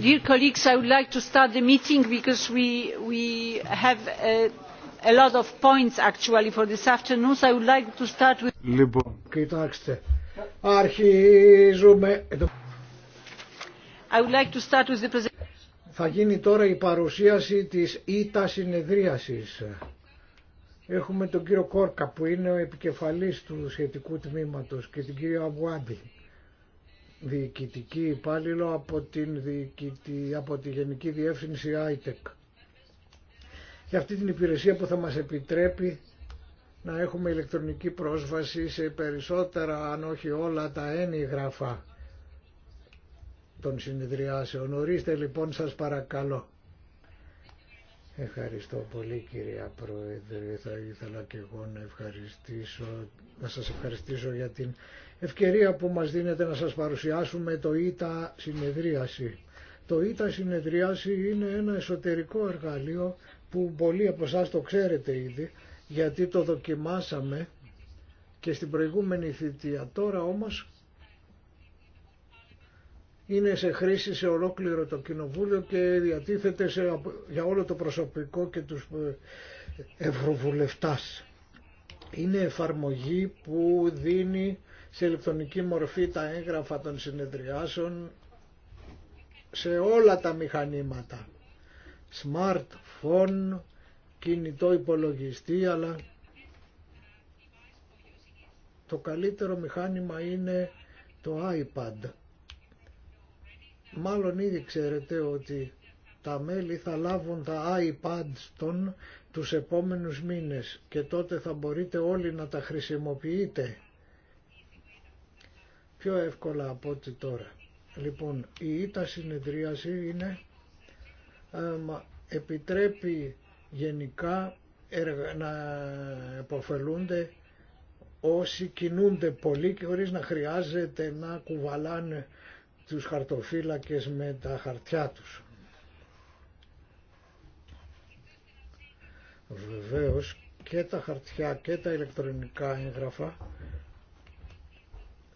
Dear colleagues, I would like to start the meeting because we have a lot of points actually for this afternoon. I would like to start with. Θα γίνει τώρα η παρουσίαση της ΙΤΑ συνεδρίασης. Έχουμε τον κύριο Κόρκα που είναι ο επικεφαλής του σχετικού τμήματος και την κυρία διοικητική υπάλληλο από, την διοικητή, από τη Γενική Διεύθυνση ITEC. Για αυτή την υπηρεσία που θα μας επιτρέπει να έχουμε ηλεκτρονική πρόσβαση σε περισσότερα, αν όχι όλα, τα ένιγραφα των συνεδριάσεων. Ορίστε λοιπόν σας παρακαλώ. Ευχαριστώ πολύ κυρία Πρόεδρε. Θα ήθελα και εγώ να ευχαριστήσω, να σας ευχαριστήσω για την ευκαιρία που μας δίνεται να σας παρουσιάσουμε το ΙΤΑ συνεδρίαση. Το ΙΤΑ συνεδρίαση είναι ένα εσωτερικό εργαλείο που πολλοί από εσά το ξέρετε ήδη γιατί το δοκιμάσαμε και στην προηγούμενη θητεία. Τώρα όμως είναι σε χρήση σε ολόκληρο το κοινοβούλιο και διατίθεται σε, για όλο το προσωπικό και τους ε, ευρωβουλευτάς. Είναι εφαρμογή που δίνει σε ηλεκτρονική μορφή τα έγγραφα των συνεδριάσεων σε όλα τα μηχανήματα. Smartphone, κινητό υπολογιστή, αλλά το καλύτερο μηχάνημα είναι το iPad. Μάλλον ήδη ξέρετε ότι τα μέλη θα λάβουν τα iPads των τους επόμενους μήνες και τότε θα μπορείτε όλοι να τα χρησιμοποιείτε πιο εύκολα από ό,τι τώρα. Λοιπόν, η ήττα συνεδρίαση είναι, ε, επιτρέπει γενικά να επωφελούνται όσοι κινούνται πολύ και χωρίς να χρειάζεται να κουβαλάνε τους χαρτοφύλακες με τα χαρτιά τους. Βεβαίως και τα χαρτιά και τα ηλεκτρονικά έγγραφα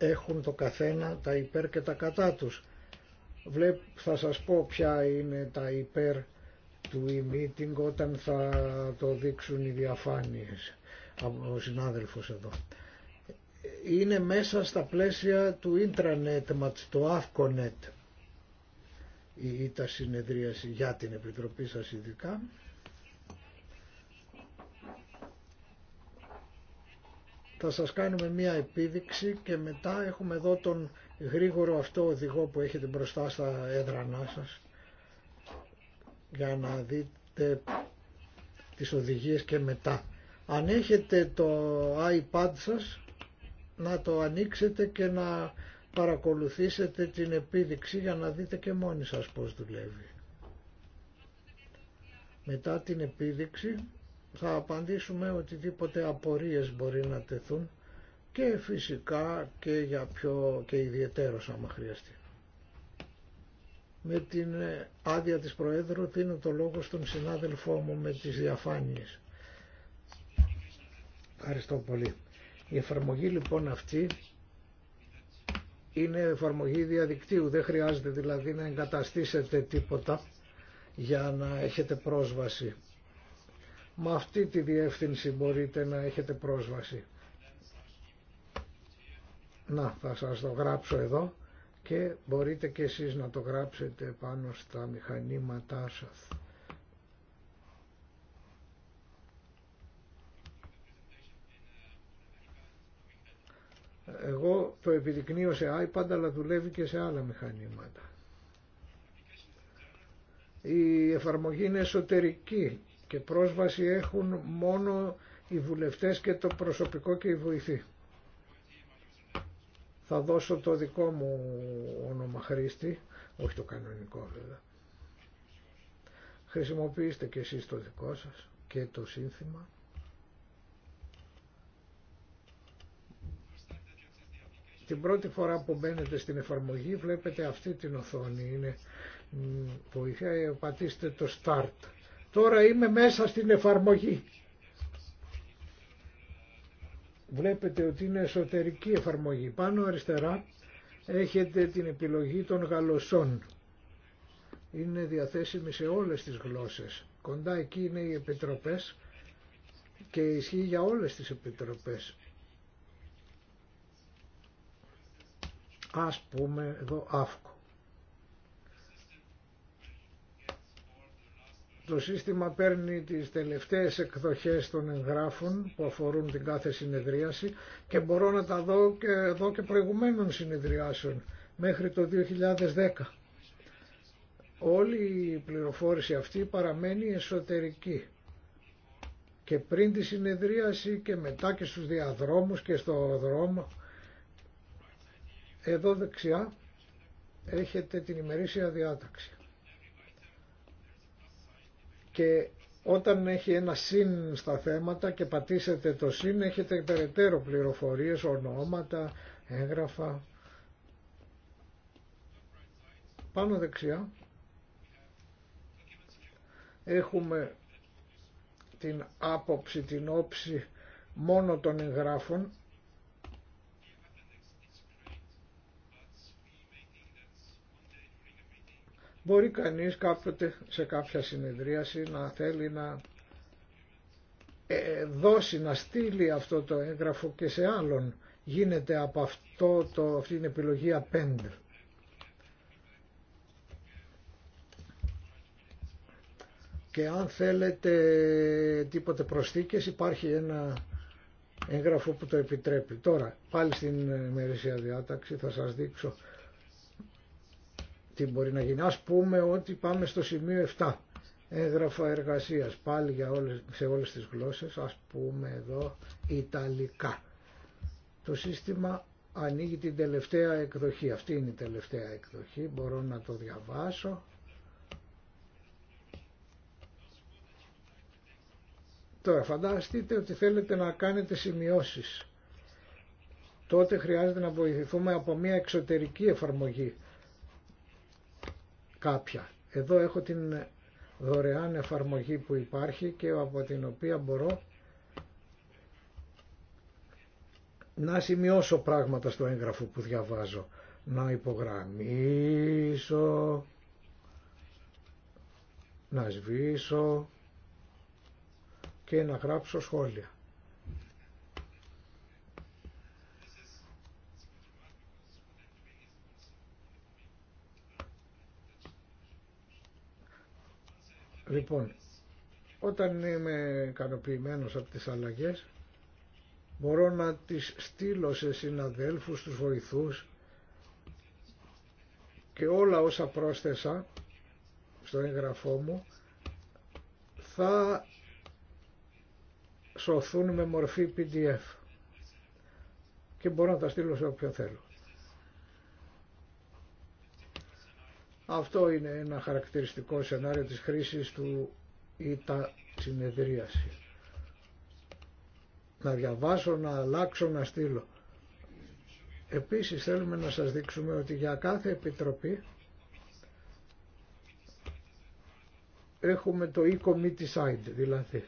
έχουν το καθένα τα υπέρ και τα κατά τους. Βλέπ, θα σας πω ποια είναι τα υπέρ του e-meeting όταν θα το δείξουν οι διαφάνειες ο συνάδελφος εδώ. Είναι μέσα στα πλαίσια του intranet το AFCONET η τα συνεδρίαση για την Επιτροπή σας ειδικά Θα σας κάνουμε μία επίδειξη και μετά έχουμε εδώ τον γρήγορο αυτό οδηγό που έχετε μπροστά στα έδρανά σας για να δείτε τις οδηγίες και μετά. Αν έχετε το iPad σας να το ανοίξετε και να παρακολουθήσετε την επίδειξη για να δείτε και μόνοι σας πώς δουλεύει. Μετά την επίδειξη θα απαντήσουμε οτιδήποτε απορίες μπορεί να τεθούν και φυσικά και για πιο και ιδιαίτερος άμα χρειαστεί. Με την ε, άδεια της Προέδρου δίνω το λόγο στον συνάδελφό μου με τις διαφάνειες. Ευχαριστώ πολύ. Η εφαρμογή λοιπόν αυτή είναι εφαρμογή διαδικτύου. Δεν χρειάζεται δηλαδή να εγκαταστήσετε τίποτα για να έχετε πρόσβαση. Με αυτή τη διεύθυνση μπορείτε να έχετε πρόσβαση. Να, θα σας το γράψω εδώ και μπορείτε και εσείς να το γράψετε πάνω στα μηχανήματά σας. Εγώ το επιδεικνύω σε iPad αλλά δουλεύει και σε άλλα μηχανήματα. Η εφαρμογή είναι εσωτερική και πρόσβαση έχουν μόνο οι βουλευτές και το προσωπικό και οι βοηθοί. Θα δώσω το δικό μου όνομα χρήστη, όχι το κανονικό βέβαια. Χρησιμοποιήστε και εσείς το δικό σας και το σύνθημα. Την πρώτη φορά που μπαίνετε στην εφαρμογή βλέπετε αυτή την οθόνη. Είναι βοηθάει, πατήστε το Start Τώρα είμαι μέσα στην εφαρμογή. Βλέπετε ότι είναι εσωτερική εφαρμογή. Πάνω αριστερά έχετε την επιλογή των γαλωσσών. Είναι διαθέσιμη σε όλες τις γλώσσες. Κοντά εκεί είναι οι επιτροπές και ισχύει για όλες τις επιτροπές. Ας πούμε εδώ αύκο. Το σύστημα παίρνει τις τελευταίες εκδοχές των εγγράφων που αφορούν την κάθε συνεδρίαση και μπορώ να τα δω και, δω και προηγουμένων συνεδριάσεων μέχρι το 2010. Όλη η πληροφόρηση αυτή παραμένει εσωτερική και πριν τη συνεδρίαση και μετά και στους διαδρόμους και στο δρόμο. Εδώ δεξιά έχετε την ημερήσια διάταξη και όταν έχει ένα συν στα θέματα και πατήσετε το συν έχετε περαιτέρω πληροφορίες, ονόματα, έγγραφα. Πάνω δεξιά έχουμε την άποψη, την όψη μόνο των εγγράφων Μπορεί κανείς κάποτε σε κάποια συνεδρίαση να θέλει να ε, δώσει, να στείλει αυτό το έγγραφο και σε άλλον. Γίνεται από αυτό το, αυτή την επιλογή 5. Και αν θέλετε τίποτε προσθήκες υπάρχει ένα έγγραφο που το επιτρέπει. Τώρα πάλι στην μερίσια διάταξη θα σας δείξω τι μπορεί να γίνει. πούμε ότι πάμε στο σημείο 7, έγγραφα εργασίας, πάλι για όλες, σε όλες τις γλώσσες, ας πούμε εδώ Ιταλικά. Το σύστημα ανοίγει την τελευταία εκδοχή, αυτή είναι η τελευταία εκδοχή, μπορώ να το διαβάσω. Τώρα φανταστείτε ότι θέλετε να κάνετε σημειώσεις. Τότε χρειάζεται να βοηθηθούμε από μια εξωτερική εφαρμογή κάποια. Εδώ έχω την δωρεάν εφαρμογή που υπάρχει και από την οποία μπορώ να σημειώσω πράγματα στο έγγραφο που διαβάζω. Να υπογραμμίσω, να σβήσω και να γράψω σχόλια. Λοιπόν, όταν είμαι ικανοποιημένο από τις αλλαγές, μπορώ να τις στείλω σε συναδέλφους, τους βοηθούς και όλα όσα πρόσθεσα στο εγγραφό μου θα σωθούν με μορφή PDF και μπορώ να τα στείλω σε όποιο θέλω. Αυτό είναι ένα χαρακτηριστικό σενάριο της χρήσης του ΙΤΑ συνεδρίαση. Να διαβάσω, να αλλάξω, να στείλω. Επίσης θέλουμε να σας δείξουμε ότι για κάθε επιτροπή έχουμε το e-committee Site δηλαδή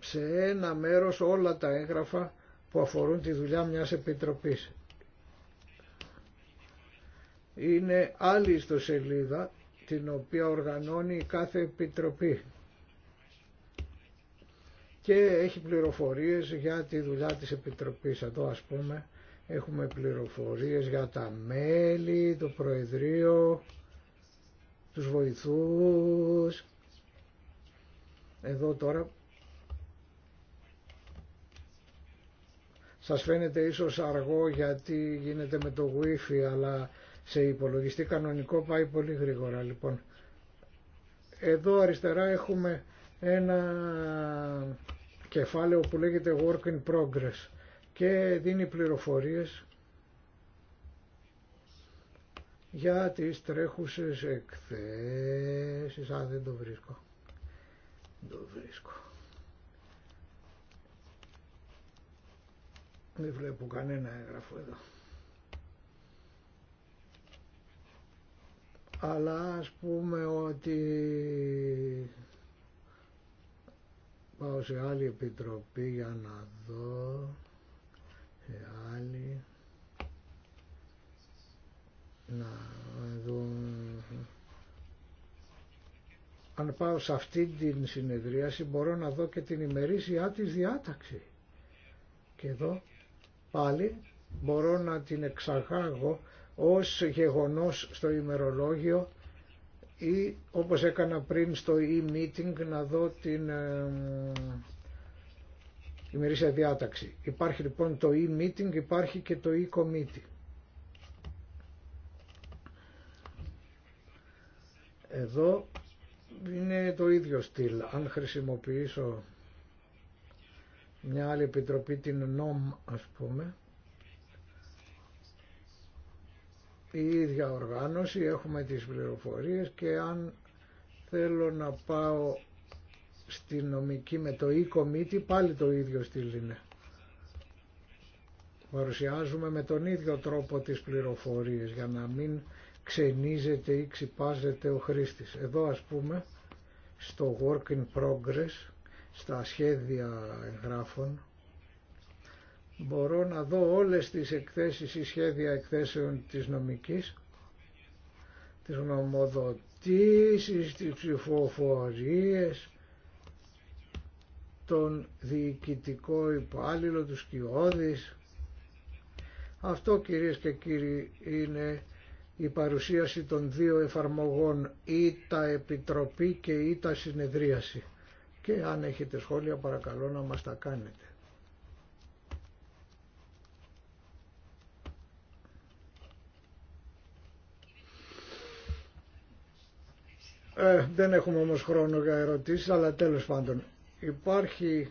σε ένα μέρος όλα τα έγγραφα που αφορούν τη δουλειά μιας επιτροπής είναι άλλη σελίδα την οποία οργανώνει κάθε επιτροπή και έχει πληροφορίες για τη δουλειά της Επιτροπής. Εδώ ας πούμε έχουμε πληροφορίες για τα μέλη, το Προεδρείο, τους βοηθούς. Εδώ τώρα σας φαίνεται ίσως αργό γιατί γίνεται με το wifi αλλά σε υπολογιστή κανονικό πάει πολύ γρήγορα λοιπόν. Εδώ αριστερά έχουμε ένα κεφάλαιο που λέγεται Work in Progress και δίνει πληροφορίες για τις τρέχουσες εκθέσεις. Α, δεν το βρίσκω. Δεν το βρίσκω. Δεν βλέπω κανένα έγγραφο εδώ. αλλά ας πούμε ότι πάω σε άλλη επιτροπή για να δω σε άλλη να δω αν πάω σε αυτή την συνεδρίαση μπορώ να δω και την ημερήσια της διάταξη και εδώ πάλι μπορώ να την εξαγάγω ως γεγονός στο ημερολόγιο ή όπως έκανα πριν στο e-meeting να δω την ε, ημερήσια διάταξη. Υπάρχει λοιπόν το e-meeting, υπάρχει και το e-committee. Εδώ είναι το ίδιο στυλ. Αν χρησιμοποιήσω μια άλλη επιτροπή, την NOM ας πούμε, η ίδια οργάνωση, έχουμε τις πληροφορίες και αν θέλω να πάω στη νομική με το e-committee πάλι το ίδιο στυλ είναι. Παρουσιάζουμε με τον ίδιο τρόπο τις πληροφορίες για να μην ξενίζεται ή ξυπάζεται ο χρήστης. Εδώ ας πούμε στο work in progress, στα σχέδια εγγράφων, μπορώ να δω όλες τις εκθέσεις ή σχέδια εκθέσεων της νομικής, τις γνωμοδοτήσεις, τις ψηφοφορίες, τον διοικητικό υπάλληλο, τους κοιόδης. Αυτό κυρίες και κύριοι είναι η παρουσίαση των δύο ψηφοφοριε τον ή εφαρμογών σκιωδης επιτροπή και ή τα συνεδρίαση. Και αν έχετε σχόλια παρακαλώ να μας τα κάνετε. Ε, δεν έχουμε όμως χρόνο για ερωτήσεις, αλλά τέλος πάντων υπάρχει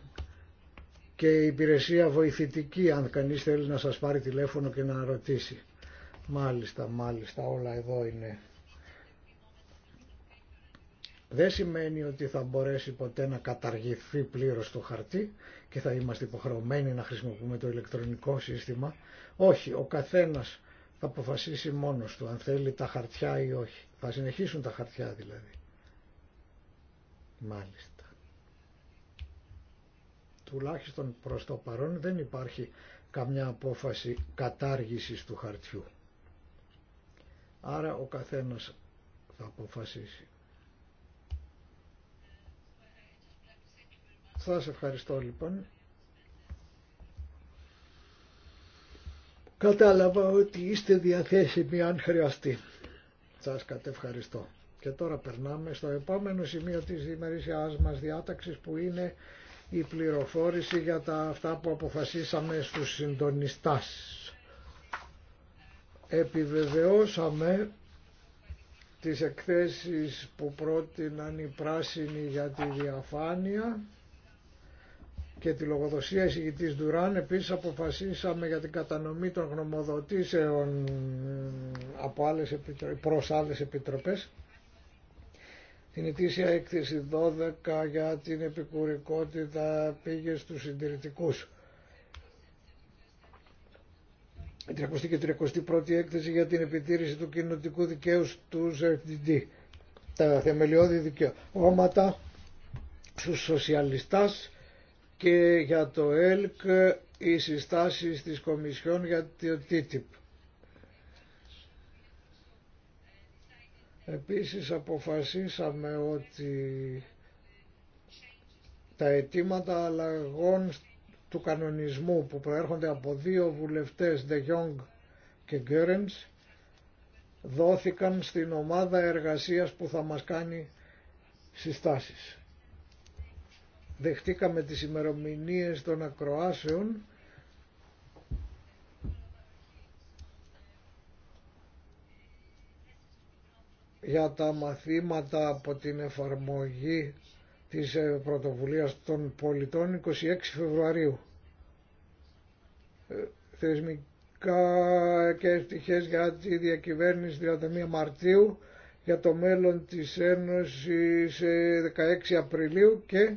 και η υπηρεσία βοηθητική αν κανείς θέλει να σας πάρει τηλέφωνο και να ρωτήσει. Μάλιστα, μάλιστα, όλα εδώ είναι. Δεν σημαίνει ότι θα μπορέσει ποτέ να καταργηθεί πλήρως το χαρτί και θα είμαστε υποχρεωμένοι να χρησιμοποιούμε το ηλεκτρονικό σύστημα. Όχι, ο καθένας θα αποφασίσει μόνος του αν θέλει τα χαρτιά ή όχι. Θα συνεχίσουν τα χαρτιά δηλαδή. Μάλιστα. Τουλάχιστον προς το παρόν δεν υπάρχει καμιά απόφαση κατάργησης του χαρτιού. Άρα ο καθένας θα αποφασίσει. Σας ευχαριστώ λοιπόν. Κατάλαβα ότι είστε διαθέσιμοι αν χρειαστεί. Σας ευχαριστώ Και τώρα περνάμε στο επόμενο σημείο της ημερήσιάς μας διάταξης που είναι η πληροφόρηση για τα αυτά που αποφασίσαμε στους συντονιστάς. Επιβεβαιώσαμε τις εκθέσεις που πρότειναν οι πράσινοι για τη διαφάνεια και τη λογοδοσία εισηγητής Ντουράν επίσης αποφασίσαμε για την κατανομή των γνωμοδοτήσεων ε, από άλλες επιτροπές, προς άλλες επιτροπές την ετήσια έκθεση 12 για την επικουρικότητα πήγε στους συντηρητικούς. Η 30 και 31η έκθεση για την επιτήρηση του κοινωτικού δικαίου του FDD. Τα θεμελιώδη δικαιώματα στους σοσιαλιστάς και για το ΕΛΚ οι συστάσεις της Κομισιόν για το TTIP. Επίσης αποφασίσαμε ότι τα αιτήματα αλλαγών του κανονισμού που προέρχονται από δύο βουλευτές, De Jong και Γκέρενς, δόθηκαν στην ομάδα εργασίας που θα μας κάνει συστάσεις δεχτήκαμε τις ημερομηνίες των ακροάσεων για τα μαθήματα από την εφαρμογή της ε, πρωτοβουλίας των πολιτών 26 Φεβρουαρίου. Ε, θεσμικά και ευτυχές για τη διακυβέρνηση 31 δηλαδή Μαρτίου για το μέλλον της Ένωσης 16 ε, Απριλίου και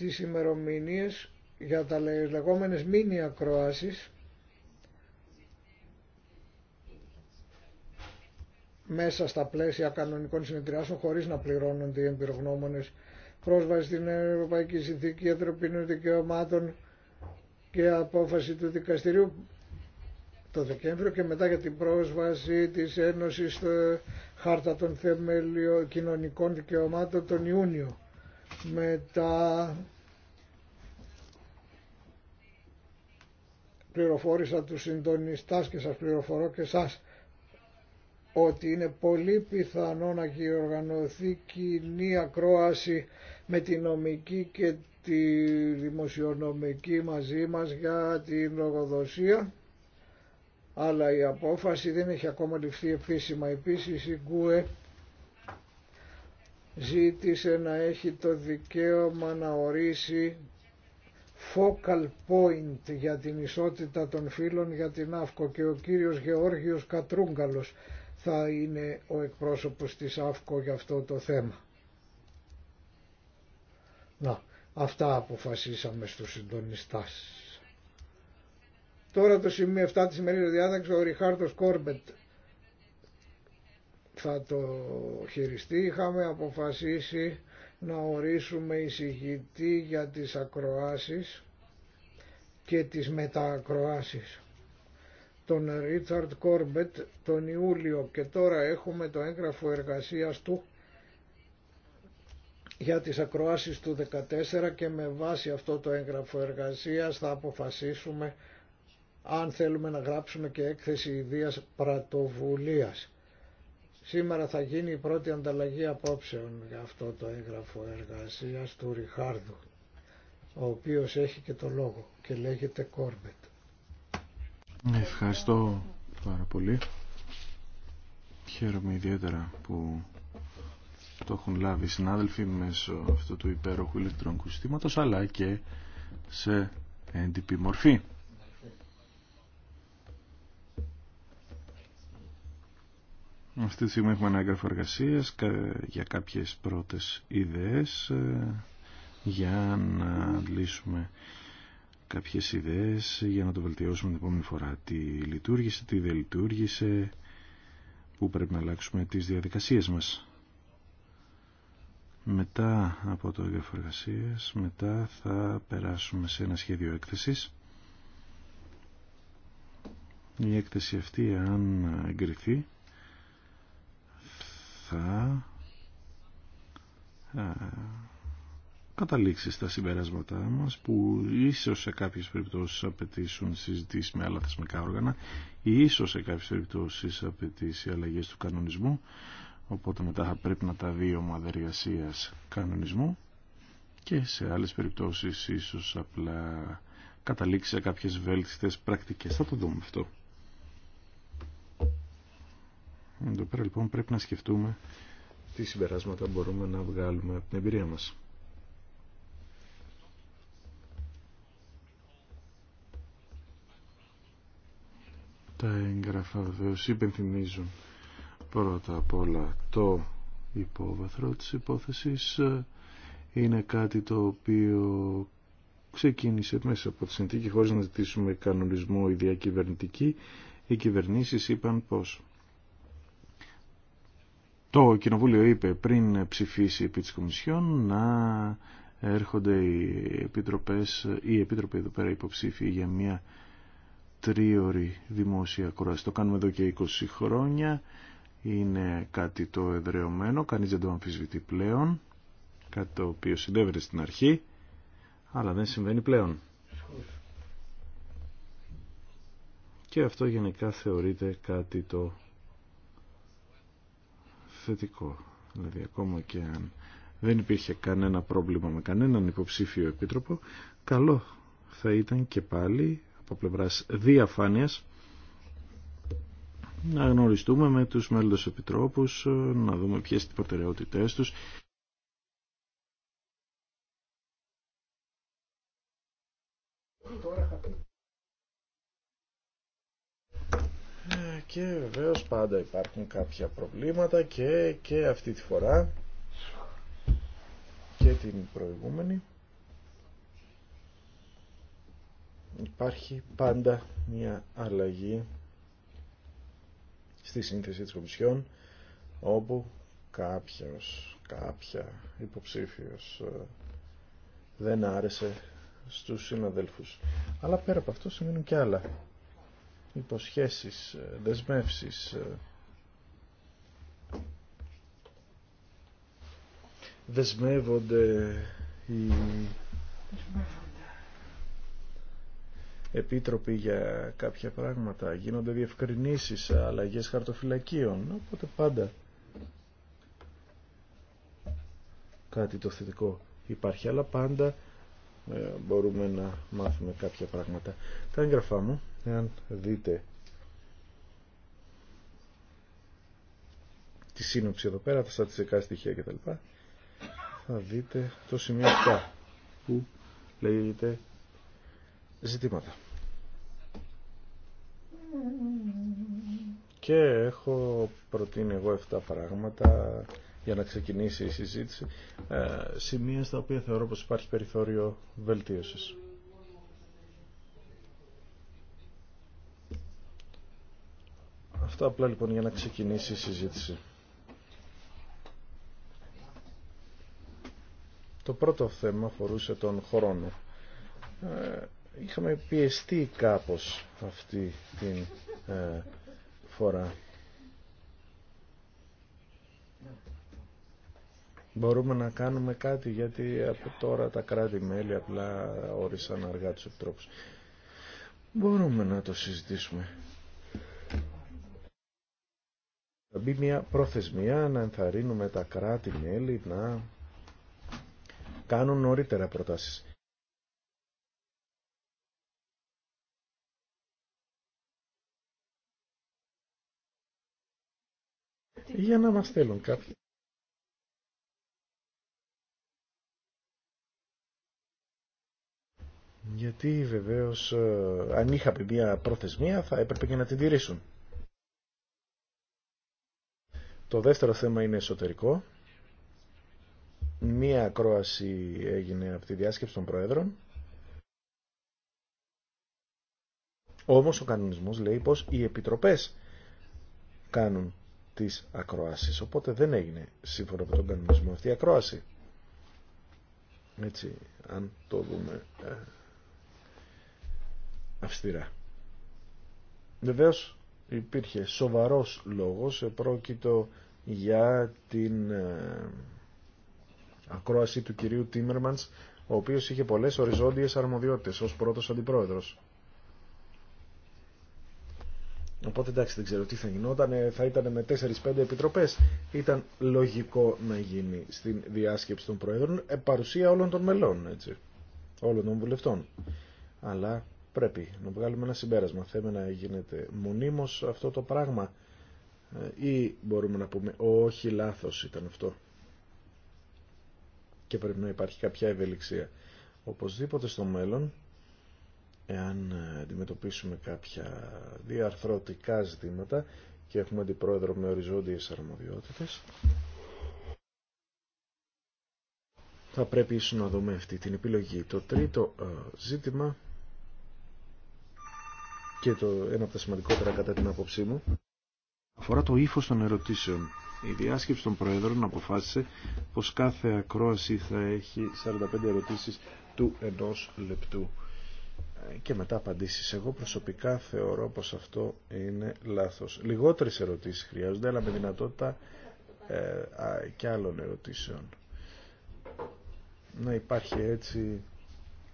τις ημερομηνίες για τα λεγόμενες μήνυα ακροάσεις μέσα στα πλαίσια κανονικών συνεδριάσεων χωρίς να πληρώνονται οι εμπειρογνώμονες πρόσβαση στην Ευρωπαϊκή Συνθήκη Ανθρωπίνων Δικαιωμάτων και απόφαση του δικαστηρίου το Δεκέμβριο και μετά για την πρόσβαση της Ένωσης Χάρτα των Θεμελιο... Κοινωνικών Δικαιωμάτων τον Ιούνιο μετά πληροφόρησα τους συντονιστάς και σας πληροφορώ και σας ότι είναι πολύ πιθανό να γιοργανωθεί κοινή ακρόαση με τη νομική και τη δημοσιονομική μαζί μας για την λογοδοσία αλλά η απόφαση δεν έχει ακόμα ληφθεί επίσημα. Επίσης η ζήτησε να έχει το δικαίωμα να ορίσει focal point για την ισότητα των φίλων για την ΑΦΚΟ και ο κύριος Γεώργιος Κατρούγκαλος θα είναι ο εκπρόσωπος της ΑΦΚΟ για αυτό το θέμα. Να, αυτά αποφασίσαμε στους συντονιστάς. Τώρα το σημείο 7 της σημερινής διάταξης, ο Ριχάρτος Κόρμπετ θα το χειριστεί. Είχαμε αποφασίσει να ορίσουμε εισηγητή για τις ακροάσεις και τις μεταακροάσεις τον Ρίτσαρντ Κόρμπετ τον Ιούλιο και τώρα έχουμε το έγγραφο εργασίας του για τις ακροάσεις του 14 και με βάση αυτό το έγγραφο εργασίας θα αποφασίσουμε αν θέλουμε να γράψουμε και έκθεση ιδίας πρατοβουλίας. Σήμερα θα γίνει η πρώτη ανταλλαγή απόψεων για αυτό το έγγραφο εργασίας του Ριχάρδου, ο οποίος έχει και το λόγο και λέγεται Κόρμπετ. Ευχαριστώ πάρα πολύ. Χαίρομαι ιδιαίτερα που το έχουν λάβει οι συνάδελφοι μέσω αυτού του υπέροχου ηλεκτρονικού συστήματος αλλά και σε έντυπη μορφή. Αυτή τη στιγμή έχουμε ένα έγγραφο εργασία για κάποιες πρώτες ιδέες ε, για να λύσουμε κάποιες ιδέες για να το βελτιώσουμε την επόμενη φορά. Τι λειτουργήσε, τι δεν λειτουργήσε, πού πρέπει να αλλάξουμε τις διαδικασίες μας. Μετά από το έγγραφο μετά θα περάσουμε σε ένα σχέδιο έκθεσης. Η έκθεση αυτή, αν εγκριθεί, θα ε, καταλήξει στα συμπεράσματά μας που ίσως σε κάποιες περιπτώσεις απαιτήσουν συζητήσεις με άλλα θεσμικά όργανα ή ίσως σε κάποιες περιπτώσεις απαιτήσει αλλαγές του κανονισμού οπότε μετά θα πρέπει να τα δει ομάδα κανονισμού και σε άλλες περιπτώσεις ίσως απλά καταλήξει σε κάποιες βέλτιστες πρακτικές. Θα το δούμε αυτό. Εδώ πέρα λοιπόν πρέπει να σκεφτούμε τι συμπεράσματα μπορούμε να βγάλουμε από την εμπειρία μας. Τα έγγραφα βεβαίω υπενθυμίζουν πρώτα απ' όλα το υπόβαθρο της υπόθεσης είναι κάτι το οποίο ξεκίνησε μέσα από τη συνθήκη χωρίς να ζητήσουμε κανονισμό ή διακυβερνητική οι κυβερνήσεις είπαν πως το Κοινοβούλιο είπε πριν ψηφίσει επί της Κομισιόν να έρχονται οι επιτροπές, η επίτροποι εδώ πέρα υποψήφοι για μια τρίωρη δημόσια κουράση. Το κάνουμε εδώ και 20 χρόνια. Είναι κάτι το εδρεωμένο, κανείς δεν το αμφισβητεί πλέον, κάτι το οποίο συνέβαινε στην αρχή, αλλά δεν συμβαίνει πλέον. Και αυτό γενικά θεωρείται κάτι το θετικό. Δηλαδή ακόμα και αν δεν υπήρχε κανένα πρόβλημα με κανέναν υποψήφιο επίτροπο, καλό θα ήταν και πάλι από πλευράς διαφάνειας να γνωριστούμε με τους μέλους επιτρόπους, να δούμε ποιες είναι οι προτεραιότητές τους και βεβαίω πάντα υπάρχουν κάποια προβλήματα και, και αυτή τη φορά και την προηγούμενη υπάρχει πάντα μια αλλαγή στη σύνθεση της Κομισιόν όπου κάποιος, κάποια υποψήφιος ε, δεν άρεσε στους συναδέλφους. Αλλά πέρα από αυτό σημαίνουν και άλλα υποσχέσεις, ε, δεσμεύσεις. Ε. Δεσμεύονται οι επίτροποι για κάποια πράγματα, γίνονται διευκρινήσεις, αλλαγές χαρτοφυλακίων, οπότε πάντα κάτι το θετικό υπάρχει, αλλά πάντα ε, μπορούμε να μάθουμε κάποια πράγματα. Τα έγγραφά μου Εάν δείτε τη σύνοψη εδώ πέρα, τα στατιστικά στοιχεία κτλ. Θα δείτε το σημείο 7 που λέγεται ζητήματα. Και έχω προτείνει εγώ 7 πράγματα για να ξεκινήσει η συζήτηση, ε, σημεία στα οποία θεωρώ πως υπάρχει περιθώριο βελτίωσης. Αυτά απλά λοιπόν για να ξεκινήσει η συζήτηση. Το πρώτο θέμα αφορούσε τον χρόνο. Ε, είχαμε πιεστεί κάπως αυτή την ε, φορά. Μπορούμε να κάνουμε κάτι γιατί από τώρα τα κράτη-μέλη απλά όρισαν αργά τους επιτρόπους. Μπορούμε να το συζητήσουμε θα μπει μια προθεσμία να ενθαρρύνουμε τα κράτη-μέλη να κάνουν νωρίτερα προτάσεις. για να μας θέλουν κάποιοι. Γιατί βεβαίως ε, αν είχαμε μια προθεσμία θα έπρεπε και να την τηρήσουν. Το δεύτερο θέμα είναι εσωτερικό. Μία ακρόαση έγινε από τη διάσκεψη των Προέδρων. Όμως ο κανονισμός λέει πως οι επιτροπές κάνουν τις ακροάσεις. Οπότε δεν έγινε σύμφωνα με τον κανονισμό αυτή η ακρόαση. Έτσι, αν το δούμε ε, αυστηρά. Βεβαίως υπήρχε σοβαρός λόγος, πρόκειτο για την ε, ακρόαση του κυρίου Τίμερμανς, ο οποίος είχε πολλές οριζόντιες αρμοδιότητες ως πρώτος αντιπρόεδρος. Οπότε εντάξει δεν ξέρω τι θα γινόταν, θα ήταν με 4-5 επιτροπές. Ήταν λογικό να γίνει στην διάσκεψη των Προέδρων ε, παρουσία όλων των μελών, έτσι, όλων των βουλευτών. Αλλά πρέπει να βγάλουμε ένα συμπέρασμα. Θέλουμε να γίνεται μονίμως αυτό το πράγμα ε, ή μπορούμε να πούμε όχι λάθος ήταν αυτό και πρέπει να υπάρχει κάποια ευελιξία. Οπωσδήποτε στο μέλλον εάν ε, αντιμετωπίσουμε κάποια διαρθρωτικά ζητήματα και έχουμε αντιπρόεδρο με οριζόντιες αρμοδιότητες θα πρέπει ίσως να δούμε αυτή την επιλογή. Το τρίτο ε, ζήτημα και το, ένα από τα σημαντικότερα κατά την άποψή μου αφορά το ύφο των ερωτήσεων. Η διάσκεψη των Προέδρων αποφάσισε πως κάθε ακρόαση θα έχει 45 ερωτήσεις του ενός λεπτού ε, και μετά απαντήσεις. Εγώ προσωπικά θεωρώ πως αυτό είναι λάθος. Λιγότερες ερωτήσεις χρειάζονται, αλλά με δυνατότητα ε, και άλλων ερωτήσεων. Να υπάρχει έτσι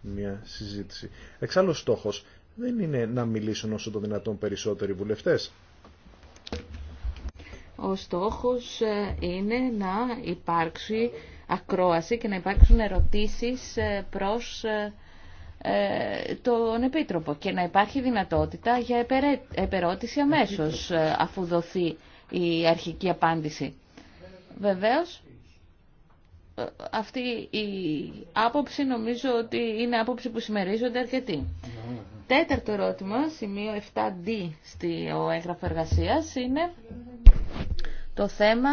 μια συζήτηση. Εξάλλου στόχος δεν είναι να μιλήσουν όσο το δυνατόν περισσότεροι βουλευτές. Ο στόχος ε, είναι να υπάρξει ακρόαση και να υπάρξουν ερωτήσεις ε, προς ε, τον Επίτροπο και να υπάρχει δυνατότητα για επερώτηση αμέσως αφού δοθεί η αρχική απάντηση. Βεβαίως, αυτή η άποψη νομίζω ότι είναι άποψη που συμμερίζονται αρκετοί. Τέταρτο ερώτημα, σημείο 7D στο έγγραφο εργασία είναι το θέμα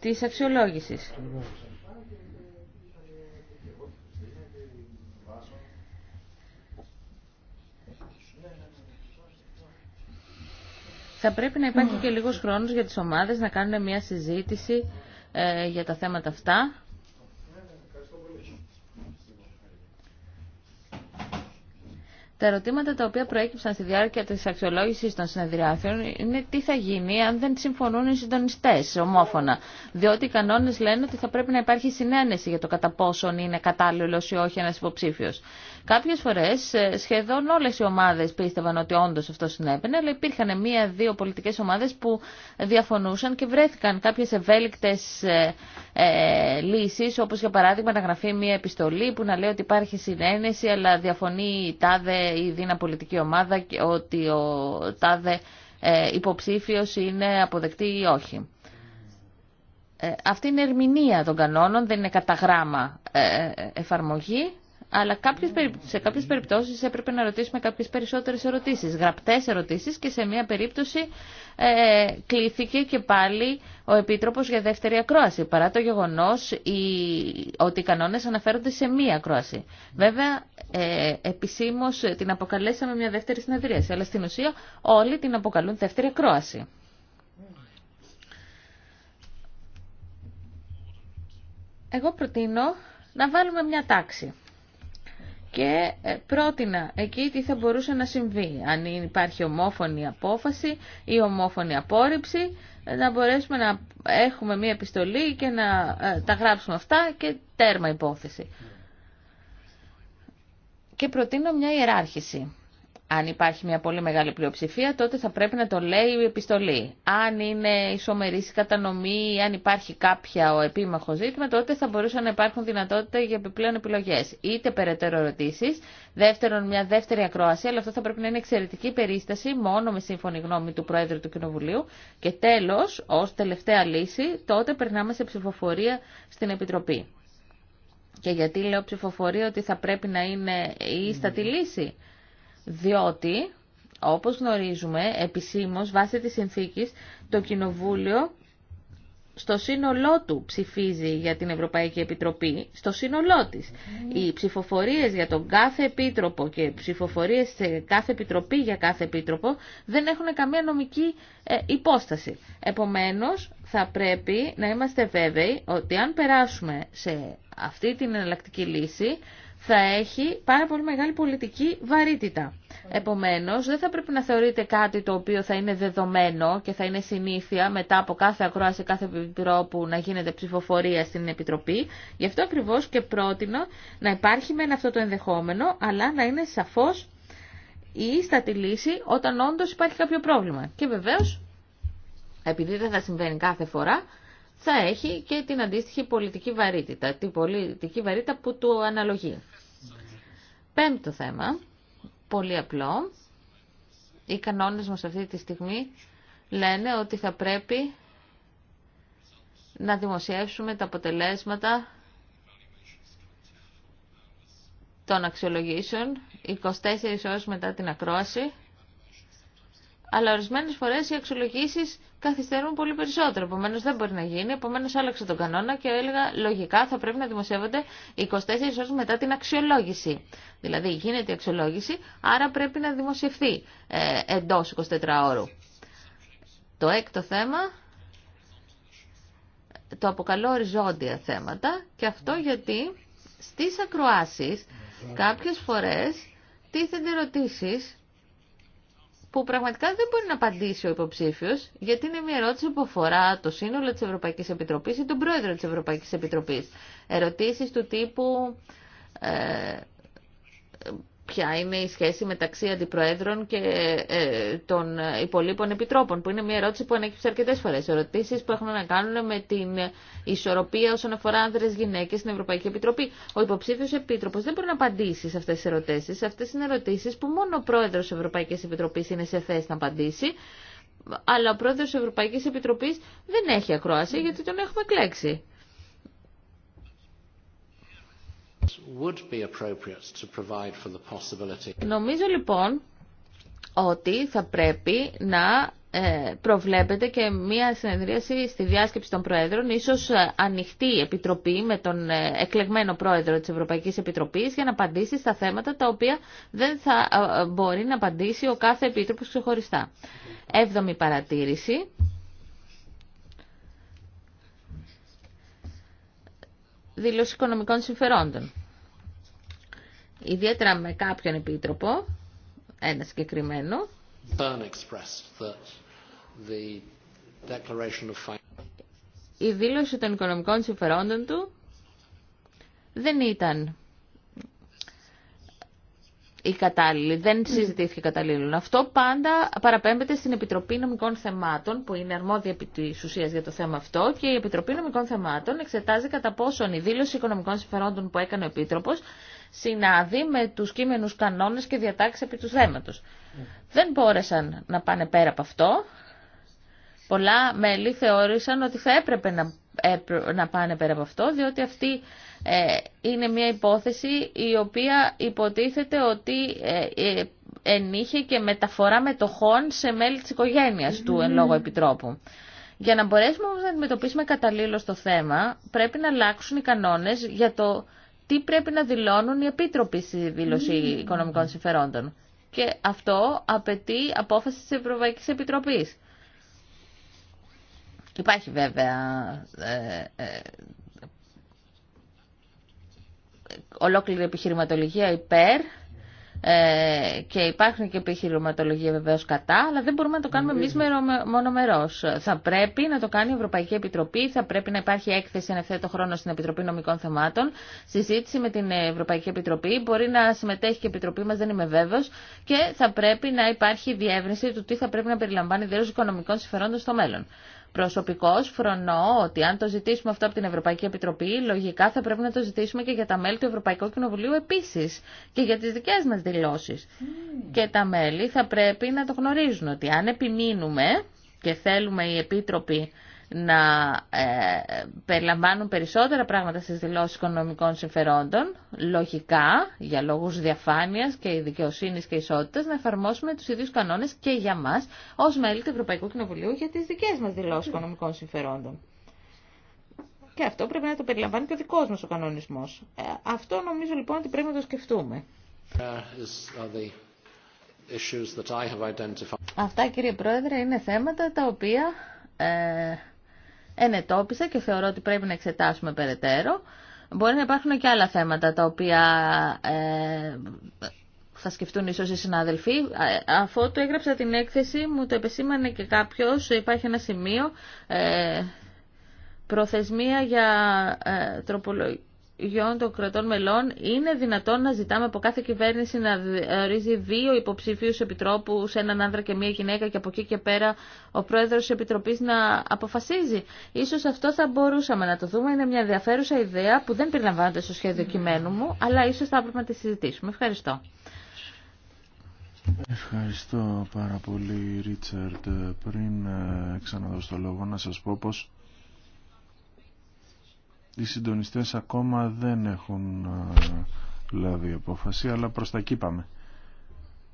της αξιολόγησης. Θα πρέπει να υπάρχει και λίγος χρόνος για τις ομάδες να κάνουν μια συζήτηση ε, για τα θέματα αυτά Τα ερωτήματα τα οποία προέκυψαν στη διάρκεια της αξιολόγησης των συνεδριάσεων είναι τι θα γίνει αν δεν συμφωνούν οι συντονιστές ομόφωνα. Διότι οι κανόνες λένε ότι θα πρέπει να υπάρχει συνένεση για το κατά πόσον είναι κατάλληλος ή όχι ένας υποψήφιος. Κάποιες φορές ε, σχεδόν όλες οι ομάδες πίστευαν ότι όντως αυτό συνέβαινε, αλλά υπήρχαν μία-δύο πολιτικές ομάδες που διαφωνούσαν και βρέθηκαν κάποιες ευέλικτε ε, ε, λύσεις, για παράδειγμα να γραφεί μία επιστολή που να λέει ότι υπάρχει συνένεση, αλλά διαφωνεί τάδε η δίνα πολιτική ομάδα ότι ο τάδε ε, υποψήφιος είναι αποδεκτή ή όχι. Ε, αυτή είναι ερμηνεία των κανόνων, δεν είναι κατά γράμμα ε, εφαρμογή αλλά σε κάποιε περιπτώσεις έπρεπε να ρωτήσουμε κάποιε περισσότερες ερωτήσεις, γραπτές ερωτήσεις και σε μια περίπτωση ε, κλήθηκε και πάλι ο Επίτροπος για δεύτερη ακρόαση, παρά το γεγονός η, ότι οι κανόνες αναφέρονται σε μία ακρόαση. Βέβαια, ε, επισήμως την αποκαλέσαμε μια δεύτερη συνεδρίαση, αλλά στην ουσία όλοι την αποκαλούν δεύτερη ακρόαση. Εγώ προτείνω να βάλουμε μια τάξη και ε, πρότεινα εκεί τι θα μπορούσε να συμβεί. Αν υπάρχει ομόφωνη απόφαση ή ομόφωνη απόρριψη, ε, να μπορέσουμε να έχουμε μία επιστολή και να ε, τα γράψουμε αυτά και τέρμα υπόθεση. Και προτείνω μια ιεράρχηση. Αν υπάρχει μια πολύ μεγάλη πλειοψηφία, τότε θα πρέπει να το λέει η επιστολή. Αν είναι ισομερή η κατανομή ή αν υπάρχει κάποια ο επίμαχο ζήτημα, τότε θα μπορούσαν να υπάρχουν δυνατότητα για επιπλέον επιλογέ. Είτε περαιτέρω ερωτήσει, δεύτερον μια δεύτερη ακρόαση, αλλά αυτό θα πρέπει να είναι εξαιρετική περίσταση, μόνο με σύμφωνη γνώμη του Προέδρου του Κοινοβουλίου. Και τέλο, ω τελευταία λύση, τότε περνάμε σε ψηφοφορία στην Επιτροπή. Και γιατί λέω ψηφοφορία ότι θα πρέπει να είναι η ίστατη λύση διότι, όπως γνωρίζουμε, επισήμως βάσει της συνθήκης, το Κοινοβούλιο στο σύνολό του ψηφίζει για την Ευρωπαϊκή Επιτροπή, στο σύνολό της. Ναι. Οι ψηφοφορίες για τον κάθε επίτροπο και ψηφοφορίες σε κάθε επιτροπή για κάθε επίτροπο δεν έχουν καμία νομική ε, υπόσταση. Επομένως, θα πρέπει να είμαστε βέβαιοι ότι αν περάσουμε σε αυτή την εναλλακτική λύση, θα έχει πάρα πολύ μεγάλη πολιτική βαρύτητα. Επομένως, δεν θα πρέπει να θεωρείται κάτι το οποίο θα είναι δεδομένο και θα είναι συνήθεια μετά από κάθε ακρόαση, κάθε επιτρόπου να γίνεται ψηφοφορία στην Επιτροπή. Γι' αυτό ακριβώς και πρότεινα να υπάρχει μεν αυτό το ενδεχόμενο, αλλά να είναι σαφώς η ίστατη λύση όταν όντως υπάρχει κάποιο πρόβλημα. Και βεβαίως, επειδή δεν θα συμβαίνει κάθε φορά, θα έχει και την αντίστοιχη πολιτική βαρύτητα, την πολιτική βαρύτητα που του αναλογεί. Πέμπτο θέμα, πολύ απλό. Οι κανόνες μας αυτή τη στιγμή λένε ότι θα πρέπει να δημοσιεύσουμε τα αποτελέσματα των αξιολογήσεων 24 ώρες μετά την ακρόαση αλλά ορισμένε φορέ οι αξιολογήσει καθυστερούν πολύ περισσότερο. Επομένω δεν μπορεί να γίνει. Επομένω άλλαξα τον κανόνα και έλεγα λογικά θα πρέπει να δημοσιεύονται 24 ώρε μετά την αξιολόγηση. Δηλαδή γίνεται η αξιολόγηση, άρα πρέπει να δημοσιευθεί ε, εντό 24 ώρου. Το έκτο θέμα το αποκαλώ οριζόντια θέματα και αυτό γιατί στις ακροάσεις κάποιες φορές τίθενται ερωτήσεις που πραγματικά δεν μπορεί να απαντήσει ο υποψήφιο, γιατί είναι μια ερώτηση που αφορά το σύνολο τη Ευρωπαϊκή Επιτροπή ή τον πρόεδρο τη Ευρωπαϊκή Επιτροπή. Ερωτήσει του τύπου. Ε, ποια είναι η σχέση μεταξύ αντιπροέδρων και ε, των υπολείπων επιτρόπων, που είναι μια ερώτηση που ανέκυψε αρκετέ φορέ. Ερωτήσει που έχουν να κάνουν με την ισορροπία όσον αφορά άνδρε-γυναίκε στην Ευρωπαϊκή Επιτροπή. Ο υποψήφιο επίτροπο δεν μπορεί να απαντήσει σε αυτέ τι ερωτήσει. Αυτέ είναι ερωτήσει που μόνο ο πρόεδρο τη Ευρωπαϊκή Επιτροπή είναι σε θέση να απαντήσει. Αλλά ο πρόεδρο Ευρωπαϊκή Επιτροπή δεν έχει ακρόαση γιατί τον έχουμε κλέξει. Νομίζω λοιπόν ότι θα πρέπει να ε, προβλέπεται και μια συνεδρίαση στη διάσκεψη των Προέδρων, ίσως ε, ανοιχτή επιτροπή με τον ε, εκλεγμένο Πρόεδρο της Ευρωπαϊκής Επιτροπής για να απαντήσει στα θέματα τα οποία δεν θα μπορεί να απαντήσει ο κάθε Επίτροπος ξεχωριστά. Έβδομη παρατήρηση. δήλωση οικονομικών συμφερόντων. Ιδιαίτερα με κάποιον επίτροπο, ένα συγκεκριμένο, η δήλωση των οικονομικών συμφερόντων του δεν ήταν η κατάλληλη, δεν mm. συζητήθηκε καταλήλων. Αυτό πάντα παραπέμπεται στην Επιτροπή Νομικών Θεμάτων, που είναι αρμόδια επί τη ουσία για το θέμα αυτό, και η Επιτροπή Νομικών Θεμάτων εξετάζει κατά πόσον η δήλωση οικονομικών συμφερόντων που έκανε ο επίτροπο συνάδει με του κείμενους κανόνε και διατάξει επί του θέματο. Mm. Δεν μπόρεσαν να πάνε πέρα από αυτό. Πολλά μέλη θεώρησαν ότι θα έπρεπε να, να πάνε πέρα από αυτό, διότι αυτή ε, είναι μια υπόθεση η οποία υποτίθεται ότι ε, ε, ενήχε και μεταφορά μετοχών σε μέλη της οικογένειας του εν λόγω επιτρόπου. Για να μπορέσουμε όμως να αντιμετωπίσουμε καταλήλως το θέμα, πρέπει να αλλάξουν οι κανόνες για το τι πρέπει να δηλώνουν οι επίτροποι στη δήλωση οικονομικών συμφερόντων. Και αυτό απαιτεί απόφαση της Ευρωπαϊκής Επιτροπής. Υπάρχει βέβαια ε, ολόκληρη επιχειρηματολογία υπέρ ε, και υπάρχουν και επιχειρηματολογία βεβαίω κατά, αλλά δεν μπορούμε να το κάνουμε εμεί μόνο μερό. Θα πρέπει να το κάνει η Ευρωπαϊκή Επιτροπή, θα πρέπει να υπάρχει έκθεση εν ευθέτω χρόνο στην Επιτροπή Νομικών Θεμάτων, συζήτηση με την Ευρωπαϊκή Επιτροπή, μπορεί να συμμετέχει και η Επιτροπή μα, δεν είμαι βέβαιο, και θα πρέπει να υπάρχει διεύρυνση του τι θα πρέπει να περιλαμβάνει δέρο οικονομικών συμφερόντων στο μέλλον προσωπικώ φρονώ ότι αν το ζητήσουμε αυτό από την Ευρωπαϊκή Επιτροπή, λογικά θα πρέπει να το ζητήσουμε και για τα μέλη του Ευρωπαϊκού Κοινοβουλίου επίσης και για τις δικές μας δηλώσεις. Mm. Και τα μέλη θα πρέπει να το γνωρίζουν ότι αν επιμείνουμε και θέλουμε οι Επίτροπη να ε, περιλαμβάνουν περισσότερα πράγματα στις δηλώσεις οικονομικών συμφερόντων, λογικά, για λόγους διαφάνειας και δικαιοσύνης και ισότητας, να εφαρμόσουμε τους ίδιους κανόνες και για μας, ως μέλη του Ευρωπαϊκού Κοινοβουλίου, για τις δικές μας δηλώσεις οικονομικών συμφερόντων. Και αυτό πρέπει να το περιλαμβάνει και ο δικός μας ο κανονισμός. Ε, αυτό νομίζω λοιπόν ότι πρέπει να το σκεφτούμε. Αυτά κύριε Πρόεδρε είναι θέματα τα οποία ε, ενετόπισα και θεωρώ ότι πρέπει να εξετάσουμε περαιτέρω. Μπορεί να υπάρχουν και άλλα θέματα τα οποία ε, θα σκεφτούν ίσως οι συνάδελφοι. Αφού το έγραψα την έκθεση μου το επεσήμανε και κάποιος, υπάρχει ένα σημείο ε, προθεσμία για ε, τροπολογία γιών των κρατών μελών είναι δυνατόν να ζητάμε από κάθε κυβέρνηση να ορίζει δύο υποψηφίους επιτρόπους, έναν άνδρα και μία γυναίκα και από εκεί και πέρα ο πρόεδρος τη Επιτροπής να αποφασίζει. Ίσως αυτό θα μπορούσαμε να το δούμε, είναι μια ενδιαφέρουσα ιδέα που δεν περιλαμβάνεται στο σχέδιο κειμένου μου, αλλά ίσως θα έπρεπε να τη συζητήσουμε. Ευχαριστώ. Ευχαριστώ πάρα πολύ Ρίτσαρντ. Πριν ε, ξαναδώ στο λόγο να σας πω πως οι συντονιστές ακόμα δεν έχουν ε, λάβει απόφαση, αλλά προς τα εκεί πάμε.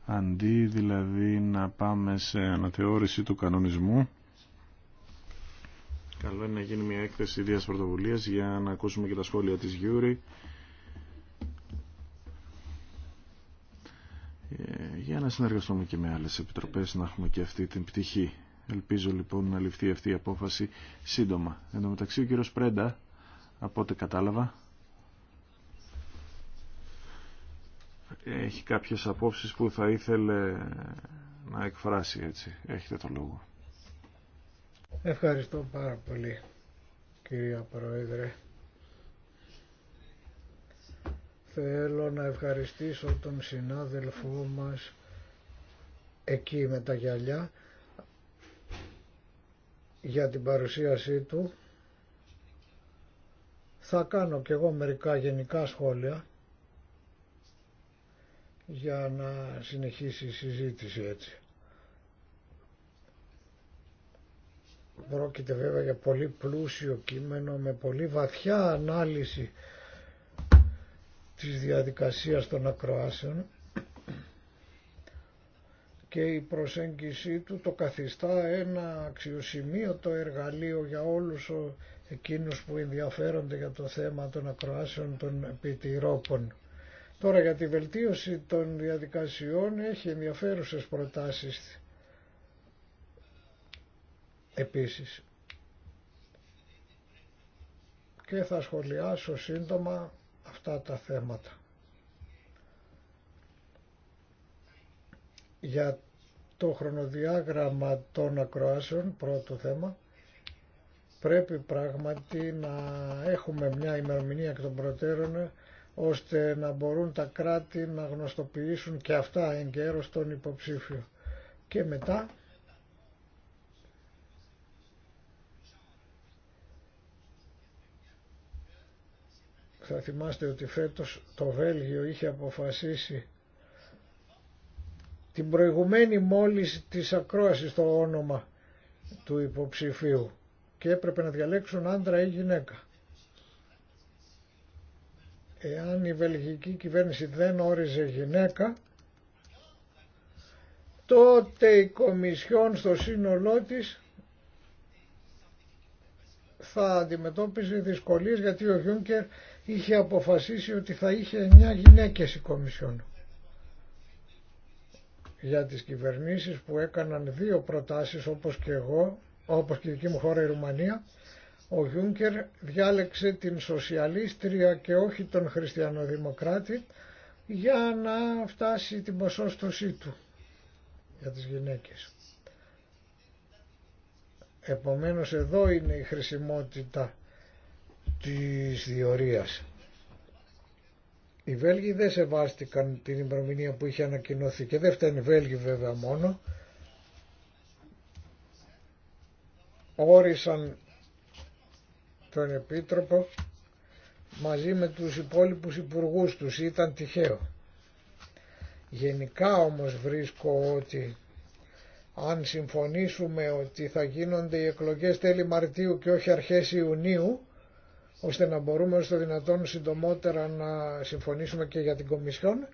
Αντί δηλαδή να πάμε σε αναθεώρηση του κανονισμού, καλό είναι να γίνει μια έκθεση ιδίας πρωτοβουλίας για να ακούσουμε και τα σχόλια της Γιούρη. Ε, για να συνεργαστούμε και με άλλες επιτροπές να έχουμε και αυτή την πτυχή. Ελπίζω λοιπόν να ληφθεί αυτή η απόφαση σύντομα. Εν τω μεταξύ ο κύριος Πρέντα από ό,τι κατάλαβα. Έχει κάποιες απόψεις που θα ήθελε να εκφράσει έτσι. Έχετε το λόγο. Ευχαριστώ πάρα πολύ κυρία Πρόεδρε. Θέλω να ευχαριστήσω τον συνάδελφό μας εκεί με τα γυαλιά για την παρουσίασή του θα κάνω και εγώ μερικά γενικά σχόλια για να συνεχίσει η συζήτηση έτσι. Πρόκειται βέβαια για πολύ πλούσιο κείμενο με πολύ βαθιά ανάλυση της διαδικασίας των ακροάσεων και η προσέγγιση του το καθιστά ένα αξιοσημείωτο εργαλείο για όλους εκείνους που ενδιαφέρονται για το θέμα των ακροάσεων των επιτηρόπων. Τώρα για τη βελτίωση των διαδικασιών έχει ενδιαφέρουσες προτάσεις επίσης. Και θα σχολιάσω σύντομα αυτά τα θέματα. Για το χρονοδιάγραμμα των ακροάσεων, πρώτο θέμα, πρέπει πράγματι να έχουμε μια ημερομηνία εκ των προτέρων ώστε να μπορούν τα κράτη να γνωστοποιήσουν και αυτά εν καιρό τον υποψήφιο. Και μετά θα θυμάστε ότι φέτος το Βέλγιο είχε αποφασίσει την προηγουμένη μόλις της ακρόασης το όνομα του υποψηφίου και έπρεπε να διαλέξουν άντρα ή γυναίκα. Εάν η βελγική κυβέρνηση δεν όριζε γυναίκα, τότε η Κομισιόν στο σύνολό της θα αντιμετώπιζε δυσκολίες γιατί ο Γιούνκερ είχε αποφασίσει ότι θα είχε 9 γυναίκες η Κομισιόν για τις κυβερνήσεις που έκαναν δύο προτάσεις όπως και εγώ όπως και η δική μου χώρα η Ρουμανία, ο Γιούνκερ διάλεξε την σοσιαλίστρια και όχι τον χριστιανοδημοκράτη για να φτάσει την ποσόστοσή του για τις γυναίκες. Επομένως εδώ είναι η χρησιμότητα της διορίας. Οι Βέλγοι δεν σεβάστηκαν την ημερομηνία που είχε ανακοινωθεί και δεν φτάνει Βέλγοι βέβαια μόνο, όρισαν τον Επίτροπο μαζί με τους υπόλοιπους υπουργούς τους. Ήταν τυχαίο. Γενικά όμως βρίσκω ότι αν συμφωνήσουμε ότι θα γίνονται οι εκλογές τέλη Μαρτίου και όχι αρχές Ιουνίου, ώστε να μπορούμε στο δυνατόν συντομότερα να συμφωνήσουμε και για την Κομισιόν,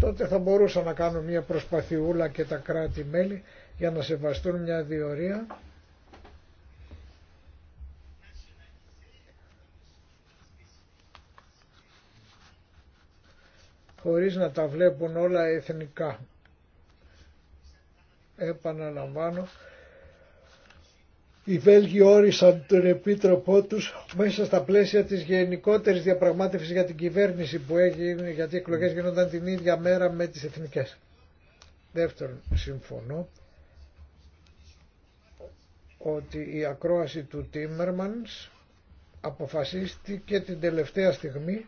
τότε θα μπορούσα να κάνω μια προσπαθιούλα και τα κράτη-μέλη για να σεβαστούν μια διορία χωρίς να τα βλέπουν όλα εθνικά. Επαναλαμβάνω, οι Βέλγοι όρισαν τον επίτροπό τους μέσα στα πλαίσια της γενικότερης διαπραγμάτευσης για την κυβέρνηση που έγινε, γιατί οι εκλογές γίνονταν την ίδια μέρα με τις εθνικές. Δεύτερον, συμφωνώ ότι η ακρόαση του Τίμερμανς αποφασίστηκε την τελευταία στιγμή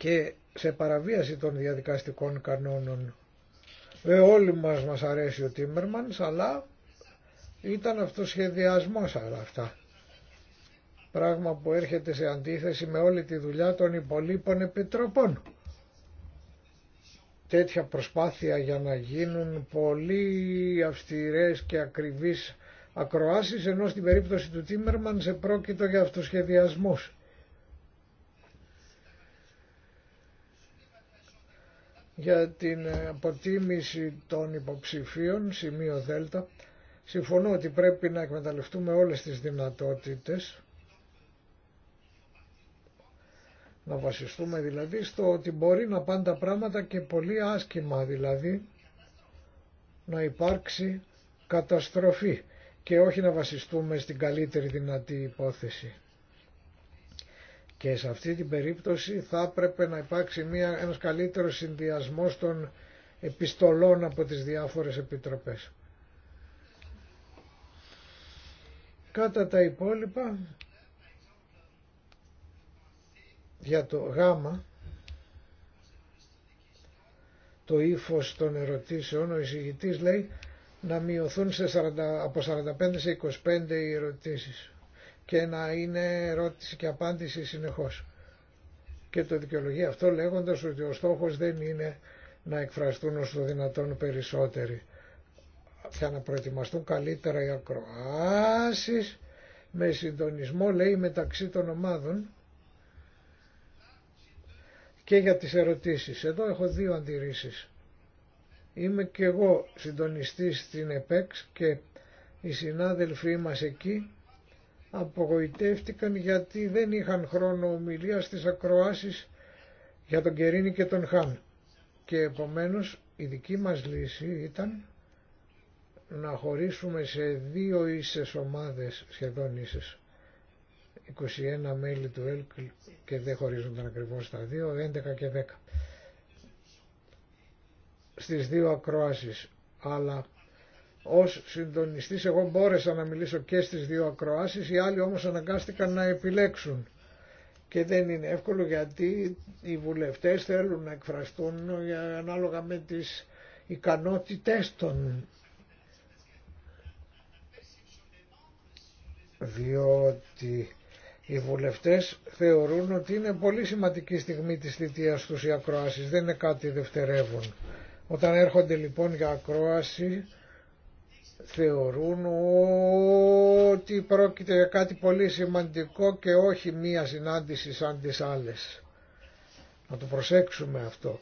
και σε παραβίαση των διαδικαστικών κανόνων. Ε, όλοι μας μας αρέσει ο Τίμερμανς, αλλά ήταν αυτοσχεδιασμός αλλά αυτά. Πράγμα που έρχεται σε αντίθεση με όλη τη δουλειά των υπολείπων επιτροπών. Τέτοια προσπάθεια για να γίνουν πολύ αυστηρές και ακριβείς ακροάσεις, ενώ στην περίπτωση του Τίμερμαν σε πρόκειτο για αυτοσχεδιασμούς. για την αποτίμηση των υποψηφίων, σημείο Δέλτα, συμφωνώ ότι πρέπει να εκμεταλλευτούμε όλες τις δυνατότητες, να βασιστούμε δηλαδή στο ότι μπορεί να πάνε τα πράγματα και πολύ άσχημα δηλαδή να υπάρξει καταστροφή και όχι να βασιστούμε στην καλύτερη δυνατή υπόθεση. Και σε αυτή την περίπτωση θα έπρεπε να υπάρξει μια, ένας καλύτερος συνδυασμός των επιστολών από τις διάφορες επιτροπές. Κατά τα υπόλοιπα, για το γάμα, το ύφος των ερωτήσεων, ο εισηγητής λέει να μειωθούν 40, από 45 σε 25 οι ερωτήσεις και να είναι ερώτηση και απάντηση συνεχώς. Και το δικαιολογεί αυτό λέγοντας ότι ο στόχος δεν είναι να εκφραστούν όσο το δυνατόν περισσότεροι. Για να προετοιμαστούν καλύτερα οι ακροάσεις με συντονισμό λέει μεταξύ των ομάδων και για τις ερωτήσεις. Εδώ έχω δύο αντιρρήσεις. Είμαι και εγώ συντονιστής στην ΕΠΕΞ και οι συνάδελφοί μας εκεί απογοητεύτηκαν γιατί δεν είχαν χρόνο ομιλία στις ακροάσεις για τον Κερίνη και τον Χάν. Και επομένως η δική μας λύση ήταν να χωρίσουμε σε δύο ίσες ομάδες, σχεδόν ίσες, 21 μέλη του ΕΛΚ και δεν χωρίζονταν ακριβώς τα δύο, 11 και 10 στις δύο ακροάσεις, αλλά ως συντονιστής εγώ μπόρεσα να μιλήσω και στις δύο ακροάσεις, οι άλλοι όμως αναγκάστηκαν να επιλέξουν. Και δεν είναι εύκολο γιατί οι βουλευτές θέλουν να εκφραστούν ανάλογα με τις ικανότητές των. Διότι οι βουλευτές θεωρούν ότι είναι πολύ σημαντική στιγμή της θητείας τους οι ακροάσεις, δεν είναι κάτι δευτερεύον. Όταν έρχονται λοιπόν για ακρόαση θεωρούν ότι πρόκειται για κάτι πολύ σημαντικό και όχι μία συνάντηση σαν τις άλλες. Να το προσέξουμε αυτό.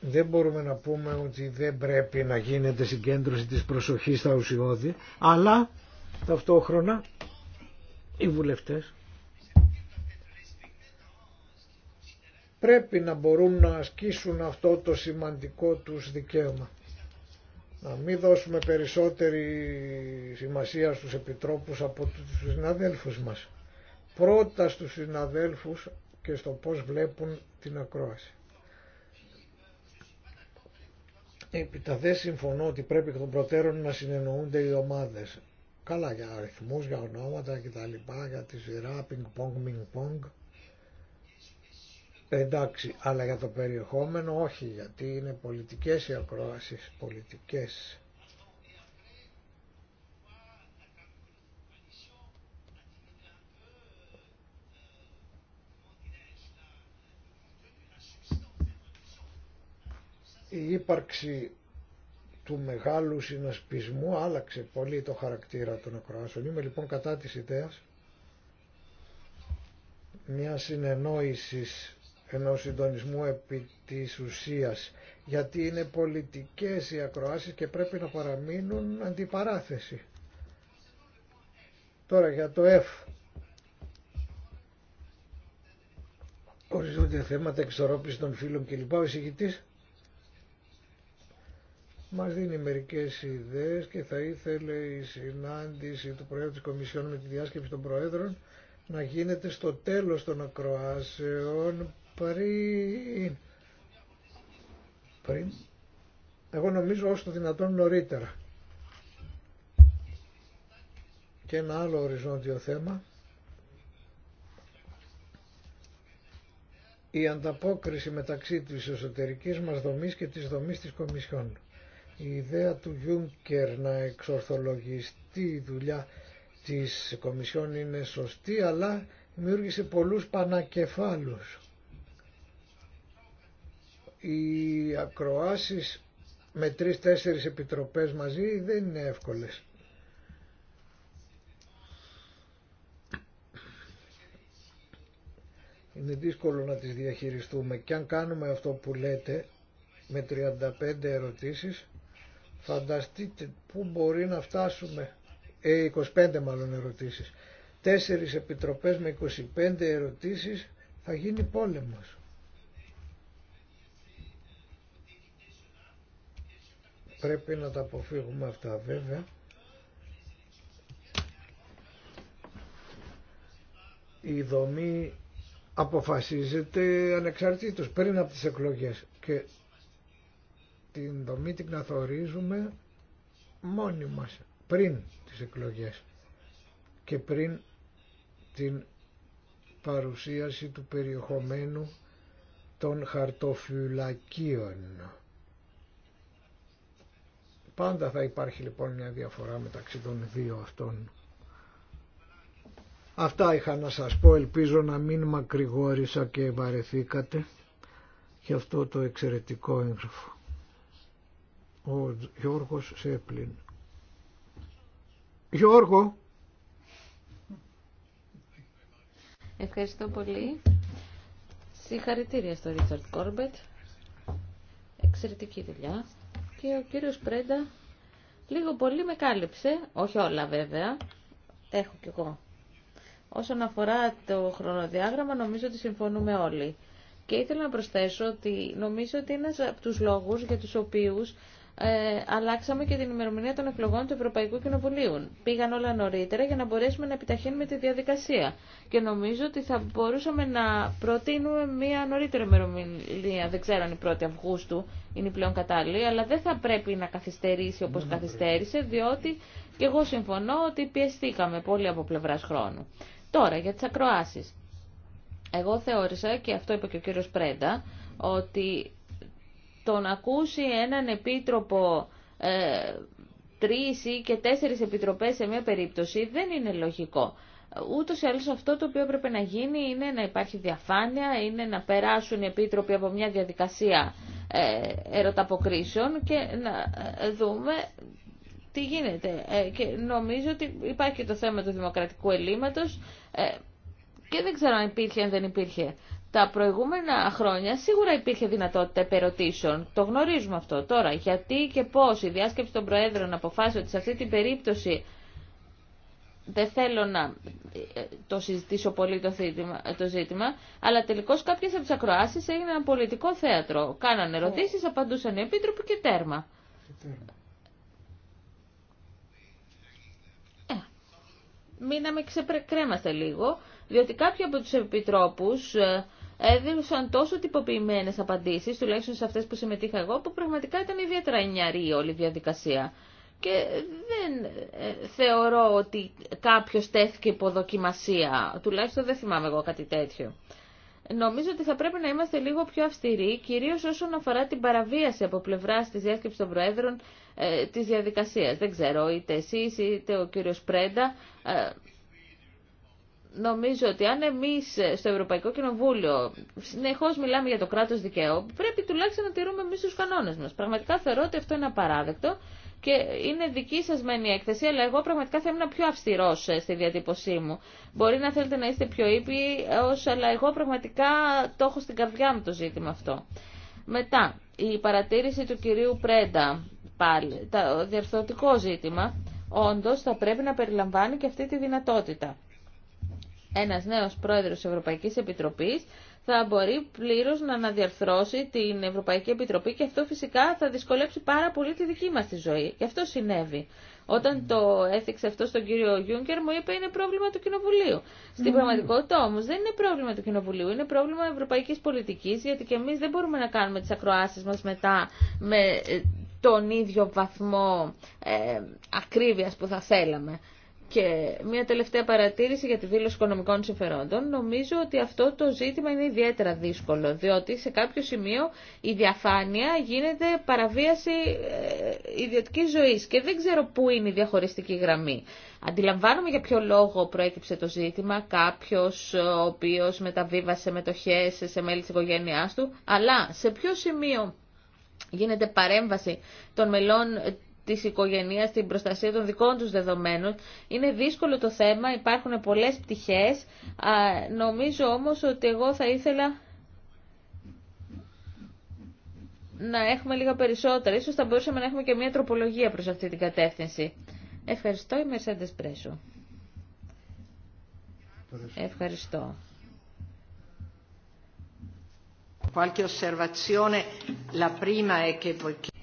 Δεν μπορούμε να πούμε ότι δεν πρέπει να γίνεται συγκέντρωση της προσοχής στα ουσιώδη, αλλά ταυτόχρονα οι βουλευτές πρέπει να μπορούν να ασκήσουν αυτό το σημαντικό τους δικαίωμα. Να μην δώσουμε περισσότερη σημασία στους επιτρόπους από τους συναδέλφους μας. Πρώτα στους συναδέλφους και στο πώς βλέπουν την ακρόαση. Επίτα δεν συμφωνώ ότι πρέπει εκ των προτέρων να συνεννοούνται οι ομάδες. Καλά για αριθμούς, για ονόματα κτλ, για τη σειρά, Εντάξει, αλλά για το περιεχόμενο όχι, γιατί είναι πολιτικές οι ακροάσεις, πολιτικές. Η ύπαρξη του μεγάλου συνασπισμού άλλαξε πολύ το χαρακτήρα των ακροάσεων. Είμαι λοιπόν κατά της ιδέας μια συνεννόησης ενός συντονισμού επί της ουσίας, γιατί είναι πολιτικές οι ακροάσεις και πρέπει να παραμείνουν αντιπαράθεση. Τώρα για το F. Οριζόντια θέματα εξορρόπηση των φίλων κλπ. Ο εισηγητής μας δίνει μερικές ιδέες και θα ήθελε η συνάντηση του Προέδρου της Κομισιόν με τη διάσκεψη των Προέδρων να γίνεται στο τέλος των ακροάσεων πριν, πριν, εγώ νομίζω όσο το δυνατόν νωρίτερα. Και ένα άλλο οριζόντιο θέμα, η ανταπόκριση μεταξύ της εσωτερικής μας δομής και της δομής της Κομισιόν. Η ιδέα του Γιούνκερ να εξορθολογιστεί η δουλειά της Κομισιόν είναι σωστή, αλλά δημιούργησε πολλούς πανακεφάλους. Οι ακροάσεις με τρεις-τέσσερις επιτροπές μαζί δεν είναι εύκολες. Είναι δύσκολο να τις διαχειριστούμε και αν κάνουμε αυτό που λέτε με 35 ερωτήσεις φανταστείτε πού μπορεί να φτάσουμε ε, 25 μάλλον ερωτήσεις τέσσερις επιτροπές με 25 ερωτήσεις θα γίνει πόλεμος Πρέπει να τα αποφύγουμε αυτά βέβαια. Η δομή αποφασίζεται ανεξαρτήτως πριν από τις εκλογές και την δομή την καθορίζουμε μόνοι μας πριν τις εκλογές και πριν την παρουσίαση του περιεχομένου των χαρτοφυλακίων. Πάντα θα υπάρχει λοιπόν μια διαφορά μεταξύ των δύο αυτών. Αυτά είχα να σας πω, ελπίζω να μην μακρηγόρησα και βαρεθήκατε για αυτό το εξαιρετικό έγγραφο. Ο Γιώργος Σέπλιν. Γιώργο! Ευχαριστώ πολύ. Συγχαρητήρια στο Ρίτσαρτ Κόρμπετ. Εξαιρετική δουλειά και ο κύριος Πρέντα λίγο πολύ με κάλυψε, όχι όλα βέβαια, έχω κι εγώ. Όσον αφορά το χρονοδιάγραμμα νομίζω ότι συμφωνούμε όλοι. Και ήθελα να προσθέσω ότι νομίζω ότι ένας από τους λόγους για τους οποίους ε, αλλάξαμε και την ημερομηνία των εκλογών του Ευρωπαϊκού Κοινοβουλίου. Πήγαν όλα νωρίτερα για να μπορέσουμε να επιταχύνουμε τη διαδικασία. Και νομίζω ότι θα μπορούσαμε να προτείνουμε μία νωρίτερη ημερομηνία. Δεν ξέρω αν η 1η Αυγούστου είναι η πλέον κατάλληλη, αλλά δεν θα πρέπει να καθυστερήσει όπω ναι, καθυστέρησε, ναι. διότι και εγώ συμφωνώ ότι πιεστήκαμε πολύ από πλευρά χρόνου. Τώρα, για τι ακροάσει. Εγώ θεώρησα, και αυτό είπε και ο κύριο Πρέντα, ότι το να ακούσει έναν επίτροπο ε, τρεις ή και τέσσερις επιτροπές σε μια περίπτωση δεν είναι λογικό. Ούτως ή άλλως αυτό το οποίο πρέπει να γίνει είναι να υπάρχει διαφάνεια, είναι να περάσουν οι επίτροποι από μια διαδικασία ε, ερωταποκρίσεων και να ε, δούμε τι γίνεται. Ε, και νομίζω ότι υπάρχει και το θέμα του δημοκρατικού ελλείμματος και δεν ξέρω αν υπήρχε, αν δεν υπήρχε τα προηγούμενα χρόνια σίγουρα υπήρχε δυνατότητα επερωτήσεων. Το γνωρίζουμε αυτό. Τώρα, γιατί και πώς η διάσκεψη των Προέδρων αποφάσισε ότι σε αυτή την περίπτωση δεν θέλω να ε, το συζητήσω πολύ το, το ζήτημα, αλλά τελικώ κάποιε από τι ακροάσει έγιναν ένα πολιτικό θέατρο. Κάνανε ερωτήσει, απαντούσαν οι επίτροποι και τέρμα. Και Ε, μείναμε ξεκρέμαστε λίγο, διότι κάποιοι από του επιτρόπους... Ε, έδωσαν τόσο τυποποιημένες απαντήσεις, τουλάχιστον σε αυτές που συμμετείχα εγώ, που πραγματικά ήταν ιδιαίτερα ενιαρή όλη η διαδικασία. Και δεν ε, θεωρώ ότι κάποιος τέθηκε υποδοκιμασία, τουλάχιστον δεν θυμάμαι εγώ κάτι τέτοιο. Νομίζω ότι θα πρέπει να είμαστε λίγο πιο αυστηροί, κυρίω όσον αφορά την παραβίαση από πλευρά τη διάσκεψη των Προέδρων ε, τη διαδικασία. Δεν ξέρω, είτε εσεί είτε ο κύριο Πρέντα ε, νομίζω ότι αν εμεί στο Ευρωπαϊκό Κοινοβούλιο συνεχώ μιλάμε για το κράτο δικαίου, πρέπει τουλάχιστον να τηρούμε εμεί του κανόνε μα. Πραγματικά θεωρώ ότι αυτό είναι απαράδεκτο και είναι δική σα μένει η έκθεση, αλλά εγώ πραγματικά θα ήμουν πιο αυστηρό, ε, στη διατύπωσή μου. Μπορεί να θέλετε να είστε πιο ήπιος, αλλά εγώ πραγματικά το έχω στην καρδιά μου το ζήτημα αυτό. Μετά, η παρατήρηση του κυρίου Πρέντα, πάλι, το διορθωτικό ζήτημα, όντως θα πρέπει να περιλαμβάνει και αυτή τη δυνατότητα ένας νέος πρόεδρος της Ευρωπαϊκής Επιτροπής θα μπορεί πλήρως να αναδιαρθρώσει την Ευρωπαϊκή Επιτροπή και αυτό φυσικά θα δυσκολέψει πάρα πολύ τη δική μας τη ζωή. Και αυτό συνέβη. Όταν το έθιξε αυτό στον κύριο Γιούγκερ, μου είπε είναι πρόβλημα του Κοινοβουλίου. Στην πραγματικότητα όμω δεν είναι πρόβλημα του Κοινοβουλίου, είναι πρόβλημα ευρωπαϊκή πολιτική, γιατί και εμεί δεν μπορούμε να κάνουμε τι ακροάσει μα μετά με ε, τον ίδιο βαθμό ε, ακρίβειας που θα θέλαμε. Και μια τελευταία παρατήρηση για τη δήλωση οικονομικών συμφερόντων. Νομίζω ότι αυτό το ζήτημα είναι ιδιαίτερα δύσκολο, διότι σε κάποιο σημείο η διαφάνεια γίνεται παραβίαση ε, ιδιωτικής ζωής και δεν ξέρω πού είναι η διαχωριστική γραμμή. Αντιλαμβάνομαι για ποιο λόγο προέκυψε το ζήτημα, κάποιος ο οποίος μεταβίβασε μετοχές σε μέλη τη οικογένεια του, αλλά σε ποιο σημείο γίνεται παρέμβαση των μελών τη οικογένεια, την προστασία των δικών του δεδομένων. Είναι δύσκολο το θέμα, υπάρχουν πολλέ πτυχέ. Νομίζω όμω ότι εγώ θα ήθελα να έχουμε λίγα περισσότερα. Ίσως θα μπορούσαμε να έχουμε και μια τροπολογία προς αυτή την κατεύθυνση. Ευχαριστώ η Mercedes Πρέσο. Ευχαριστώ.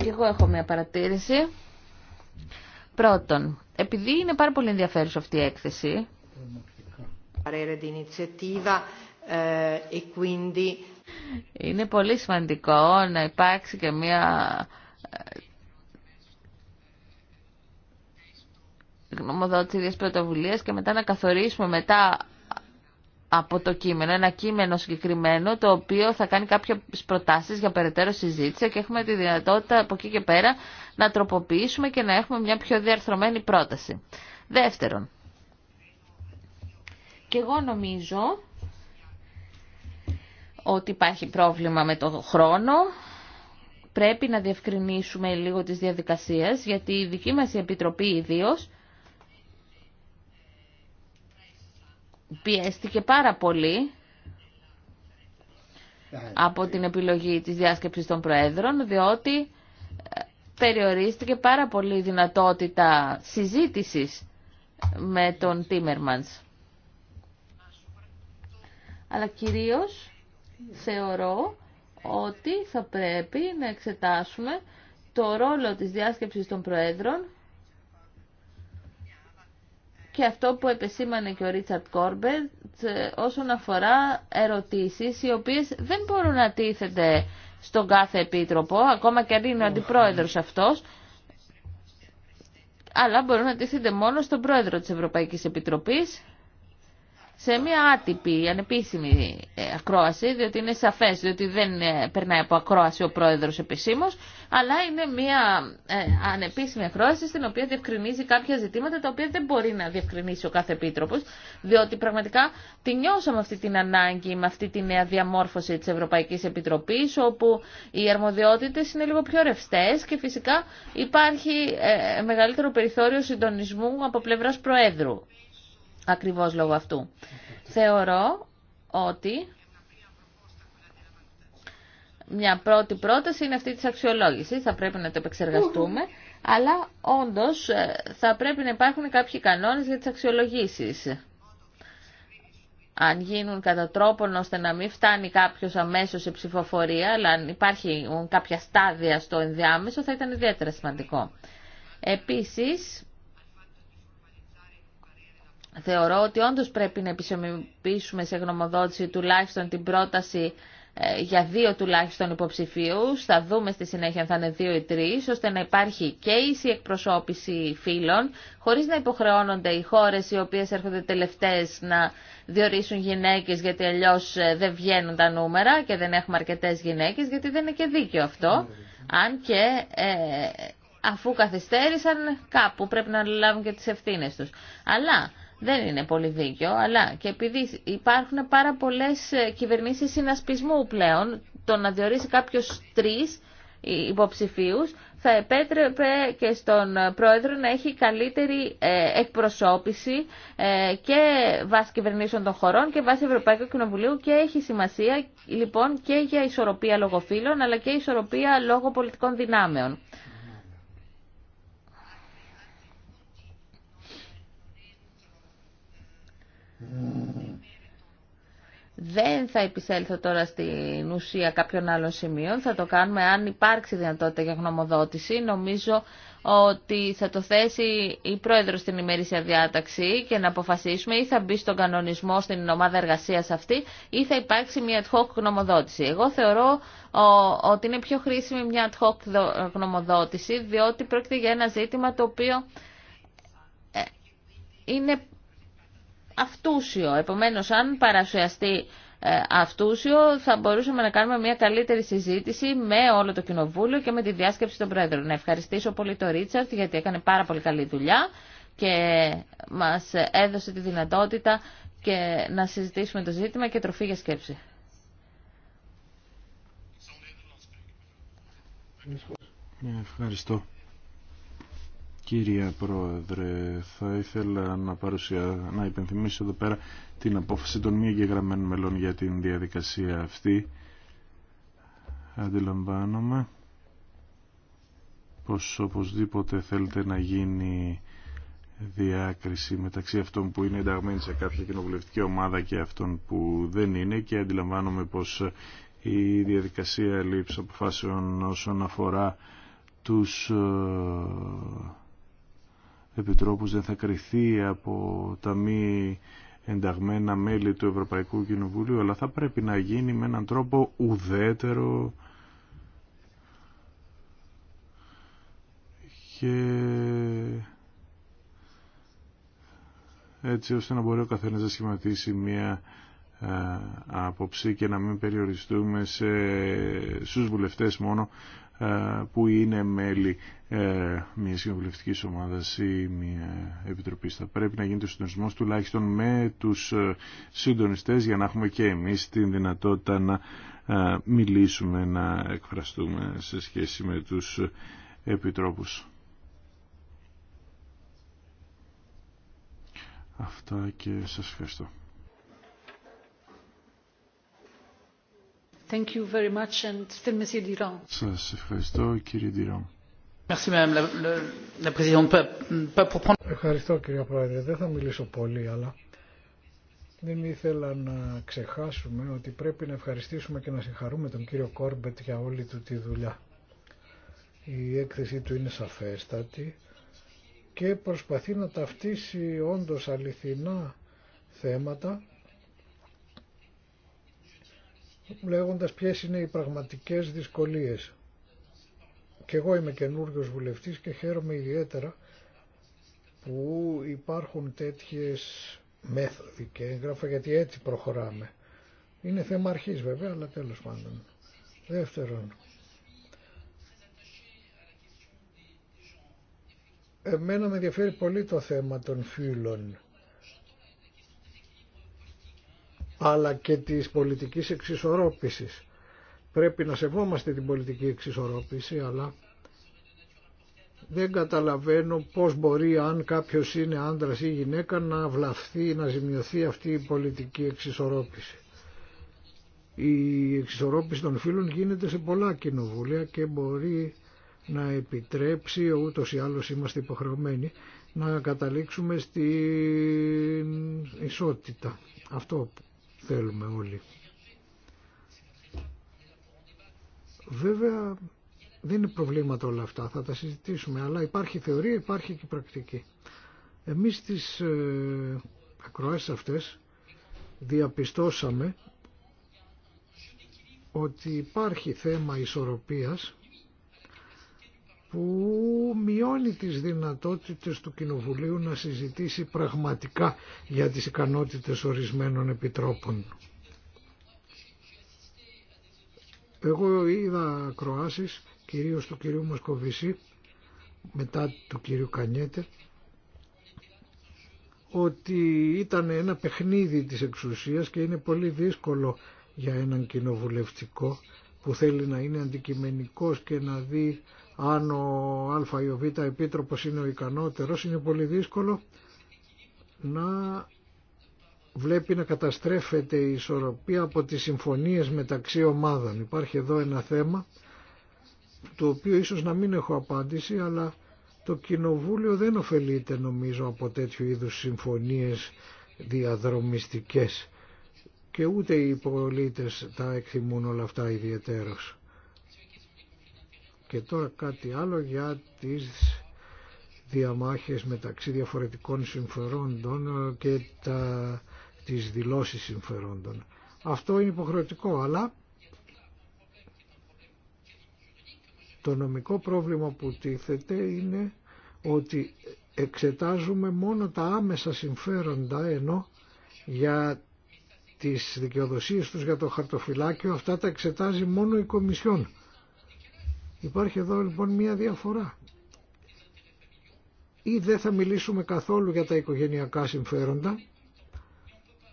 εγώ έχω μια παρατήρηση. Πρώτον, επειδή είναι πάρα πολύ ενδιαφέρουσα αυτή η έκθεση, ε, e είναι πολύ σημαντικό να υπάρξει και μια ε, γνωμοδότηση ίδιας πρωτοβουλίας και μετά να καθορίσουμε μετά από το κείμενο, ένα κείμενο συγκεκριμένο το οποίο θα κάνει κάποιες προτάσεις για περαιτέρω συζήτηση και έχουμε τη δυνατότητα από εκεί και πέρα να τροποποιήσουμε και να έχουμε μια πιο διαρθρωμένη πρόταση. Δεύτερον, και εγώ νομίζω ότι υπάρχει πρόβλημα με το χρόνο. Πρέπει να διευκρινίσουμε λίγο τις διαδικασίες, γιατί η δική μας η Επιτροπή ιδίως πιέστηκε πάρα πολύ από την επιλογή της διάσκεψης των Προέδρων, διότι ε, περιορίστηκε πάρα πολύ η δυνατότητα συζήτησης με τον Τίμερμανς. Αλλά κυρίως θεωρώ ότι θα πρέπει να εξετάσουμε το ρόλο της διάσκεψης των Προέδρων και αυτό που επεσήμανε και ο Ρίτσαρτ Κόρμπετ ε, όσον αφορά ερωτήσεις οι οποίες δεν μπορούν να τίθεται στον κάθε επίτροπο, ακόμα και αν είναι ο αντιπρόεδρος αυτός, αλλά μπορούν να τίθεται μόνο στον πρόεδρο της Ευρωπαϊκής Επιτροπής σε μια άτυπη, ανεπίσημη ε, ακρόαση, διότι είναι σαφές, διότι δεν ε, περνάει από ακρόαση ο πρόεδρος επισήμως, αλλά είναι μια ε, ανεπίσημη ακρόαση στην οποία διευκρινίζει κάποια ζητήματα τα οποία δεν μπορεί να διευκρινίσει ο κάθε επίτροπος, διότι πραγματικά τη νιώσαμε αυτή την ανάγκη με αυτή τη νέα διαμόρφωση της Ευρωπαϊκής Επιτροπής, όπου οι αρμοδιότητες είναι λίγο πιο ρευστές και φυσικά υπάρχει μεγαλύτερο περιθώριο συντονισμού από πλευράς Προέδρου ακριβώς λόγω αυτού. Θεωρώ ότι μια πρώτη πρόταση είναι αυτή της αξιολόγησης, θα πρέπει να το επεξεργαστούμε, αλλά όντως ε, θα πρέπει να υπάρχουν κάποιοι κανόνες για τις αξιολογήσεις. Αν γίνουν κατά τρόπον ώστε να μην φτάνει κάποιος αμέσως σε ψηφοφορία, αλλά αν υπάρχει κάποια στάδια στο ενδιάμεσο θα ήταν ιδιαίτερα σημαντικό. Επίσης, Θεωρώ ότι όντως πρέπει να επισημοποιήσουμε σε γνωμοδότηση τουλάχιστον την πρόταση ε, για δύο τουλάχιστον υποψηφίου. Θα δούμε στη συνέχεια αν θα είναι δύο ή τρει, ώστε να υπάρχει και ίση εκπροσώπηση φύλων, χωρί να υποχρεώνονται οι χώρε οι οποίε έρχονται τελευταίε να διορίσουν γυναίκε, γιατί αλλιώ ε, δεν βγαίνουν τα νούμερα και δεν έχουμε αρκετέ γυναίκε, γιατί δεν είναι και δίκαιο αυτό. Αν και ε, αφού καθυστέρησαν, κάπου πρέπει να λάβουν και τι ευθύνε του. Αλλά δεν είναι πολύ δίκιο, αλλά και επειδή υπάρχουν πάρα πολλέ ε, κυβερνήσει συνασπισμού πλέον, το να διορίσει κάποιο τρεις ε, υποψηφίου, θα επέτρεπε και στον ε, πρόεδρο να έχει καλύτερη εκπροσώπηση και βάσει κυβερνήσεων των χωρών και βάσει Ευρωπαϊκού Κοινοβουλίου και έχει σημασία λοιπόν και για ισορροπία λογοφύλων αλλά και ισορροπία λόγω πολιτικών δυνάμεων. Δεν θα επισέλθω τώρα στην ουσία κάποιων άλλων σημείων. Θα το κάνουμε αν υπάρξει δυνατότητα για γνωμοδότηση. Νομίζω ότι θα το θέσει η πρόεδρος στην ημερήσια διάταξη και να αποφασίσουμε ή θα μπει στον κανονισμό στην ομάδα εργασίας αυτή ή θα υπάρξει μια ad hoc γνωμοδότηση. Εγώ θεωρώ ότι είναι πιο χρήσιμη μια ad hoc γνωμοδότηση διότι πρόκειται για ένα ζήτημα το οποίο ε, είναι αυτούσιο. Επομένως, αν ε, αυτούσιο, θα μπορούσαμε να κάνουμε μια καλύτερη συζήτηση με όλο το Κοινοβούλιο και με τη διάσκεψη των Πρόεδρων. Να ευχαριστήσω πολύ τον Ρίτσαρτ, γιατί έκανε πάρα πολύ καλή δουλειά και μας έδωσε τη δυνατότητα και να συζητήσουμε το ζήτημα και τροφή για σκέψη. Ευχαριστώ. Κύριε Πρόεδρε, θα ήθελα να, παρουσια... να υπενθυμίσω εδώ πέρα την απόφαση των μη εγγεγραμμένων μελών για την διαδικασία αυτή. Αντιλαμβάνομαι πως οπωσδήποτε θέλετε να γίνει διάκριση μεταξύ αυτών που είναι ενταγμένοι σε κάποια κοινοβουλευτική ομάδα και αυτών που δεν είναι και αντιλαμβάνομαι πως η διαδικασία λήψη αποφάσεων όσον αφορά τους ε, επιτρόπους δεν θα κριθεί από τα μη ενταγμένα μέλη του Ευρωπαϊκού Κοινοβουλίου, αλλά θα πρέπει να γίνει με έναν τρόπο ουδέτερο και έτσι ώστε να μπορεί ο καθένας να σχηματίσει μία άποψη και να μην περιοριστούμε σε, στους βουλευτές μόνο ε, που είναι μέλη ε, μια συμβουλευτική ομάδα ή μια επιτροπή. Θα πρέπει να γίνεται ο συντονισμό τουλάχιστον με του ε, συντονιστέ για να έχουμε και εμεί την δυνατότητα να μιλήσουμε, να εκφραστούμε σε σχέση με του επιτρόπου. Αυτά και σας ευχαριστώ. Thank Σας ευχαριστώ κύριε Durand. Ευχαριστώ κύριε Πρόεδρε. Δεν θα μιλήσω πολύ αλλά δεν ήθελα να ξεχάσουμε ότι πρέπει να ευχαριστήσουμε και να συγχαρούμε τον κύριο Κόρμπετ για όλη του τη δουλειά. Η έκθεσή του είναι σαφέστατη και προσπαθεί να ταυτίσει όντως αληθινά θέματα λέγοντας ποιες είναι οι πραγματικές δυσκολίες. Και εγώ είμαι καινούριο βουλευτής και χαίρομαι ιδιαίτερα που υπάρχουν τέτοιες μέθοδοι και έγγραφα γιατί έτσι προχωράμε. Είναι θέμα αρχής βέβαια, αλλά τέλος πάντων. Δεύτερον, εμένα με ενδιαφέρει πολύ το θέμα των φύλων αλλά και της πολιτικής εξισορρόπησης. Πρέπει να σεβόμαστε την πολιτική εξισορρόπηση, αλλά δεν καταλαβαίνω πώς μπορεί αν κάποιος είναι άντρας ή γυναίκα να βλαφθεί, να ζημιωθεί αυτή η πολιτική εξισορρόπηση. Η εξισορρόπηση των φίλων γίνεται σε πολλά κοινοβούλια και μπορεί να επιτρέψει, ούτως ή άλλως είμαστε υποχρεωμένοι, να καταλήξουμε στην ισότητα. Αυτό θέλουμε όλοι. Βέβαια δεν είναι προβλήματα όλα αυτά, θα τα συζητήσουμε, αλλά υπάρχει θεωρία, υπάρχει και πρακτική. Εμείς τις ε, αυτές διαπιστώσαμε ότι υπάρχει θέμα ισορροπίας που μειώνει τις δυνατότητες του Κοινοβουλίου να συζητήσει πραγματικά για τις ικανότητες ορισμένων επιτρόπων. Εγώ είδα κρόάσεις κυρίως του κυρίου Μοσκοβισή μετά του κυρίου Κανιέτε ότι ήταν ένα παιχνίδι της εξουσίας και είναι πολύ δύσκολο για έναν κοινοβουλευτικό που θέλει να είναι αντικειμενικός και να δει αν ο Α ή ο Β επίτροπος είναι ο ικανότερος, είναι πολύ δύσκολο να βλέπει να καταστρέφεται η ισορροπία από τις συμφωνίες μεταξύ ομάδων. Υπάρχει εδώ ένα θέμα, το οποίο ίσως να μην έχω απάντηση, αλλά το Κοινοβούλιο δεν ωφελείται νομίζω από τέτοιου είδους συμφωνίες διαδρομιστικές και ούτε οι πολίτες τα εκτιμούν όλα αυτά ιδιαίτερως. Και τώρα κάτι άλλο για τις διαμάχες μεταξύ διαφορετικών συμφερόντων και τα, τις δηλώσεις συμφερόντων. Αυτό είναι υποχρεωτικό, αλλά το νομικό πρόβλημα που τίθεται είναι ότι εξετάζουμε μόνο τα άμεσα συμφέροντα ενώ για τις δικαιοδοσίες τους για το χαρτοφυλάκιο αυτά τα εξετάζει μόνο η Κομισιόν. Υπάρχει εδώ λοιπόν μία διαφορά. Ή δεν θα μιλήσουμε καθόλου για τα οικογενειακά συμφέροντα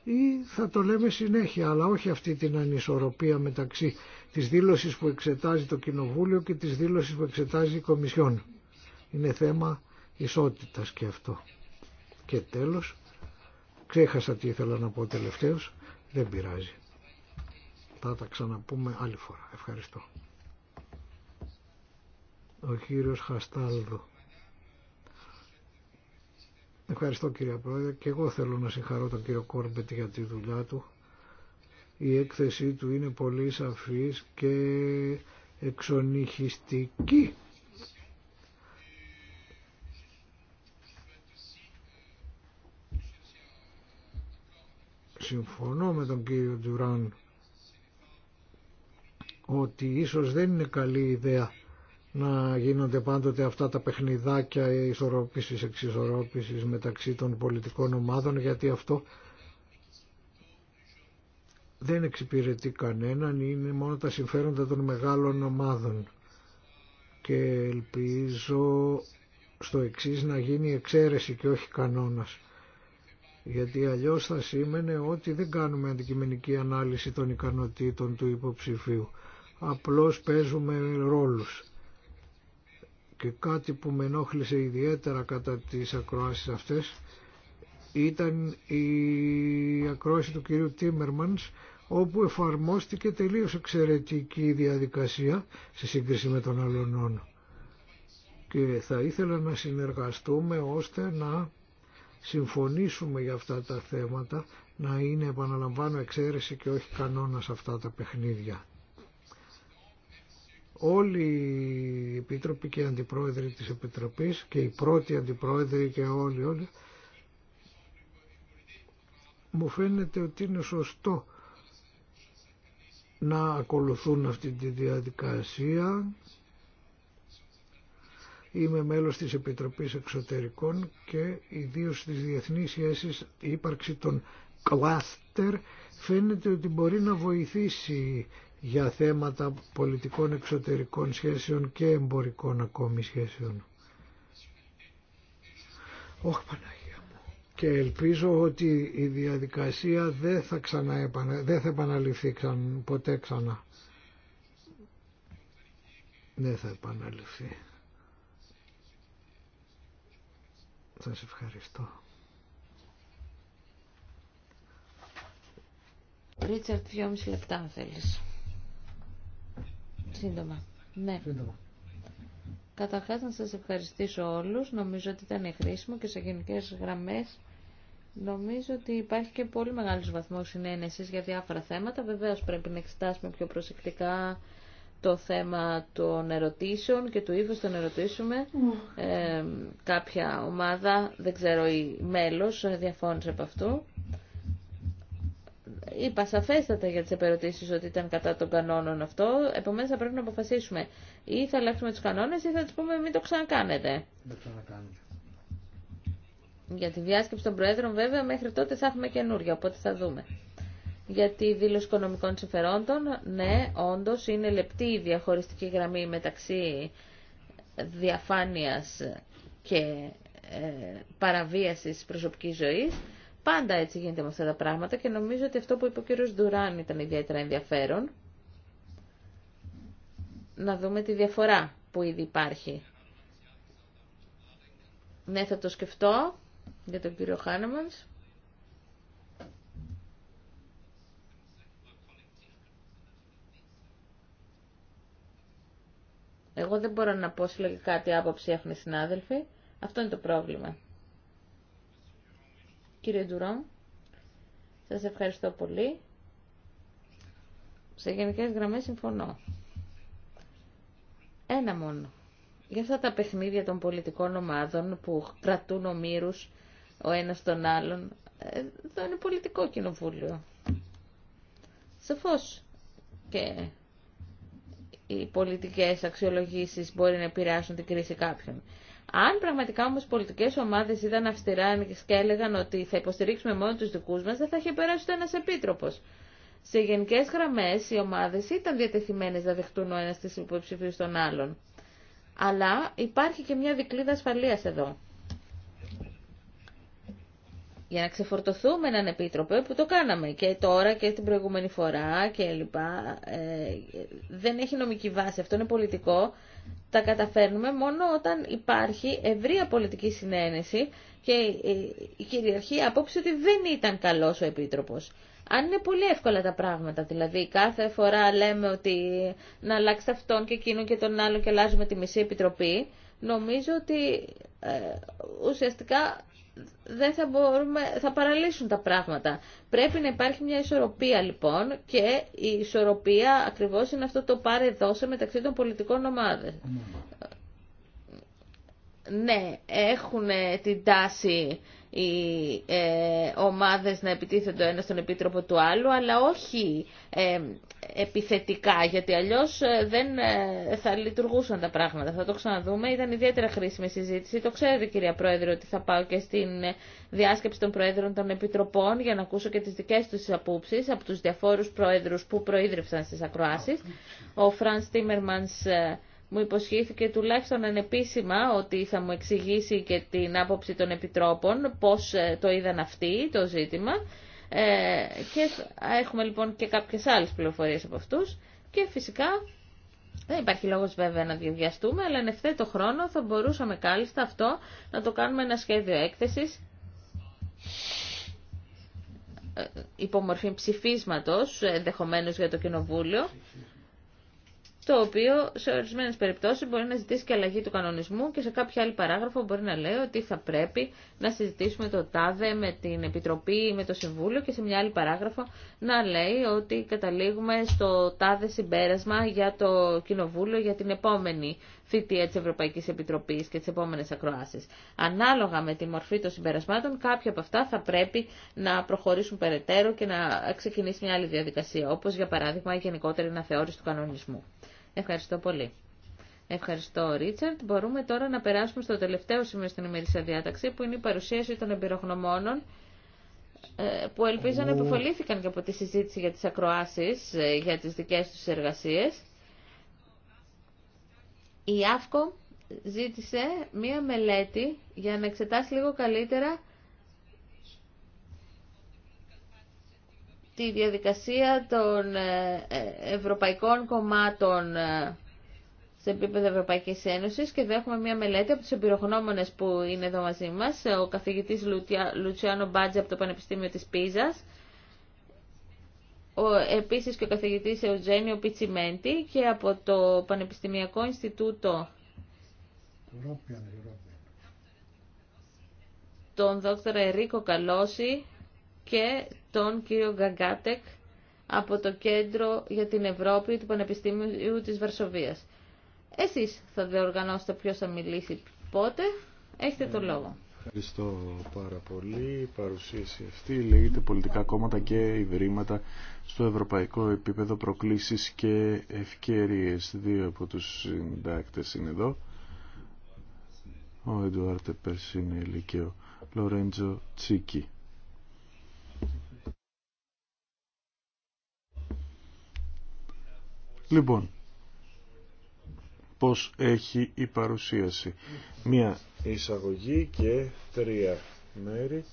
ή θα το λέμε συνέχεια, αλλά όχι αυτή την ανισορροπία μεταξύ της δήλωσης που εξετάζει το Κοινοβούλιο και της δήλωσης που εξετάζει η Κομισιόν. Είναι θέμα ισότητας και αυτό. Και τέλος, ξέχασα τι ήθελα να πω τελευταίος, δεν πειράζει. Θα τα ξαναπούμε άλλη φορά. Ευχαριστώ ο κύριος Χαστάλδο. Ευχαριστώ κύριε Πρόεδρε και εγώ θέλω να συγχαρώ τον κύριο Κόρμπετ για τη δουλειά του. Η έκθεσή του είναι πολύ σαφής και εξονυχιστική. Συμφωνώ με τον κύριο Ντουράν ότι ίσως δεν είναι καλή ιδέα να γίνονται πάντοτε αυτά τα παιχνιδάκια ισορρόπησης, εξισορρόπησης μεταξύ των πολιτικών ομάδων γιατί αυτό δεν εξυπηρετεί κανέναν, είναι μόνο τα συμφέροντα των μεγάλων ομάδων. Και ελπίζω στο εξή να γίνει εξαίρεση και όχι κανόνας. Γιατί αλλιώς θα σήμαινε ότι δεν κάνουμε αντικειμενική ανάλυση των ικανοτήτων του υποψηφίου. Απλώς παίζουμε ρόλους και κάτι που με ενόχλησε ιδιαίτερα κατά τις ακροάσεις αυτές ήταν η ακρόαση του κυρίου Τίμερμανς όπου εφαρμόστηκε τελείως εξαιρετική διαδικασία σε σύγκριση με τον αλλονόν. και θα ήθελα να συνεργαστούμε ώστε να συμφωνήσουμε για αυτά τα θέματα να είναι επαναλαμβάνω εξαίρεση και όχι κανόνα αυτά τα παιχνίδια όλοι οι επίτροποι και οι αντιπρόεδροι της Επιτροπής και οι πρώτοι αντιπρόεδροι και όλοι όλοι μου φαίνεται ότι είναι σωστό να ακολουθούν αυτή τη διαδικασία. Είμαι μέλος της Επιτροπής Εξωτερικών και ιδίως στις διεθνείς σχέσεις η ύπαρξη των κλάστερ φαίνεται ότι μπορεί να βοηθήσει για θέματα πολιτικών εξωτερικών σχέσεων και εμπορικών ακόμη σχέσεων. Όχι Παναγία Και ελπίζω ότι η διαδικασία δεν θα, ξανά, δεν θα επαναληφθεί ξαν, ποτέ ξανά. Δεν θα επαναληφθεί. Σας ευχαριστώ. Ρίτσαρτ, δυόμιση λεπτά Σύντομα. Ναι. Σύντομα. Καταρχάς να σας ευχαριστήσω όλους. Νομίζω ότι ήταν χρήσιμο και σε γενικέ γραμμές νομίζω ότι υπάρχει και πολύ μεγάλο βαθμό συνένεση για διάφορα θέματα. Βεβαίως πρέπει να εξετάσουμε πιο προσεκτικά το θέμα των ερωτήσεων και του είδους των ερωτήσεων Ε, κάποια ομάδα, δεν ξέρω η μέλος, διαφώνησε από αυτού είπα σαφέστατα για τις επερωτήσεις ότι ήταν κατά των κανόνων αυτό, επομένως θα πρέπει να αποφασίσουμε ή θα αλλάξουμε τους κανόνες ή θα τους πούμε μην το ξανακάνετε. Δεν ξανακάνετε. Για τη διάσκεψη των Προέδρων βέβαια μέχρι τότε θα έχουμε καινούργια, οπότε θα δούμε. Για τη δήλωση οικονομικών συμφερόντων, ναι, όντω είναι λεπτή η διαχωριστική γραμμή μεταξύ διαφάνειας και ε, παραβίασης προσωπικής ζωής Πάντα έτσι γίνεται με αυτά τα πράγματα και νομίζω ότι αυτό που είπε ο κύριος Ντουράν ήταν ιδιαίτερα ενδιαφέρον. Να δούμε τη διαφορά που ήδη υπάρχει. Ναι, θα το σκεφτώ για τον κύριο Χάνεμανς. Εγώ δεν μπορώ να πω συλλογικά τι άποψη έχουν οι συνάδελφοι. Αυτό είναι το πρόβλημα. Κύριε Ντουρόμ, σας ευχαριστώ πολύ. Σε γενικές γραμμές συμφωνώ. Ένα μόνο. Για αυτά τα παιχνίδια των πολιτικών ομάδων που κρατούν ομήρους ο ένας τον άλλον, ε, εδώ είναι πολιτικό κοινοβούλιο. Σαφώς και οι πολιτικές αξιολογήσεις μπορεί να επηρεάσουν την κρίση κάποιων. Αν πραγματικά όμω οι πολιτικέ ομάδε ήταν αυστηρά και έλεγαν ότι θα υποστηρίξουμε μόνο του δικού μα, δεν θα είχε περάσει ούτε ένα επίτροπο. Σε γενικέ γραμμέ οι ομάδε ήταν διατεθειμένε να δεχτούν ο ένα τι υποψηφίου των άλλων. Αλλά υπάρχει και μια δικλίδα ασφαλεία εδώ για να ξεφορτωθούμε έναν Επίτροπε που το κάναμε και τώρα και την προηγούμενη φορά και λοιπά. Ε, δεν έχει νομική βάση, αυτό είναι πολιτικό. Τα καταφέρνουμε μόνο όταν υπάρχει ευρεία πολιτική συνένεση και ε, η κυριαρχία απόψε ότι δεν ήταν καλός ο επίτροπος. Αν είναι πολύ εύκολα τα πράγματα, δηλαδή κάθε φορά λέμε ότι να αλλάξει αυτόν και εκείνον και τον άλλο και αλλάζουμε τη μισή επιτροπή, νομίζω ότι ε, ουσιαστικά δεν θα, μπορούμε, θα παραλύσουν τα πράγματα. Πρέπει να υπάρχει μια ισορροπία λοιπόν και η ισορροπία ακριβώς είναι αυτό το πάρε δώσε μεταξύ των πολιτικών ομάδων. Ναι, έχουν την τάση οι ε, ομάδες να επιτίθενται το ένα στον επίτροπο του άλλου, αλλά όχι ε, επιθετικά, γιατί αλλιώς ε, δεν ε, θα λειτουργούσαν τα πράγματα. Θα το ξαναδούμε. Ήταν ιδιαίτερα χρήσιμη συζήτηση. Το ξέρετε κυρία Πρόεδρε ότι θα πάω και στην ε, διάσκεψη των Προέδρων των Επιτροπών για να ακούσω και τις δικές τους απόψεις από τους διαφόρους Προέδρους που προείδρευσαν στις ακροάσεις. Ο Φραν Τίμερμανς μου υποσχέθηκε τουλάχιστον ανεπίσημα ότι θα μου εξηγήσει και την άποψη των Επιτρόπων πώς το είδαν αυτοί το ζήτημα. Ε, και έχουμε λοιπόν και κάποιες άλλες πληροφορίες από αυτούς και φυσικά δεν υπάρχει λόγος βέβαια να διαβιαστούμε, αλλά εν ευθέτω χρόνο θα μπορούσαμε κάλλιστα αυτό να το κάνουμε ένα σχέδιο έκθεσης ε, υπομορφή ψηφίσματος ενδεχομένως για το Κοινοβούλιο το οποίο σε ορισμένε περιπτώσει μπορεί να ζητήσει και αλλαγή του κανονισμού και σε κάποια άλλη παράγραφο μπορεί να λέει ότι θα πρέπει να συζητήσουμε το ΤΑΔΕ με την Επιτροπή ή με το Συμβούλιο και σε μια άλλη παράγραφο να λέει ότι καταλήγουμε στο ΤΑΔΕ συμπέρασμα για το Κοινοβούλιο για την επόμενη θητεία τη Ευρωπαϊκή Επιτροπή και τι επόμενε ακροάσει. Ανάλογα με τη μορφή των συμπερασμάτων, κάποια από αυτά θα πρέπει να προχωρήσουν περαιτέρω και να ξεκινήσει μια άλλη διαδικασία, όπω για παράδειγμα η γενικότερη αναθεώρηση του κανονισμού. Ευχαριστώ πολύ. Ευχαριστώ, Ρίτσαρτ. Μπορούμε τώρα να περάσουμε στο τελευταίο σημείο στην ημερήσια διάταξη, που είναι η παρουσίαση των εμπειρογνωμόνων, ε, που ελπίζω να επιφολήθηκαν και από τη συζήτηση για τις ακροάσεις, ε, για τις δικές τους εργασίες. Η ΑΦΚΟ ζήτησε μία μελέτη για να εξετάσει λίγο καλύτερα τη διαδικασία των ε, ε, ευρωπαϊκών κομμάτων ε, σε επίπεδο Ευρωπαϊκή Ένωση και εδώ έχουμε μια μελέτη από του εμπειρογνώμονε που είναι εδώ μαζί μα, ο καθηγητή Λουτσιάνο Μπάτζε από το Πανεπιστήμιο τη Πίζα, επίση και ο καθηγητή Εουτζένιο Πιτσιμέντη και από το Πανεπιστημιακό Ινστιτούτο τον δόκτωρα Ερίκο Καλώση και τον κύριο Γκαγκάτεκ από το Κέντρο για την Ευρώπη του Πανεπιστήμιου της Βαρσοβίας. Εσείς θα διοργανώσετε ποιος θα μιλήσει πότε. Έχετε το ε, λόγο. Ευχαριστώ πάρα πολύ. Η παρουσίαση αυτή λέγεται πολιτικά κόμματα και ιδρύματα στο ευρωπαϊκό επίπεδο προκλήσεις και ευκαιρίες. Δύο από τους συντάκτες είναι εδώ. Ο Εντουάρτε Περσίνελη και ο Λορέντζο Τσίκη. Λοιπόν, πώς έχει η παρουσίαση. Μία εισαγωγή και τρία μέρη.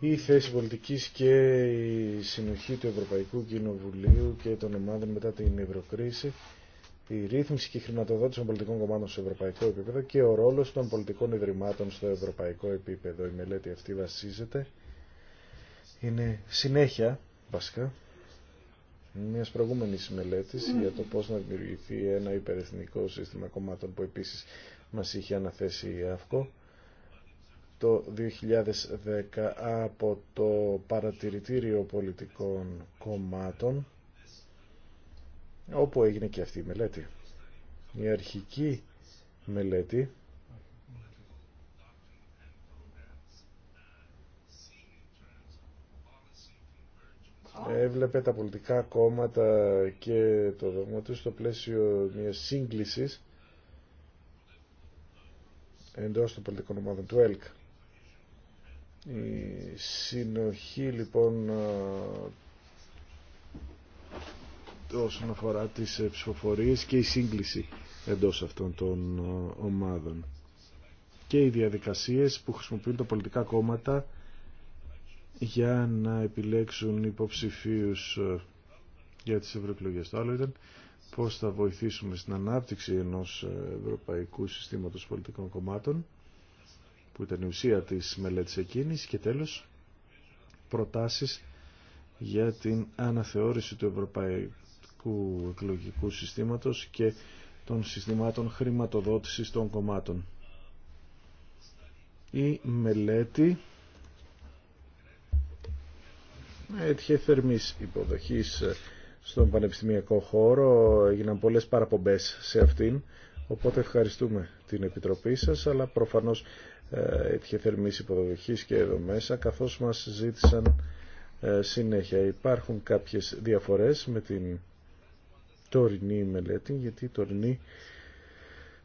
Η θέση πολιτικής και η συνοχή του Ευρωπαϊκού Κοινοβουλίου και των ομάδων μετά την Ευρωκρίση, η ρύθμιση και η χρηματοδότηση των πολιτικών κομμάτων στο ευρωπαϊκό επίπεδο και ο ρόλος των πολιτικών ιδρυμάτων στο ευρωπαϊκό επίπεδο. Η μελέτη αυτή βασίζεται, είναι συνέχεια βασικά μιας προηγούμενης μελέτης για το πώς να δημιουργηθεί ένα υπερεθνικό σύστημα κομμάτων που επίσης μας είχε αναθέσει η ΑΦΚΟ το 2010 από το Παρατηρητήριο Πολιτικών Κομμάτων όπου έγινε και αυτή η μελέτη. Η αρχική μελέτη έβλεπε τα πολιτικά κόμματα και το δόγμα του στο πλαίσιο μιας σύγκλησης εντός των πολιτικών ομάδων του ΕΛΚ. Η συνοχή λοιπόν όσον αφορά τις ε, ψηφοφορίες και η σύγκληση εντός αυτών των ομάδων και οι διαδικασίες που χρησιμοποιούν τα πολιτικά κόμματα για να επιλέξουν υποψηφίους ε, για τις ευρωεκλογές. Το άλλο ήταν πώς θα βοηθήσουμε στην ανάπτυξη ενός ε, ευρωπαϊκού συστήματος πολιτικών κομμάτων που ήταν η ουσία της μελέτης εκείνης και τέλος προτάσεις για την αναθεώρηση του ευρωπαϊκού εκλογικού συστήματος και των συστημάτων χρηματοδότησης των κομμάτων. Η μελέτη έτυχε θερμής υποδοχής ε, στον πανεπιστημιακό χώρο, έγιναν πολλές παραπομπές σε αυτήν, οπότε ευχαριστούμε την Επιτροπή σας, αλλά προφανώς ε, έτυχε θερμής υποδοχής και εδώ μέσα, καθώς μας ζήτησαν ε, συνέχεια. Υπάρχουν κάποιες διαφορές με την τωρινή μελέτη, γιατί η τωρινή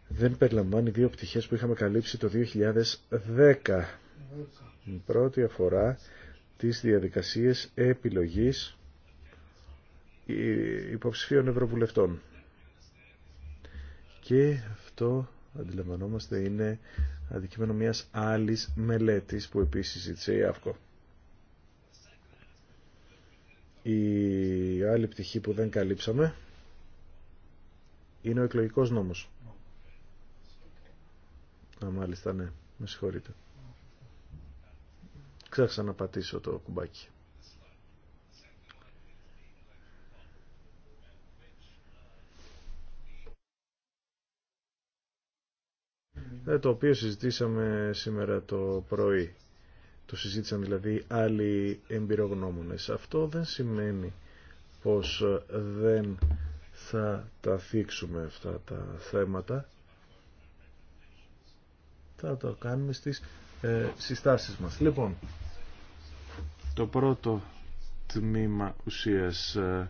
δεν περιλαμβάνει δύο πτυχές που είχαμε καλύψει το 2010. πρώτη αφορά τις διαδικασίες επιλογής ε, υποψηφίων ευρωβουλευτών. Και αυτό, αντιλαμβανόμαστε, είναι αντικείμενο μιας άλλης μελέτης που επίσης ζήτησε η ΑΦΚΟ. Η άλλη πτυχή που δεν καλύψαμε είναι ο εκλογικός νόμος. Α, μάλιστα, ναι. Με συγχωρείτε. Ξέχασα να πατήσω το κουμπάκι. Ε, το οποίο συζητήσαμε σήμερα το πρωί. Το συζήτησαν δηλαδή άλλοι εμπειρογνώμονες. Αυτό δεν σημαίνει πως δεν θα τα θίξουμε αυτά τα θέματα. Θα το κάνουμε στις ε, συστάσεις μας. Λοιπόν, το πρώτο τμήμα ουσίας ε,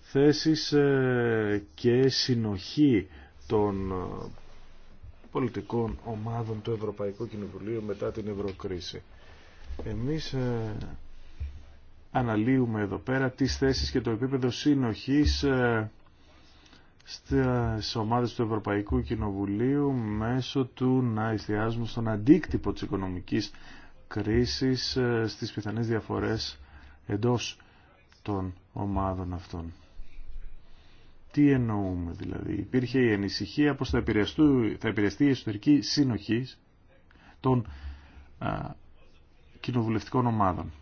θέσεις ε, και συνοχή των ε, πολιτικών ομάδων του Ευρωπαϊκού Κοινοβουλίου μετά την Ευρωκρίση. Εμείς αναλύουμε εδώ πέρα τις θέσεις και το επίπεδο συνοχής στις ομάδες του Ευρωπαϊκού Κοινοβουλίου μέσω του να εστιάζουμε στον αντίκτυπο της οικονομικής κρίσεις ε, στις πιθανές διαφορές εντός των ομάδων αυτών. Τι εννοούμε δηλαδή. Υπήρχε η ανησυχία πως θα, θα επηρεαστεί η εσωτερική σύνοχη των α, κοινοβουλευτικών ομάδων.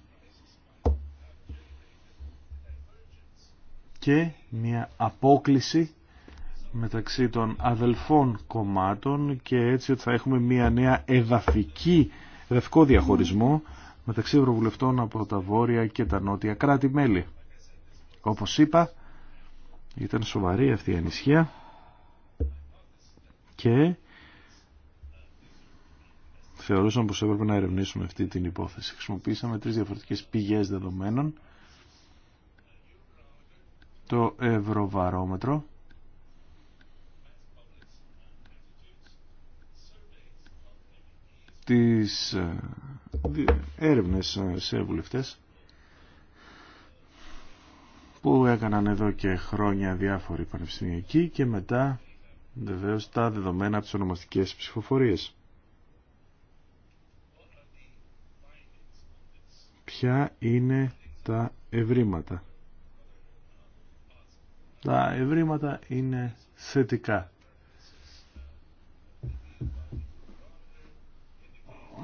Και μια απόκληση μεταξύ των αδελφών κομμάτων και έτσι ότι θα έχουμε μια νέα εδαφική Δευκό διαχωρισμό μεταξύ ευρωβουλευτών από τα βόρεια και τα νότια κράτη-μέλη. Όπως είπα, ήταν σοβαρή αυτή η ανησυχία και θεωρούσαμε πως έπρεπε να ερευνήσουμε αυτή την υπόθεση. Χρησιμοποίησαμε τρεις διαφορετικές πηγές δεδομένων. Το ευρωβαρόμετρο, τις ε, έρευνες ε, σε βουλευτές που έκαναν εδώ και χρόνια διάφοροι πανεπιστημιακοί και μετά βεβαίω τα δεδομένα από τις ονομαστικές ψηφοφορίες. Ποια είναι τα ευρήματα. Τα ευρήματα είναι θετικά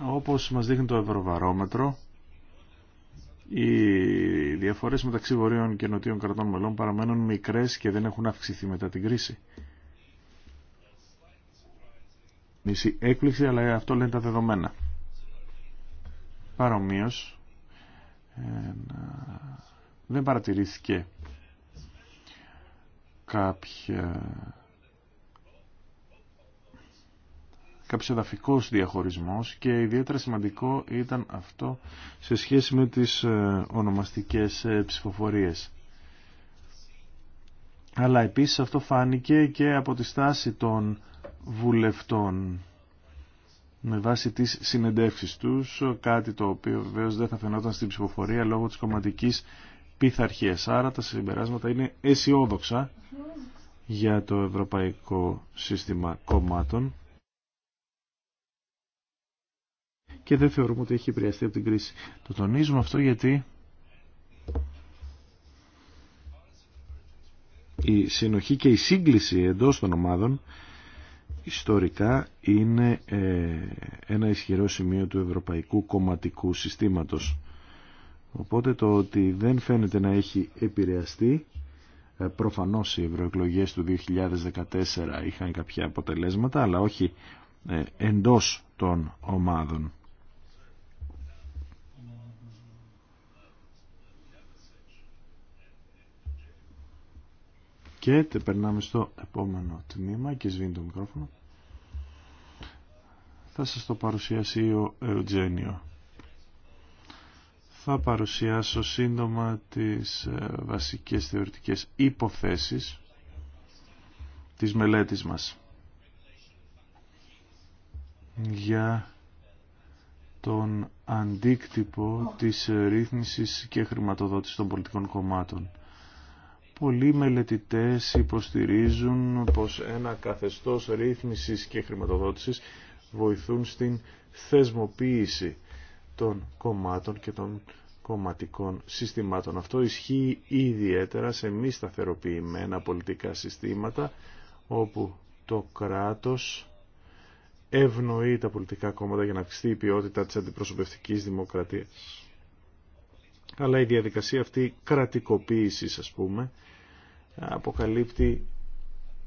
Όπως μας δείχνει το ευρωβαρόμετρο, οι διαφορές μεταξύ βορείων και νοτίων κρατών μελών παραμένουν μικρές και δεν έχουν αυξηθεί μετά την κρίση. Μισή έκπληξη, αλλά αυτό λένε τα δεδομένα. Παρομοίως, δεν παρατηρήθηκε κάποια κάποιος εδαφικός διαχωρισμός και ιδιαίτερα σημαντικό ήταν αυτό σε σχέση με τις ε, ονομαστικές ε, ψηφοφορίες. Αλλά επίσης αυτό φάνηκε και από τη στάση των βουλευτών με βάση τις συνεντεύξεις τους, κάτι το οποίο βεβαίως δεν θα φαινόταν στην ψηφοφορία λόγω της κομματικής πειθαρχίας. Άρα τα συμπεράσματα είναι αισιόδοξα για το ευρωπαϊκό σύστημα κομμάτων και δεν θεωρούμε ότι έχει επηρεαστεί από την κρίση. Το τονίζουμε αυτό γιατί η συνοχή και η σύγκληση εντός των ομάδων ιστορικά είναι ε, ένα ισχυρό σημείο του ευρωπαϊκού κομματικού συστήματος. Οπότε το ότι δεν φαίνεται να έχει επηρεαστεί, ε, προφανώς οι ευρωεκλογέ του 2014 είχαν κάποια αποτελέσματα, αλλά όχι ε, εντός των ομάδων. Και περνάμε στο επόμενο τμήμα και σβήνει το μικρόφωνο. Θα σας το παρουσιάσει ο Εουτζένιο. Θα παρουσιάσω σύντομα τις ε, βασικές θεωρητικές υποθέσεις της μελέτης μας για τον αντίκτυπο της ρύθμισης και χρηματοδότησης των πολιτικών κομμάτων Πολλοί μελετητές υποστηρίζουν πως ένα καθεστώς ρύθμισης και χρηματοδότησης βοηθούν στην θεσμοποίηση των κομμάτων και των κομματικών συστημάτων. Αυτό ισχύει ιδιαίτερα σε μη σταθεροποιημένα πολιτικά συστήματα όπου το κράτος ευνοεί τα πολιτικά κόμματα για να αυξηθεί η ποιότητα της αντιπροσωπευτικής δημοκρατίας. Αλλά η διαδικασία αυτή κρατικοποίησης ας πούμε αποκαλύπτει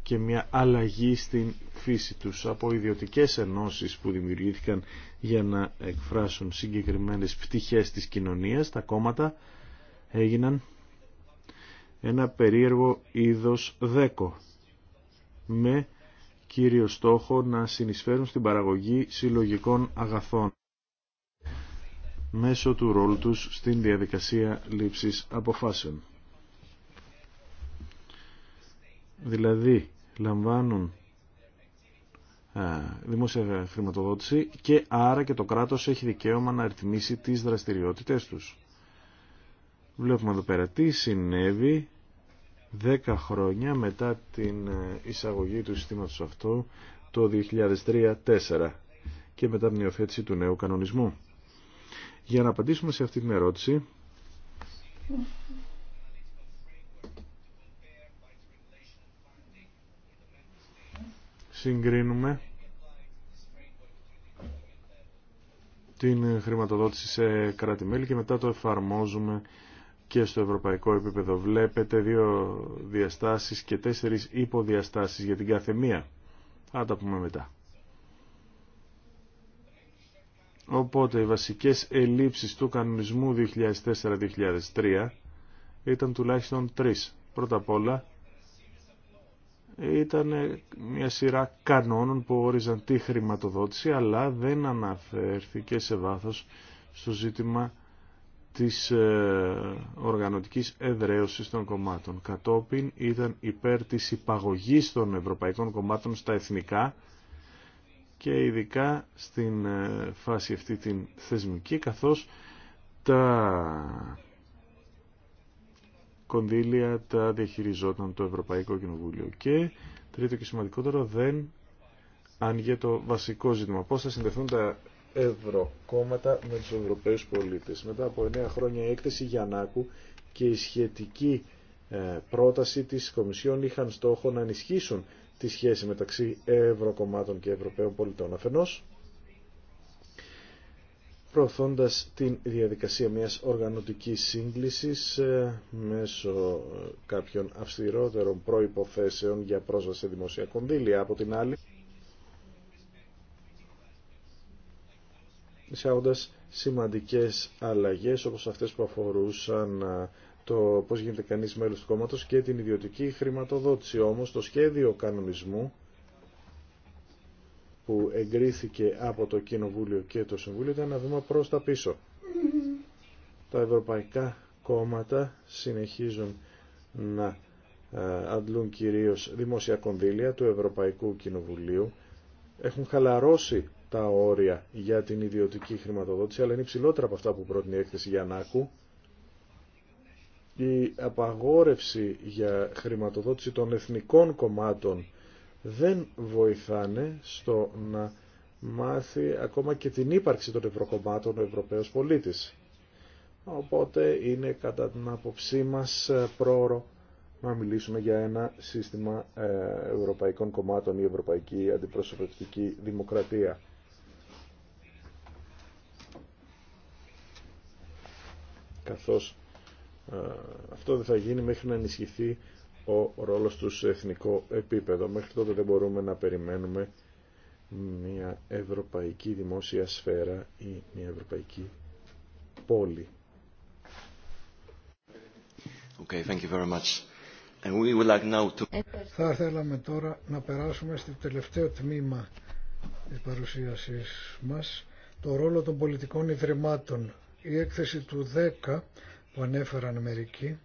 και μια αλλαγή στην φύση τους από ιδιωτικές ενώσεις που δημιουργήθηκαν για να εκφράσουν συγκεκριμένες πτυχές της κοινωνίας, τα κόμματα έγιναν ένα περίεργο είδος δέκο με κύριο στόχο να συνεισφέρουν στην παραγωγή συλλογικών αγαθών μέσω του ρόλου τους στην διαδικασία λήψης αποφάσεων. δηλαδή λαμβάνουν δημόσια χρηματοδότηση και άρα και το κράτος έχει δικαίωμα να ρυθμίσει τις δραστηριότητες τους. Βλέπουμε εδώ πέρα τι συνέβη 10 χρόνια μετά την ε, εισαγωγή του συστήματος αυτού το 2003-2004 και μετά την υιοθέτηση του νέου κανονισμού. Για να απαντήσουμε σε αυτή την ερώτηση συγκρίνουμε την χρηματοδότηση σε κράτη-μέλη και μετά το εφαρμόζουμε και στο ευρωπαϊκό επίπεδο. Βλέπετε δύο διαστάσεις και τέσσερις υποδιαστάσεις για την κάθε μία. Θα τα πούμε μετά. Οπότε οι βασικές ελλείψεις του κανονισμού 2004-2003 ήταν τουλάχιστον τρεις. Πρώτα απ' όλα ήταν μια σειρά κανόνων που όριζαν τη χρηματοδότηση αλλά δεν αναφέρθηκε σε βάθος στο ζήτημα της ε, οργανωτικής εδραίωσης των κομμάτων. Κατόπιν ήταν υπέρ της υπαγωγής των ευρωπαϊκών κομμάτων στα εθνικά και ειδικά στην ε, φάση αυτή την θεσμική καθώς τα κονδύλια τα διαχειριζόταν το Ευρωπαϊκό Κοινοβούλιο. Και τρίτο και σημαντικότερο δεν άνοιγε το βασικό ζήτημα. Πώς θα συνδεθούν τα ευρωκόμματα με τους Ευρωπαίους πολίτες. Μετά από 9 χρόνια η έκθεση Γιαννάκου και η σχετική ε, πρόταση της Κομισιόν είχαν στόχο να ενισχύσουν τη σχέση μεταξύ ευρωκομμάτων και Ευρωπαίων πολιτών. Αφενός, προωθώντας τη διαδικασία μιας οργανωτικής σύγκλησης ε, μέσω ε, κάποιων αυστηρότερων προϋποθέσεων για πρόσβαση σε δημοσία κονδύλια. Από την άλλη, εισάγοντας σημαντικές αλλαγές όπως αυτές που αφορούσαν ε, το πώς γίνεται κανείς μέλος του κόμματος και την ιδιωτική χρηματοδότηση. Όμως το σχέδιο κανονισμού που εγκρίθηκε από το Κοινοβούλιο και το Συμβούλιο ήταν ένα βήμα προς τα πίσω. Τα ευρωπαϊκά κόμματα συνεχίζουν να ε, αντλούν κυρίως δημόσια κονδύλια του Ευρωπαϊκού Κοινοβουλίου. Έχουν χαλαρώσει τα όρια για την ιδιωτική χρηματοδότηση, αλλά είναι υψηλότερα από αυτά που πρότεινε η έκθεση Γιαννάκου. Η απαγόρευση για χρηματοδότηση των εθνικών κομμάτων δεν βοηθάνε στο να μάθει ακόμα και την ύπαρξη των ευρωκομμάτων ο Ευρωπαίος πολίτης. Οπότε είναι κατά την άποψή μας πρόωρο να μιλήσουμε για ένα σύστημα ε, ευρωπαϊκών κομμάτων ή ευρωπαϊκή αντιπροσωπευτική δημοκρατία. Καθώς ε, αυτό δεν θα γίνει μέχρι να ενισχυθεί ο ρόλος του σε εθνικό επίπεδο. Μέχρι τότε δεν μπορούμε να περιμένουμε μια ευρωπαϊκή δημόσια σφαίρα ή μια ευρωπαϊκή πόλη. Okay, thank you very much. And we would like now to... Θα θέλαμε τώρα να περάσουμε στο τελευταίο τμήμα της παρουσίασης μας, το ρόλο των πολιτικών ιδρυμάτων. Η έκθεση του 10 που ανέφεραν μερικοί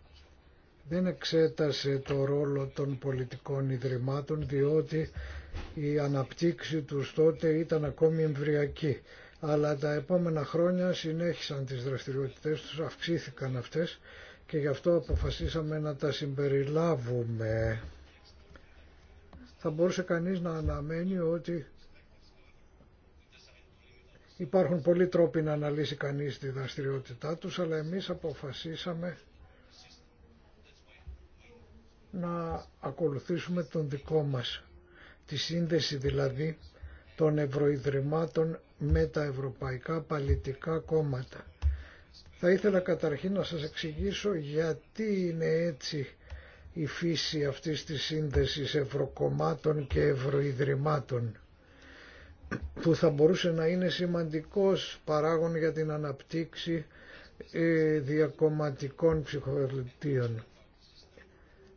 δεν εξέτασε το ρόλο των πολιτικών ιδρυμάτων διότι η αναπτύξη τους τότε ήταν ακόμη εμβριακή. Αλλά τα επόμενα χρόνια συνέχισαν τις δραστηριότητες τους, αυξήθηκαν αυτές και γι' αυτό αποφασίσαμε να τα συμπεριλάβουμε. Θα μπορούσε κανείς να αναμένει ότι υπάρχουν πολλοί τρόποι να αναλύσει κανείς τη δραστηριότητά τους, αλλά εμείς αποφασίσαμε να ακολουθήσουμε τον δικό μας, τη σύνδεση δηλαδή των ευρωιδρυμάτων με τα ευρωπαϊκά παλιτικά κόμματα. Θα ήθελα καταρχήν να σας εξηγήσω γιατί είναι έτσι η φύση αυτής της σύνδεσης ευρωκομμάτων και ευρωιδρυμάτων που θα μπορούσε να είναι σημαντικός παράγον για την αναπτύξη ε, διακομματικών ψυχοδελτίων.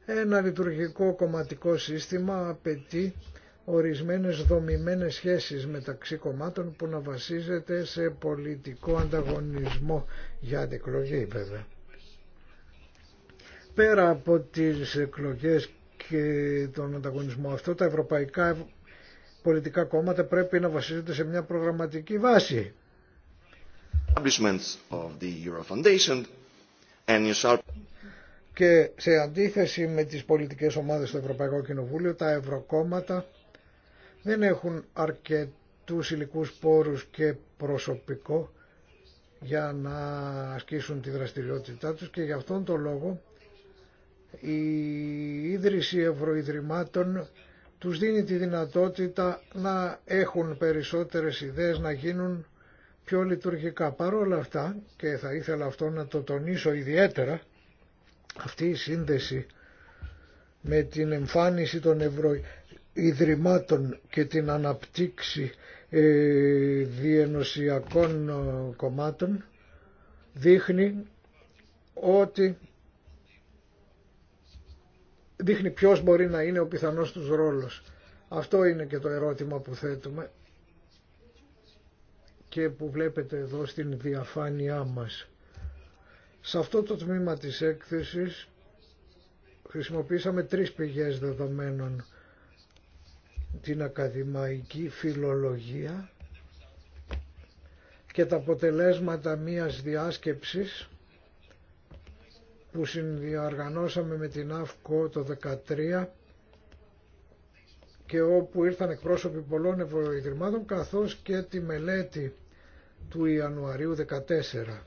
Ένα λειτουργικό κομματικό σύστημα απαιτεί ορισμένες δομημένες σχέσεις μεταξύ κομμάτων που να βασίζεται σε πολιτικό ανταγωνισμό για την βέβαια. Πέρα από τις εκλογές και τον ανταγωνισμό αυτό τα ευρωπαϊκά πολιτικά κόμματα πρέπει να βασίζονται σε μια προγραμματική βάση. Και σε αντίθεση με τις πολιτικές ομάδες στο Ευρωπαϊκό Κοινοβούλιο, τα ευρωκόμματα δεν έχουν αρκετούς υλικούς πόρους και προσωπικό για να ασκήσουν τη δραστηριότητά τους και γι' αυτόν τον λόγο η ίδρυση ευρωιδρυμάτων τους δίνει τη δυνατότητα να έχουν περισσότερες ιδέες, να γίνουν πιο λειτουργικά. Παρ' όλα αυτά, και θα ήθελα αυτό να το τονίσω ιδιαίτερα, αυτή η σύνδεση με την εμφάνιση των ευρωιδρυμάτων και την αναπτύξη ε, διενοσιακών ε, κομμάτων δείχνει ότι δείχνει ποιος μπορεί να είναι ο πιθανός τους ρόλος. Αυτό είναι και το ερώτημα που θέτουμε και που βλέπετε εδώ στην διαφάνειά μας. Σε αυτό το τμήμα της έκθεσης χρησιμοποίησαμε τρεις πηγές δεδομένων. Την ακαδημαϊκή φιλολογία και τα αποτελέσματα μίας διάσκεψης που συνδιοργανώσαμε με την ΑΦΚΟ το 2013 και όπου ήρθαν εκπρόσωποι πολλών ευρωιδρυμάτων καθώς και τη μελέτη του Ιανουαρίου 2014.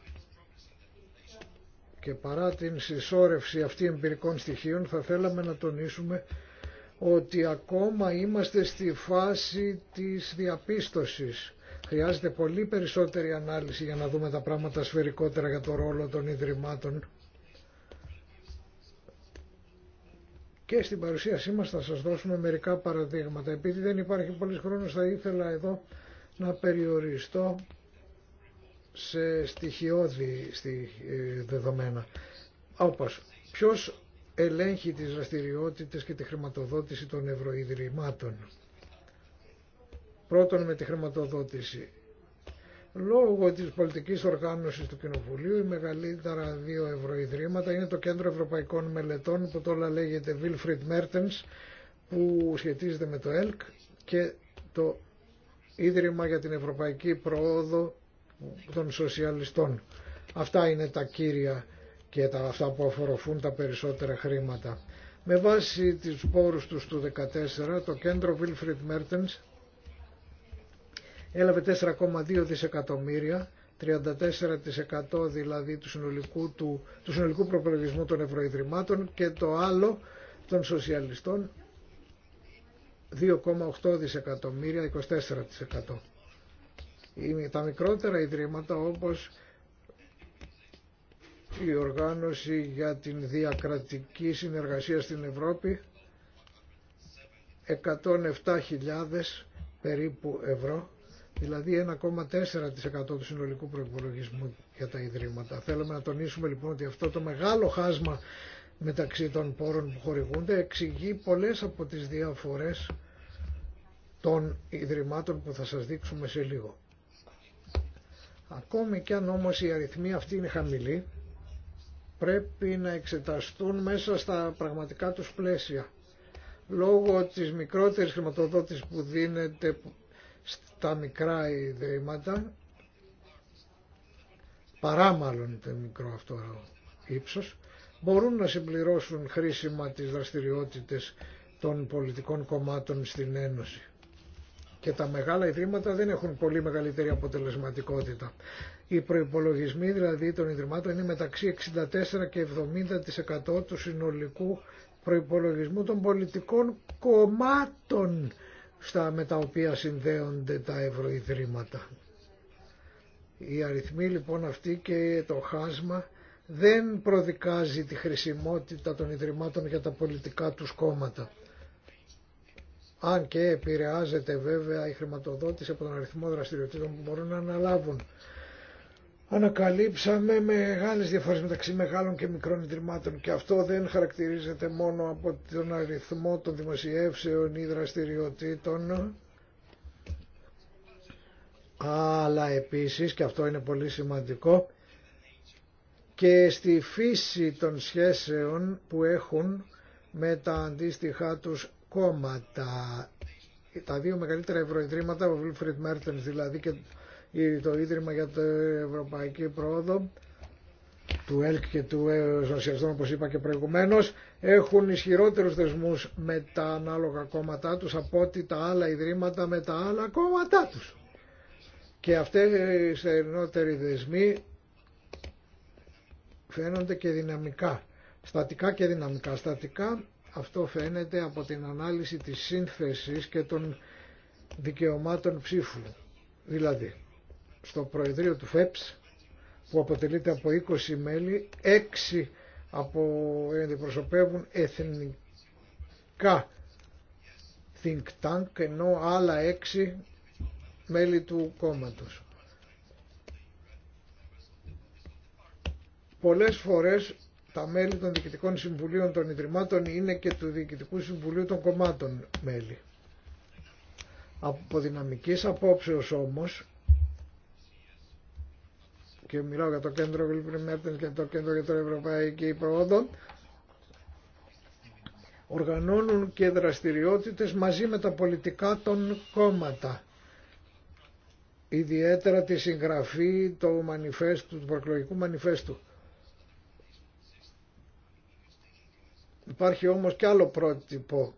Και παρά την συσσόρευση αυτή εμπειρικών στοιχείων θα θέλαμε να τονίσουμε ότι ακόμα είμαστε στη φάση της διαπίστωσης. Χρειάζεται πολύ περισσότερη ανάλυση για να δούμε τα πράγματα σφαιρικότερα για το ρόλο των Ιδρυμάτων. Και στην παρουσίασή μας θα σας δώσουμε μερικά παραδείγματα. Επειδή δεν υπάρχει πολύς χρόνος θα ήθελα εδώ να περιοριστώ σε στοιχειώδη στη, ε, δεδομένα. Όπως ποιος ελέγχει τις δραστηριότητες και τη χρηματοδότηση των ευρωιδρυμάτων. Πρώτον με τη χρηματοδότηση. Λόγω της πολιτικής οργάνωσης του Κοινοβουλίου, οι μεγαλύτερα δύο ευρωιδρύματα είναι το Κέντρο Ευρωπαϊκών Μελετών, που τώρα λέγεται Wilfried Mertens, που σχετίζεται με το ΕΛΚ, και το Ίδρυμα για την Ευρωπαϊκή Προόδο των σοσιαλιστών. Αυτά είναι τα κύρια και τα, αυτά που αφοροφούν τα περισσότερα χρήματα. Με βάση τις πόρους τους του 2014, το κέντρο Wilfried Mertens έλαβε 4,2 δισεκατομμύρια, 34% δηλαδή του συνολικού, του, του συνολικού προπολογισμού των ευρωιδρυμάτων και το άλλο των σοσιαλιστών 2,8 δισεκατομμύρια, 24% τα μικρότερα ιδρύματα όπως η οργάνωση για την διακρατική συνεργασία στην Ευρώπη 107.000 περίπου ευρώ δηλαδή 1,4% του συνολικού προϋπολογισμού για τα Ιδρύματα. Θέλουμε να τονίσουμε λοιπόν ότι αυτό το μεγάλο χάσμα μεταξύ των πόρων που χορηγούνται εξηγεί πολλές από τις διαφορές των Ιδρυμάτων που θα σας δείξουμε σε λίγο. Ακόμη και αν όμως η αριθμοί αυτή είναι χαμηλή, πρέπει να εξεταστούν μέσα στα πραγματικά τους πλαίσια. Λόγω της μικρότερης χρηματοδότησης που δίνεται στα μικρά ιδρύματα, παρά μάλλον το μικρό αυτό ύψος, μπορούν να συμπληρώσουν χρήσιμα τις δραστηριότητες των πολιτικών κομμάτων στην Ένωση και τα μεγάλα ιδρύματα δεν έχουν πολύ μεγαλύτερη αποτελεσματικότητα. Οι προϋπολογισμοί δηλαδή των ιδρυμάτων είναι μεταξύ 64 και 70% του συνολικού προϋπολογισμού των πολιτικών κομμάτων στα, με τα οποία συνδέονται τα ευρωιδρύματα. Οι αριθμοί λοιπόν αυτή και το χάσμα δεν προδικάζει τη χρησιμότητα των ιδρυμάτων για τα πολιτικά τους κόμματα αν και επηρεάζεται βέβαια η χρηματοδότηση από τον αριθμό δραστηριοτήτων που μπορούν να αναλάβουν. Ανακαλύψαμε μεγάλες διαφορές μεταξύ μεγάλων και μικρών ιδρυμάτων και αυτό δεν χαρακτηρίζεται μόνο από τον αριθμό των δημοσιεύσεων ή δραστηριοτήτων αλλά επίσης, και αυτό είναι πολύ σημαντικό, και στη φύση των σχέσεων που έχουν με τα αντίστοιχα τους κόμματα. Τα δύο μεγαλύτερα ευρωιδρύματα, ο Wilfrid Μέρτενς δηλαδή και το Ίδρυμα για το Ευρωπαϊκή Πρόοδο του ΕΛΚ και του Σοσιαστών, όπως είπα και προηγουμένως έχουν ισχυρότερους δεσμούς με τα ανάλογα κόμματά τους από ότι τα άλλα ιδρύματα με τα άλλα κόμματά τους. Και αυτές οι στερινότεροι δεσμοί φαίνονται και δυναμικά, στατικά και δυναμικά. Στατικά αυτό φαίνεται από την ανάλυση της σύνθεσης και των δικαιωμάτων ψήφου. Δηλαδή, στο Προεδρείο του ΦΕΠΣ, που αποτελείται από 20 μέλη, 6 από αντιπροσωπεύουν εθνικά think tank, ενώ άλλα 6 μέλη του κόμματος. Πολλές φορές τα μέλη των Διοικητικών Συμβουλίων των Ιδρυμάτων είναι και του Διοικητικού Συμβουλίου των Κομμάτων μέλη. Από δυναμικής απόψεως όμως, και μιλάω για το κέντρο Βιλπριμέρτεν και το κέντρο για το Ευρωπαϊκή Πρόοδο, οργανώνουν και δραστηριότητες μαζί με τα πολιτικά των κόμματα. Ιδιαίτερα τη συγγραφή του, μανιφέστου, του προεκλογικού μανιφέστου Υπάρχει όμως και άλλο πρότυπο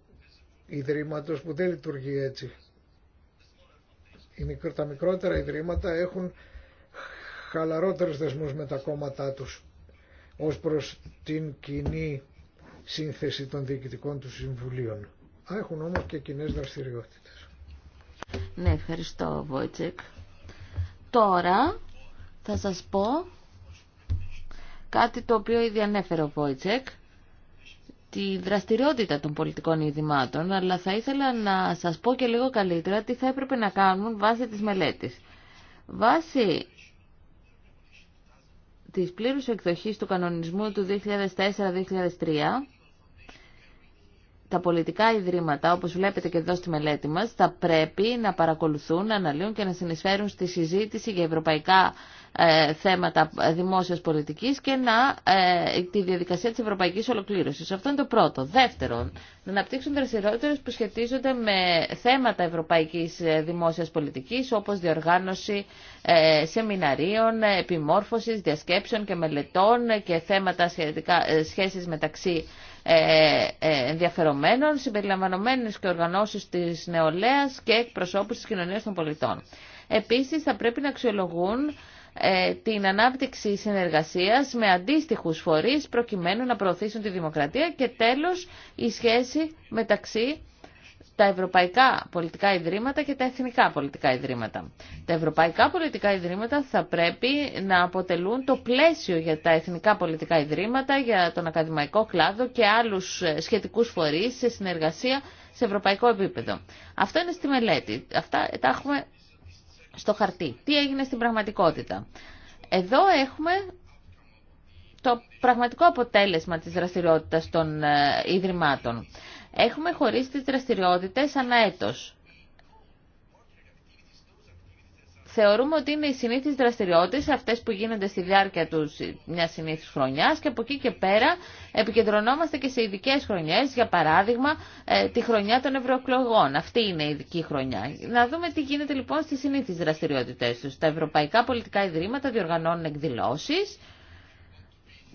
ιδρύματος που δεν λειτουργεί έτσι. Τα μικρότερα ιδρύματα έχουν χαλαρότερους δεσμούς με τα κόμματά τους ως προς την κοινή σύνθεση των διοικητικών του συμβουλίων. Έχουν όμως και κοινέ δραστηριότητες. Ναι, ευχαριστώ Βόιτσεκ. Τώρα θα σας πω κάτι το οποίο ήδη ανέφερε ο Βόιτσεκ τη δραστηριότητα των πολιτικών ειδημάτων, αλλά θα ήθελα να σας πω και λίγο καλύτερα τι θα έπρεπε να κάνουν βάσει της μελέτης. Βάσει της πλήρους εκδοχής του κανονισμού του 2004-2003, τα πολιτικά ιδρύματα, όπως βλέπετε και εδώ στη μελέτη μας, θα πρέπει να παρακολουθούν, να αναλύουν και να συνεισφέρουν στη συζήτηση για ευρωπαϊκά ε, θέματα δημόσιας πολιτικής και να, ε, τη διαδικασία της ευρωπαϊκής ολοκλήρωσης. Αυτό είναι το πρώτο. Δεύτερον, να αναπτύξουν δραστηριότητες που σχετίζονται με θέματα ευρωπαϊκής ε, δημόσιας πολιτικής, όπως διοργάνωση ε, σεμιναρίων, επιμόρφωσης, διασκέψεων και μελετών και θέματα σχετικά, ε, σχέσεις μεταξύ ε, ε, ενδιαφερομένων, συμπεριλαμβανομένων και οργανώσει της νεολαίας και εκπροσώπους τη κοινωνίας των πολιτών. Επίση, θα πρέπει να αξιολογούν ε, την ανάπτυξη συνεργασία με αντίστοιχους φορείς προκειμένου να προωθήσουν τη δημοκρατία και τέλος η σχέση μεταξύ τα ευρωπαϊκά πολιτικά ιδρύματα και τα εθνικά πολιτικά ιδρύματα. Τα ευρωπαϊκά πολιτικά ιδρύματα θα πρέπει να αποτελούν το πλαίσιο για τα εθνικά πολιτικά ιδρύματα, για τον ακαδημαϊκό κλάδο και άλλους ε, σχετικούς φορείς σε συνεργασία σε ευρωπαϊκό επίπεδο. Αυτό είναι στη μελέτη. Αυτά τα έχουμε στο χαρτί. Τι έγινε στην πραγματικότητα. Εδώ έχουμε το πραγματικό αποτέλεσμα της δραστηριότητας των ε, Ιδρυμάτων. Έχουμε χωρίσει τις δραστηριότητες ανά έτος. Θεωρούμε ότι είναι οι συνήθεις δραστηριότητες αυτές που γίνονται στη διάρκεια του μια συνήθους χρονιάς και από εκεί και πέρα επικεντρωνόμαστε και σε ειδικέ χρονιές, για παράδειγμα ε, τη χρονιά των ευρωεκλογών. Αυτή είναι η ειδική χρονιά. Να δούμε τι γίνεται λοιπόν στις συνήθεις δραστηριότητες τους. Τα ευρωπαϊκά πολιτικά ιδρύματα διοργανώνουν εκδηλώσεις,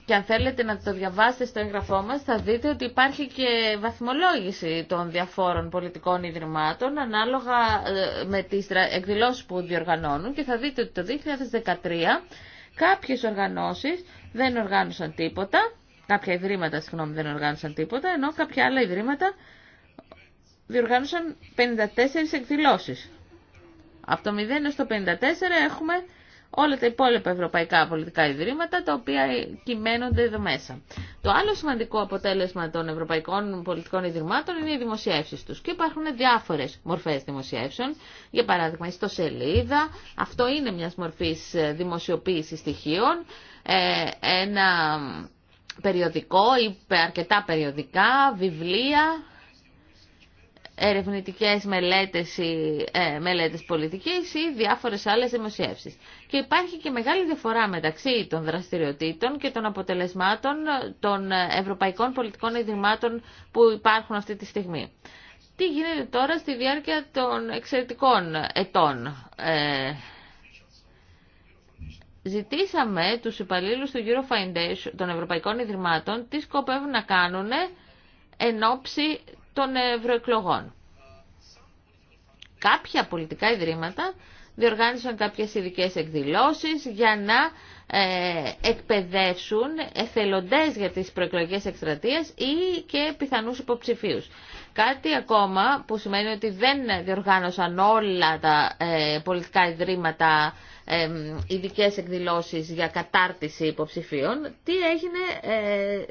και αν θέλετε να το διαβάσετε στο έγγραφό μας θα δείτε ότι υπάρχει και βαθμολόγηση των διαφόρων πολιτικών ιδρυμάτων ανάλογα ε, με τις εκδηλώσεις που διοργανώνουν και θα δείτε ότι το 2013 κάποιες οργανώσεις δεν οργάνωσαν τίποτα, κάποια ιδρύματα συγγνώμη δεν οργάνωσαν τίποτα, ενώ κάποια άλλα ιδρύματα διοργάνωσαν 54 εκδηλώσει. Από το 0 έως το 54 έχουμε όλα τα υπόλοιπα ευρωπαϊκά πολιτικά ιδρύματα τα οποία κυμαίνονται εδώ μέσα. Το άλλο σημαντικό αποτέλεσμα των ευρωπαϊκών πολιτικών ιδρυμάτων είναι οι δημοσιεύσει του. Και υπάρχουν διάφορε μορφέ δημοσιεύσεων. Για παράδειγμα, η ιστοσελίδα. Αυτό είναι μια μορφή ε, δημοσιοποίηση στοιχείων. Ε, ένα περιοδικό ή αρκετά περιοδικά, βιβλία, ερευνητικές μελέτες, ή, ε, μελέτες πολιτικής ή διάφορες άλλες δημοσιεύσεις και υπάρχει και μεγάλη διαφορά μεταξύ των δραστηριοτήτων και των αποτελεσμάτων των ευρωπαϊκών πολιτικών ιδρυμάτων που υπάρχουν αυτή τη στιγμή. Τι γίνεται τώρα στη διάρκεια των εξαιρετικών ετών. Ε, ζητήσαμε τους υπαλλήλους του Euro των Ευρωπαϊκών Ιδρυμάτων, τι σκοπεύουν να κάνουν εν ώψη των ευρωεκλογών. Κάποια πολιτικά ιδρύματα διοργάνωσαν κάποιες ειδικέ εκδηλώσεις για να ε, εκπαιδεύσουν εθελοντές για τις προεκλογικές εκστρατείες ή και πιθανούς υποψηφίους. Κάτι ακόμα που σημαίνει ότι δεν διοργάνωσαν όλα τα ε, πολιτικά ιδρύματα ειδικέ εκδηλώσεις για κατάρτιση υποψηφίων, τι έγινε ε, ε,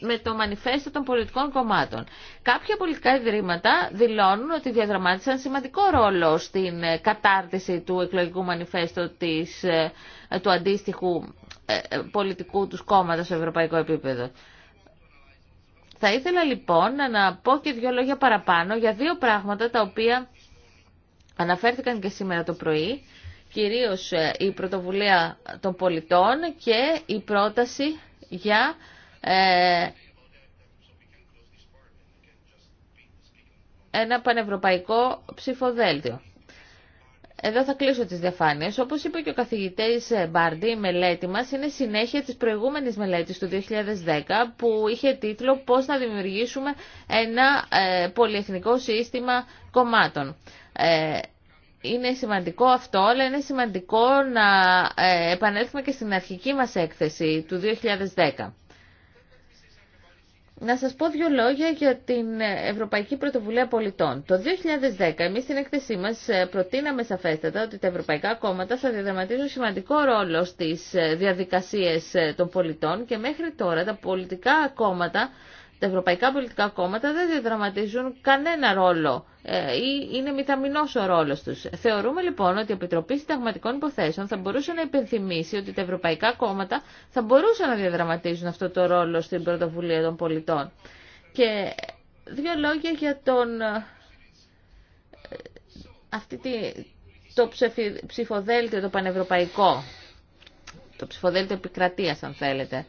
με το μανιφέστο των πολιτικών κομμάτων. Κάποια πολιτικά ιδρύματα δηλώνουν ότι διαδραμάτισαν σημαντικό ρόλο στην ε, κατάρτιση του εκλογικού μανιφέστο της, του αντίστοιχου πολιτικού τους κόμματο σε ευρωπαϊκό επίπεδο. Θα ήθελα λοιπόν να πω και δύο λόγια παραπάνω για δύο πράγματα τα οποία αναφέρθηκαν και σήμερα το πρωί κυρίως ε, η πρωτοβουλία των πολιτών και η πρόταση για ε, ένα πανευρωπαϊκό ψηφοδέλτιο. Εδώ θα κλείσω τις διαφάνειες. Όπως είπε και ο καθηγητής ε, Μπάρντι, η μελέτη μας είναι συνέχεια της προηγούμενης μελέτης του 2010 που είχε τίτλο «Πώς να δημιουργήσουμε ένα πολυεθνικό σύστημα κομμάτων» είναι σημαντικό αυτό, αλλά είναι σημαντικό να ε, επανέλθουμε και στην αρχική μας έκθεση του 2010. Να σας πω δύο λόγια για την Ευρωπαϊκή Πρωτοβουλία Πολιτών. Το 2010 εμείς στην έκθεσή μας ε, προτείναμε σαφέστατα ότι τα ευρωπαϊκά κόμματα θα διαδραματίζουν σημαντικό ρόλο στις ε, διαδικασίες των πολιτών και μέχρι τώρα τα πολιτικά κόμματα τα ευρωπαϊκά πολιτικά κόμματα δεν διαδραματίζουν κανένα ρόλο ε, ή είναι μηδαμινός ο ρόλος τους. Θεωρούμε λοιπόν ότι η ειναι μηταμινός ο ρολος Συνταγματικών Υποθέσεων θα μπορούσε να υπενθυμίσει ότι τα ευρωπαϊκά κόμματα θα μπορούσαν να διαδραματίζουν αυτό το ρόλο στην πρωτοβουλία των πολιτών. Και δύο λόγια για τον... Ε, αυτή τη, το ψηφοδέλτιο το πανευρωπαϊκό, το ψηφοδέλτιο επικρατείας αν θέλετε.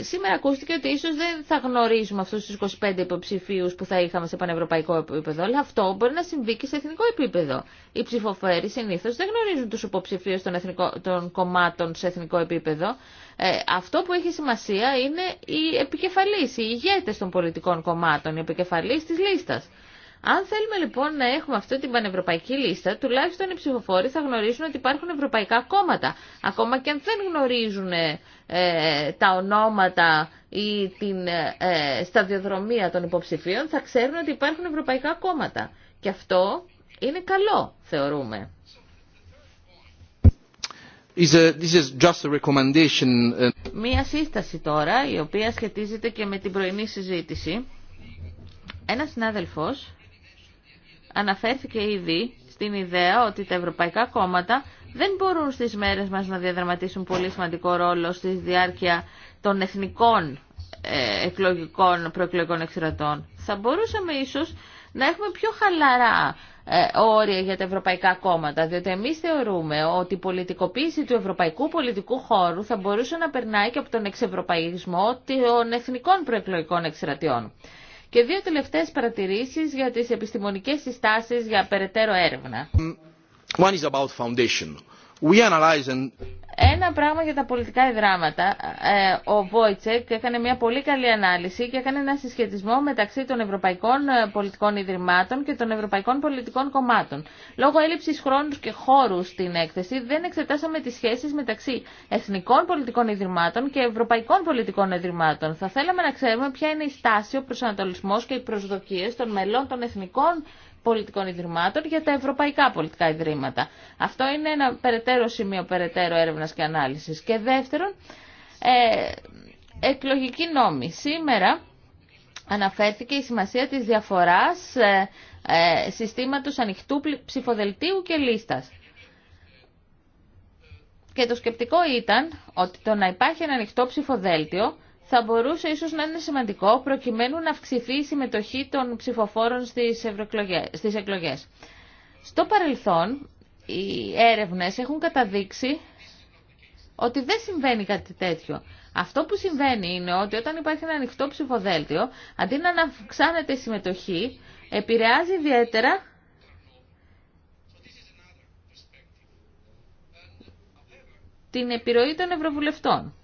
Σήμερα ακούστηκε ότι ίσως δεν θα γνωρίζουμε αυτούς τους 25 υποψηφίους που θα είχαμε σε πανευρωπαϊκό επίπεδο, αλλά αυτό μπορεί να συμβεί και σε εθνικό επίπεδο. Οι ψηφοφόροι συνήθως δεν γνωρίζουν τους υποψηφίους των, των κομμάτων σε εθνικό επίπεδο. Ε, αυτό που έχει σημασία είναι οι επικεφαλής, οι ηγέτες των πολιτικών κομμάτων, οι επικεφαλής της λίστας. Αν θέλουμε λοιπόν να έχουμε αυτή την πανευρωπαϊκή λίστα, τουλάχιστον οι ψηφοφόροι θα γνωρίζουν ότι υπάρχουν ευρωπαϊκά κόμματα. Ακόμα και αν δεν γνωρίζουν ε, ε, τα ονόματα ή την ε, σταδιοδρομία των υποψηφίων, θα ξέρουν ότι υπάρχουν ευρωπαϊκά κόμματα. Και αυτό είναι καλό, θεωρούμε. Uh, Μία σύσταση τώρα, η οποία σχετίζεται και με την πρωινή συζήτηση. Ένας συνάδελφος Αναφέρθηκε ήδη στην ιδέα ότι τα ευρωπαϊκά κόμματα δεν μπορούν στις μέρες μας να διαδραματίσουν πολύ σημαντικό ρόλο στη διάρκεια των εθνικών ε, εκλογικών προεκλογικών εξερατών. Θα μπορούσαμε ίσως να έχουμε πιο χαλαρά ε, όρια για τα ευρωπαϊκά κόμματα, διότι εμείς θεωρούμε ότι η πολιτικοποίηση του ευρωπαϊκού πολιτικού χώρου θα μπορούσε να περνάει και από τον εξευρωπαϊσμό των εθνικών προεκλογικών εξερατιών. Και δύο τελευταίες παρατηρήσεις για τις επιστημονικές συστάσεις για περαιτέρω έρευνα. One is about foundation. Ένα πράγμα για τα πολιτικά ιδράματα. Ε, ο Βόιτσεκ έκανε μια πολύ καλή ανάλυση και έκανε ένα συσχετισμό μεταξύ των ευρωπαϊκών ε, πολιτικών ιδρυμάτων και των ευρωπαϊκών πολιτικών κομμάτων. Λόγω έλλειψη χρόνου και χώρου στην έκθεση δεν εξετάσαμε τι σχέσει μεταξύ εθνικών πολιτικών ιδρυμάτων και ευρωπαϊκών πολιτικών ιδρυμάτων. Θα θέλαμε να ξέρουμε ποια είναι η στάση, ο προσανατολισμό και οι προσδοκίε των μελών των εθνικών πολιτικών ιδρυμάτων για τα ευρωπαϊκά πολιτικά ιδρύματα. Αυτό είναι ένα περαιτέρω σημείο περαιτέρω έρευνας και ανάλυσης. Και δεύτερον, ε, εκλογική νόμη. Σήμερα αναφέρθηκε η σημασία της διαφοράς ε, ε συστήματος ανοιχτού ψηφοδελτίου και λίστας. Και το σκεπτικό ήταν ότι το να υπάρχει ένα ανοιχτό ψηφοδέλτιο θα μπορούσε ίσως να είναι σημαντικό προκειμένου να αυξηθεί η συμμετοχή των ψηφοφόρων στις, στις εκλογές. Στο παρελθόν, οι έρευνες έχουν καταδείξει ότι δεν συμβαίνει κάτι τέτοιο. Αυτό που συμβαίνει είναι ότι όταν υπάρχει ένα ανοιχτό ψηφοδέλτιο, αντί να αυξάνεται η συμμετοχή, επηρεάζει ιδιαίτερα την επιρροή των ευρωβουλευτών.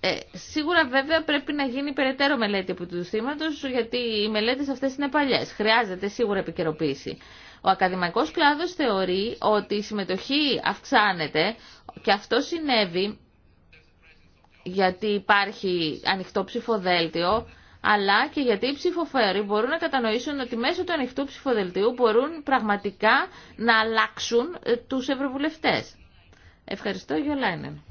Ε, σίγουρα βέβαια πρέπει να γίνει περαιτέρω μελέτη από του θύματο, γιατί οι μελέτε αυτέ είναι παλιέ. Χρειάζεται σίγουρα επικαιροποίηση. Ο ακαδημαϊκός κλάδο θεωρεί ότι η συμμετοχή αυξάνεται και αυτό συνέβη γιατί υπάρχει ανοιχτό ψηφοδέλτιο, αλλά και γιατί οι ψηφοφόροι μπορούν να κατανοήσουν ότι μέσω του ανοιχτού ψηφοδελτίου μπορούν πραγματικά να αλλάξουν ε, τους ευρωβουλευτές. Ευχαριστώ, Γιολάινεν.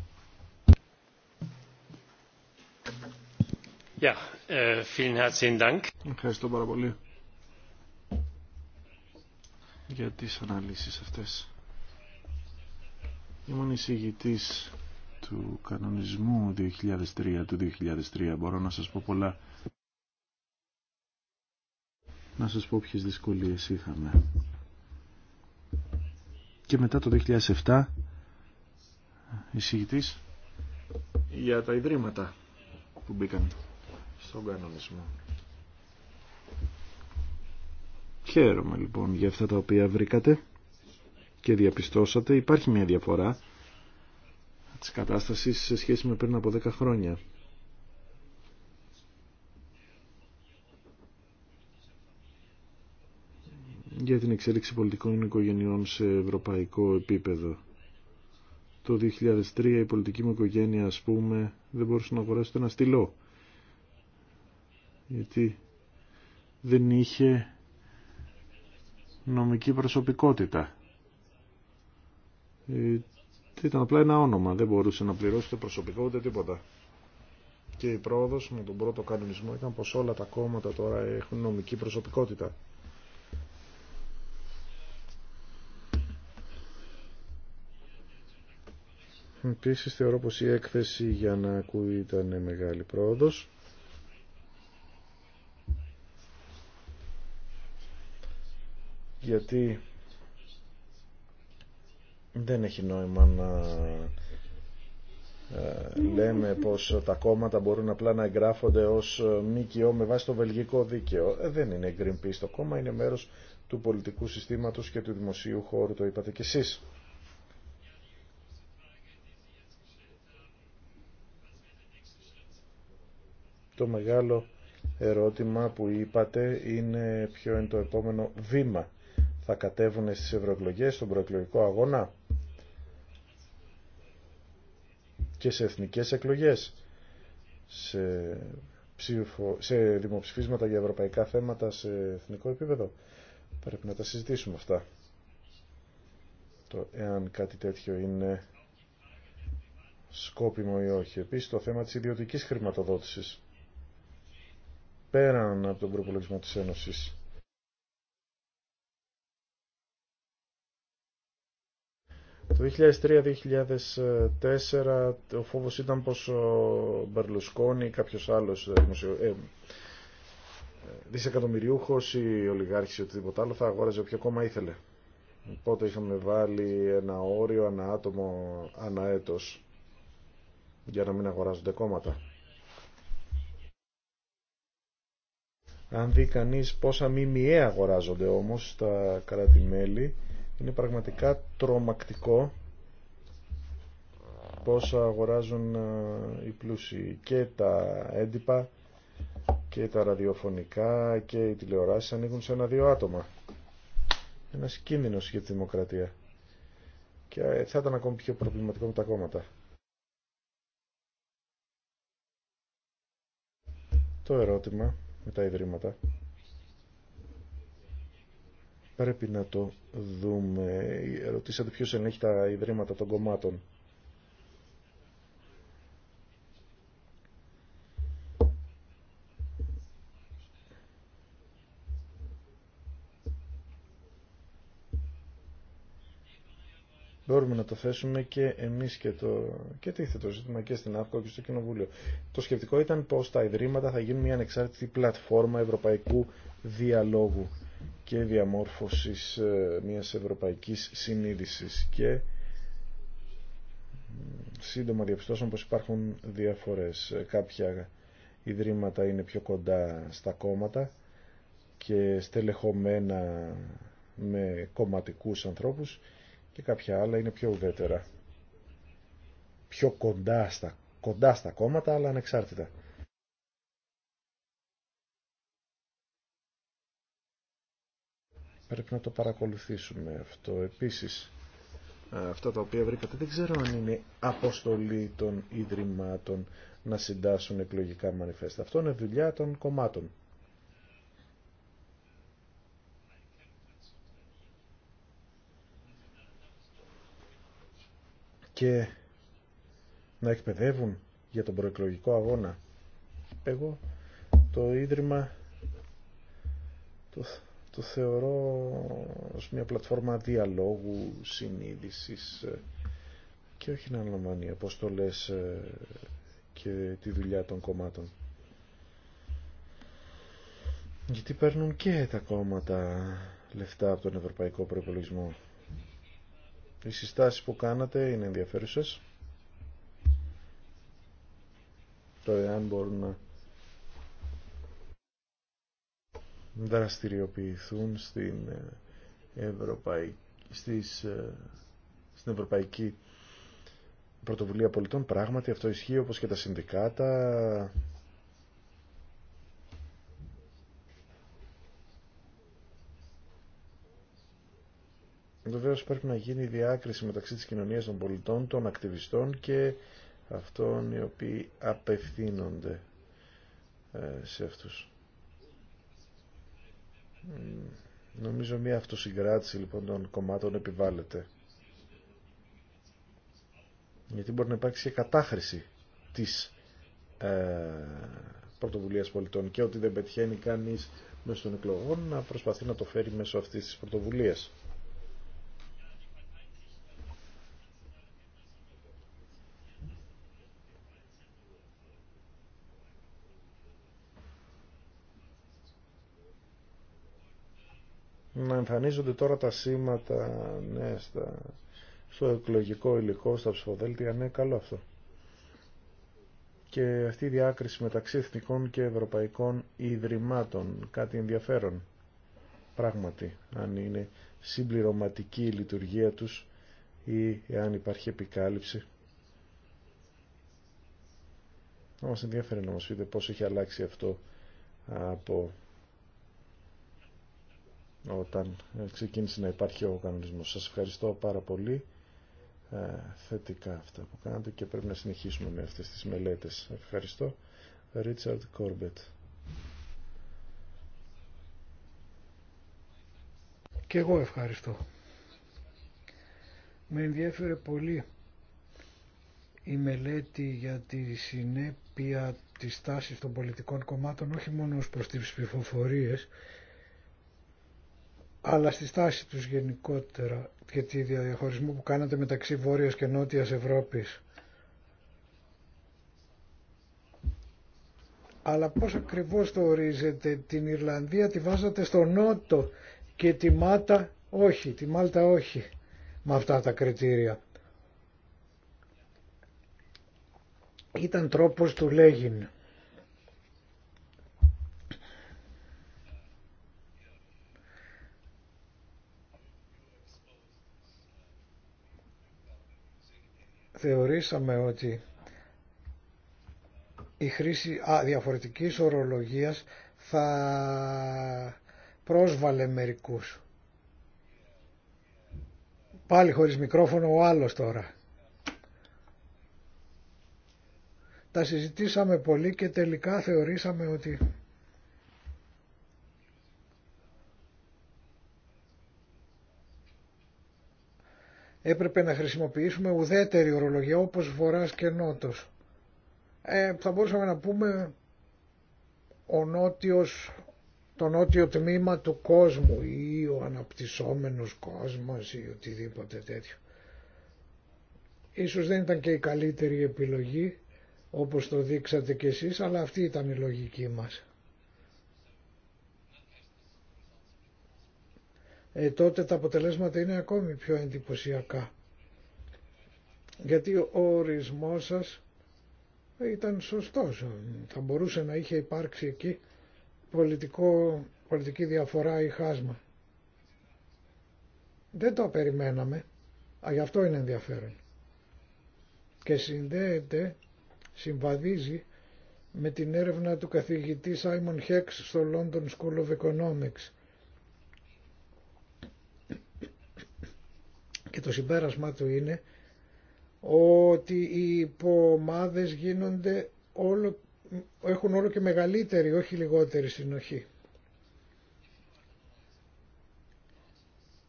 Äh, vielen Dank. Ευχαριστώ πάρα πολύ για τις αναλύσεις αυτές. Ήμουν εισηγητής του κανονισμού 2003 του 2003. Μπορώ να σας πω πολλά. Να σας πω ποιες δυσκολίες είχαμε. Και μετά το 2007 εισηγητής για τα ιδρύματα που μπήκαν στον κανονισμό. Χαίρομαι λοιπόν για αυτά τα οποία βρήκατε και διαπιστώσατε. Υπάρχει μια διαφορά της κατάστασης σε σχέση με πριν από 10 χρόνια. για την εξέλιξη πολιτικών οικογενειών σε ευρωπαϊκό επίπεδο το 2003 η πολιτική μου οικογένεια ας πούμε δεν μπορούσε να αγοράσει το ένα στυλό γιατί δεν είχε νομική προσωπικότητα ε, ήταν απλά ένα όνομα δεν μπορούσε να πληρώσει το προσωπικό ούτε τίποτα και η πρόοδος με τον πρώτο κανονισμό ήταν πως όλα τα κόμματα τώρα έχουν νομική προσωπικότητα Επίσης θεωρώ πως η έκθεση για να ακούει ήταν μεγάλη πρόοδος. Γιατί δεν έχει νόημα να ε, λέμε πως τα κόμματα μπορούν απλά να εγγράφονται ως ΜΚΟ με βάση το βελγικό δίκαιο. Ε, δεν είναι Greenpeace το κόμμα, είναι μέρος του πολιτικού συστήματος και του δημοσίου χώρου, το είπατε κι εσείς. το μεγάλο ερώτημα που είπατε είναι ποιο είναι το επόμενο βήμα. Θα κατέβουν στις ευρωεκλογές, στον προεκλογικό αγώνα και σε εθνικές εκλογές, σε, σε δημοψηφίσματα για ευρωπαϊκά θέματα σε εθνικό επίπεδο. Πρέπει να τα συζητήσουμε αυτά. Το εάν κάτι τέτοιο είναι σκόπιμο ή όχι. Επίσης το θέμα της ιδιωτικής χρηματοδότησης πέραν από τον προπολογισμό της Ένωσης. Το 2003-2004 ο φόβος ήταν πως ο Μπερλουσκόνη ή κάποιος άλλος ε, δημοσιο... ε, δισεκατομμυριούχος ή ολιγάρχης ή οτιδήποτε άλλο θα αγόραζε όποιο κόμμα ήθελε. Οπότε είχαμε βάλει ένα όριο ανά άτομο ανά έτος για να μην αγοράζονται κόμματα. Αν δει κανεί πόσα μιμιέ αγοράζονται όμως στα κρατη είναι πραγματικά τρομακτικό πόσα αγοράζουν ε, οι πλούσιοι και τα έντυπα και τα ραδιοφωνικά και οι τηλεοράσεις ανοίγουν σε ένα-δύο άτομα. Ένας κίνδυνος για τη δημοκρατία. Και ε, θα ήταν ακόμη πιο προβληματικό με τα κόμματα. Το ερώτημα με τα ιδρύματα. Πρέπει να το δούμε. Ρωτήσατε ποιο ενέχει τα ιδρύματα των κομμάτων. μπορούμε να το θέσουμε και εμείς και το και τίθε το ζήτημα και στην ΑΦΚΟ και στο Κοινοβούλιο. Το σκεπτικό ήταν πως τα Ιδρύματα θα γίνουν μια ανεξάρτητη πλατφόρμα ευρωπαϊκού διαλόγου και διαμόρφωσης ε, μιας ευρωπαϊκής συνείδησης και σύντομα διαπιστώσαμε πως υπάρχουν διαφορές. Ε, κάποια Ιδρύματα είναι πιο κοντά στα κόμματα και στελεχωμένα με κομματικούς ανθρώπους και κάποια άλλα είναι πιο ουδέτερα. Πιο κοντά στα, κοντά στα κόμματα, αλλά ανεξάρτητα. Πρέπει να το παρακολουθήσουμε αυτό. Επίσης, αυτά τα οποία βρήκατε, δεν ξέρω αν είναι αποστολή των Ιδρυμάτων να συντάσσουν εκλογικά μανιφέστα. Αυτό είναι δουλειά των κομμάτων. και να εκπαιδεύουν για τον προεκλογικό αγώνα. Εγώ το Ίδρυμα το, το θεωρώ ως μια πλατφόρμα διαλόγου, συνείδησης ε, και όχι να αναλαμβάνει αποστολές ε, και τη δουλειά των κομμάτων. Γιατί παίρνουν και τα κόμματα λεφτά από τον ευρωπαϊκό προπολογισμό. Οι συστάσεις που κάνατε είναι ενδιαφέρουσες. Το εάν μπορούν να δραστηριοποιηθούν στην ε, Ευρωπαϊκή, στις, ε, στην Ευρωπαϊκή Πρωτοβουλία Πολιτών. Πράγματι αυτό ισχύει όπως και τα συνδικάτα Βεβαίως πρέπει να γίνει διάκριση μεταξύ της κοινωνίας των πολιτών, των ακτιβιστών και αυτών οι οποίοι απευθύνονται ε, σε αυτούς. Νομίζω μια αυτοσυγκράτηση λοιπόν των κομμάτων επιβάλλεται. Γιατί μπορεί να υπάρξει και κατάχρηση της ε, πρωτοβουλίας πολιτών και ότι δεν πετυχαίνει κανείς μέσω των εκλογών να προσπαθεί να το φέρει μέσω αυτής της πρωτοβουλίας. να εμφανίζονται τώρα τα σήματα ναι, στο εκλογικό υλικό, στα ψηφοδέλτια. Ναι, καλό αυτό. Και αυτή η διάκριση μεταξύ εθνικών και ευρωπαϊκών ιδρυμάτων, κάτι ενδιαφέρον πράγματι, αν είναι συμπληρωματική η λειτουργία τους ή αν υπάρχει επικάλυψη. Να μας ενδιαφέρει να μας πείτε πώς έχει αλλάξει αυτό από όταν ε, ξεκίνησε να υπάρχει ο κανονισμός. Σας ευχαριστώ πάρα πολύ ε, θετικά αυτά που κάνατε και πρέπει να συνεχίσουμε με αυτές τις μελέτες. Ευχαριστώ. Ρίτσαρντ Κόρμπετ. Και εγώ ευχαριστώ. Με ενδιέφερε πολύ η μελέτη για τη συνέπεια της τάσης των πολιτικών κομμάτων όχι μόνο ως προς τις ψηφοφορίες αλλά στη στάση τους γενικότερα και τη διαχωρισμό που κάνατε μεταξύ Βόρειας και Νότιας Ευρώπης. Αλλά πώς ακριβώς το ορίζετε, την Ιρλανδία τη βάζατε στο Νότο και τη Μάτα όχι, τη Μάλτα όχι με αυτά τα κριτήρια. Ήταν τρόπος του Λέγιν. θεωρήσαμε ότι η χρήση α, διαφορετικής ορολογίας θα πρόσβαλε μερικούς. Πάλι χωρίς μικρόφωνο ο άλλος τώρα. Τα συζητήσαμε πολύ και τελικά θεωρήσαμε ότι έπρεπε να χρησιμοποιήσουμε ουδέτερη ορολογία όπως βορράς και νότος. Ε, θα μπορούσαμε να πούμε ο νότιος, το νότιο τμήμα του κόσμου ή ο αναπτυσσόμενος κόσμος ή οτιδήποτε τέτοιο. Ίσως δεν ήταν και η καλύτερη επιλογή όπως το δείξατε κι εσείς αλλά αυτή ήταν η λογική μας. ε, τότε τα αποτελέσματα είναι ακόμη πιο εντυπωσιακά. Γιατί ο ορισμός σας ήταν σωστός. Θα μπορούσε να είχε υπάρξει εκεί πολιτικό, πολιτική διαφορά ή χάσμα. Δεν το περιμέναμε. Α, γι' αυτό είναι ενδιαφέρον. Και συνδέεται, συμβαδίζει με την έρευνα του καθηγητή Simon Hex στο London School of Economics και το συμπέρασμά του είναι ότι οι υποομάδες γίνονται όλο, έχουν όλο και μεγαλύτερη, όχι λιγότερη συνοχή.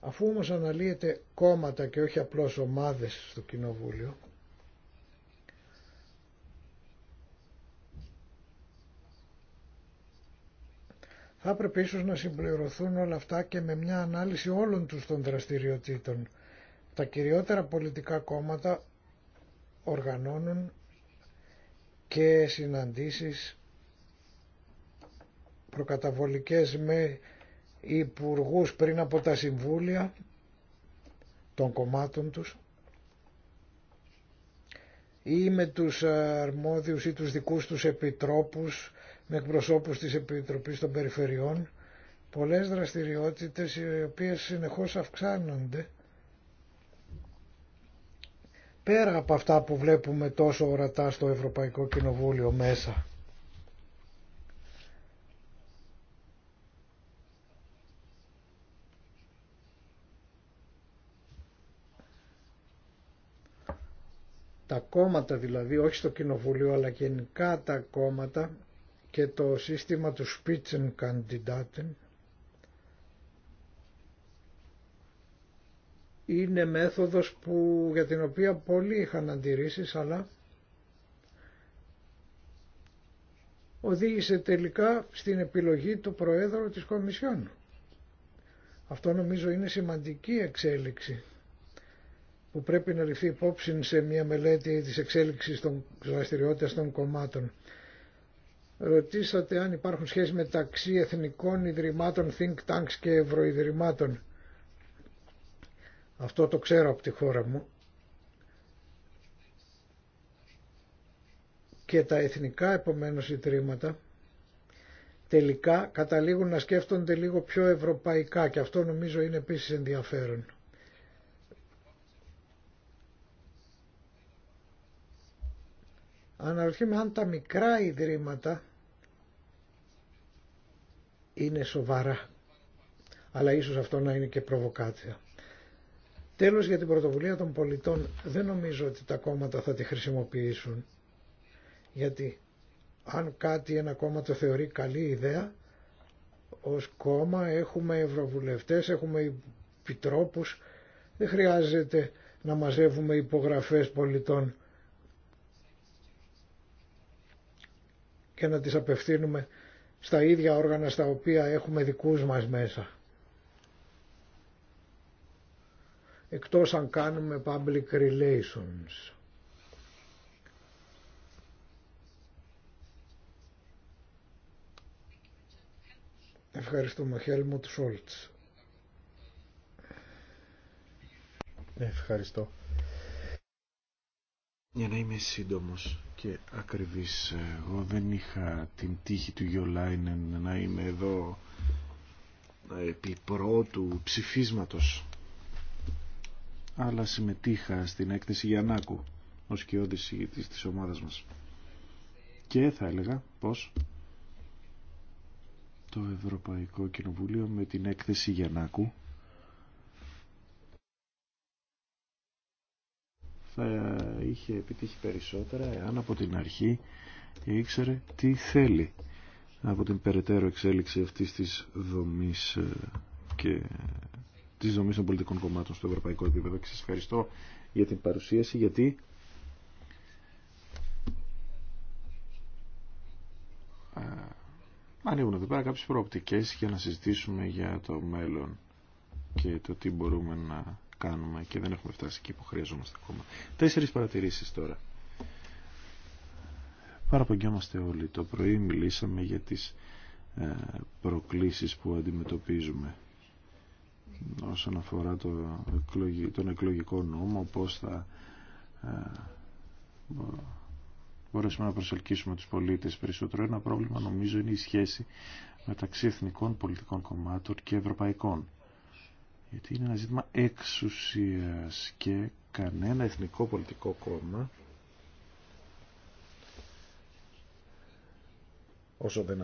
Αφού όμως αναλύεται κόμματα και όχι απλώς ομάδες στο Κοινοβούλιο, θα έπρεπε ίσως να συμπληρωθούν όλα αυτά και με μια ανάλυση όλων τους των δραστηριοτήτων τα κυριότερα πολιτικά κόμματα οργανώνουν και συναντήσεις προκαταβολικές με υπουργού πριν από τα συμβούλια των κομμάτων τους ή με τους αρμόδιους ή τους δικούς τους επιτρόπους με εκπροσώπους της Επιτροπής των Περιφερειών πολλές δραστηριότητες οι οποίες συνεχώς αυξάνονται πέρα από αυτά που βλέπουμε τόσο ορατά στο Ευρωπαϊκό Κοινοβούλιο μέσα. τα κόμματα δηλαδή, όχι στο κοινοβουλίο αλλά γενικά τα κόμματα και το σύστημα του Spitzenkandidaten είναι μέθοδος που, για την οποία πολλοί είχαν αντιρρήσεις αλλά οδήγησε τελικά στην επιλογή του Προέδρου της Κομισιόν. Αυτό νομίζω είναι σημαντική εξέλιξη που πρέπει να ληφθεί υπόψη σε μια μελέτη της εξέλιξης των δραστηριότητα των κομμάτων. Ρωτήσατε αν υπάρχουν σχέσεις μεταξύ εθνικών ιδρυμάτων, think tanks και ευρωιδρυμάτων. Αυτό το ξέρω από τη χώρα μου. Και τα εθνικά επομένως ιδρύματα τελικά καταλήγουν να σκέφτονται λίγο πιο ευρωπαϊκά και αυτό νομίζω είναι επίσης ενδιαφέρον. Αναρωτιέμαι αν τα μικρά ιδρύματα είναι σοβαρά. Αλλά ίσως αυτό να είναι και προβοκάτσια. Τέλος για την πρωτοβουλία των πολιτών δεν νομίζω ότι τα κόμματα θα τη χρησιμοποιήσουν γιατί αν κάτι ένα κόμμα το θεωρεί καλή ιδέα ως κόμμα έχουμε ευρωβουλευτές, έχουμε επιτρόπους δεν χρειάζεται να μαζεύουμε υπογραφές πολιτών και να τις απευθύνουμε στα ίδια όργανα στα οποία έχουμε δικούς μας μέσα. εκτός αν κάνουμε public relations. Ευχαριστούμε Χέλμουτ Σόλτ. Ευχαριστώ. Για να είμαι σύντομος και ακριβής, εγώ δεν είχα την τύχη του Γιολάινεν να είμαι εδώ επί πρώτου ψηφίσματος αλλά συμμετείχα στην έκθεση Γιαννάκου ως και συγητής της ομάδας μας. Και θα έλεγα πως το Ευρωπαϊκό Κοινοβούλιο με την έκθεση Γιαννάκου θα είχε επιτύχει περισσότερα εάν από την αρχή ήξερε τι θέλει από την περαιτέρω εξέλιξη αυτής της δομής ε, και της δομής των πολιτικών κομμάτων στο ευρωπαϊκό επίπεδο και σας ευχαριστώ για την παρουσίαση γιατί ε, ανοίγουν εδώ πέρα κάποιες προοπτικές για να συζητήσουμε για το μέλλον και το τι μπορούμε να κάνουμε και δεν έχουμε φτάσει εκεί που χρειαζόμαστε ακόμα. Τέσσερις παρατηρήσεις τώρα. Παραπονιόμαστε όλοι. Το πρωί μιλήσαμε για τις ε, προκλήσεις που αντιμετωπίζουμε όσον αφορά το, τον εκλογικό νόμο πώς θα ε, μπορέσουμε να προσελκύσουμε τους πολίτες περισσότερο ένα πρόβλημα νομίζω είναι η σχέση μεταξύ εθνικών πολιτικών κομμάτων και ευρωπαϊκών γιατί είναι ένα ζήτημα εξουσίας και κανένα εθνικό πολιτικό κόμμα όσο δεν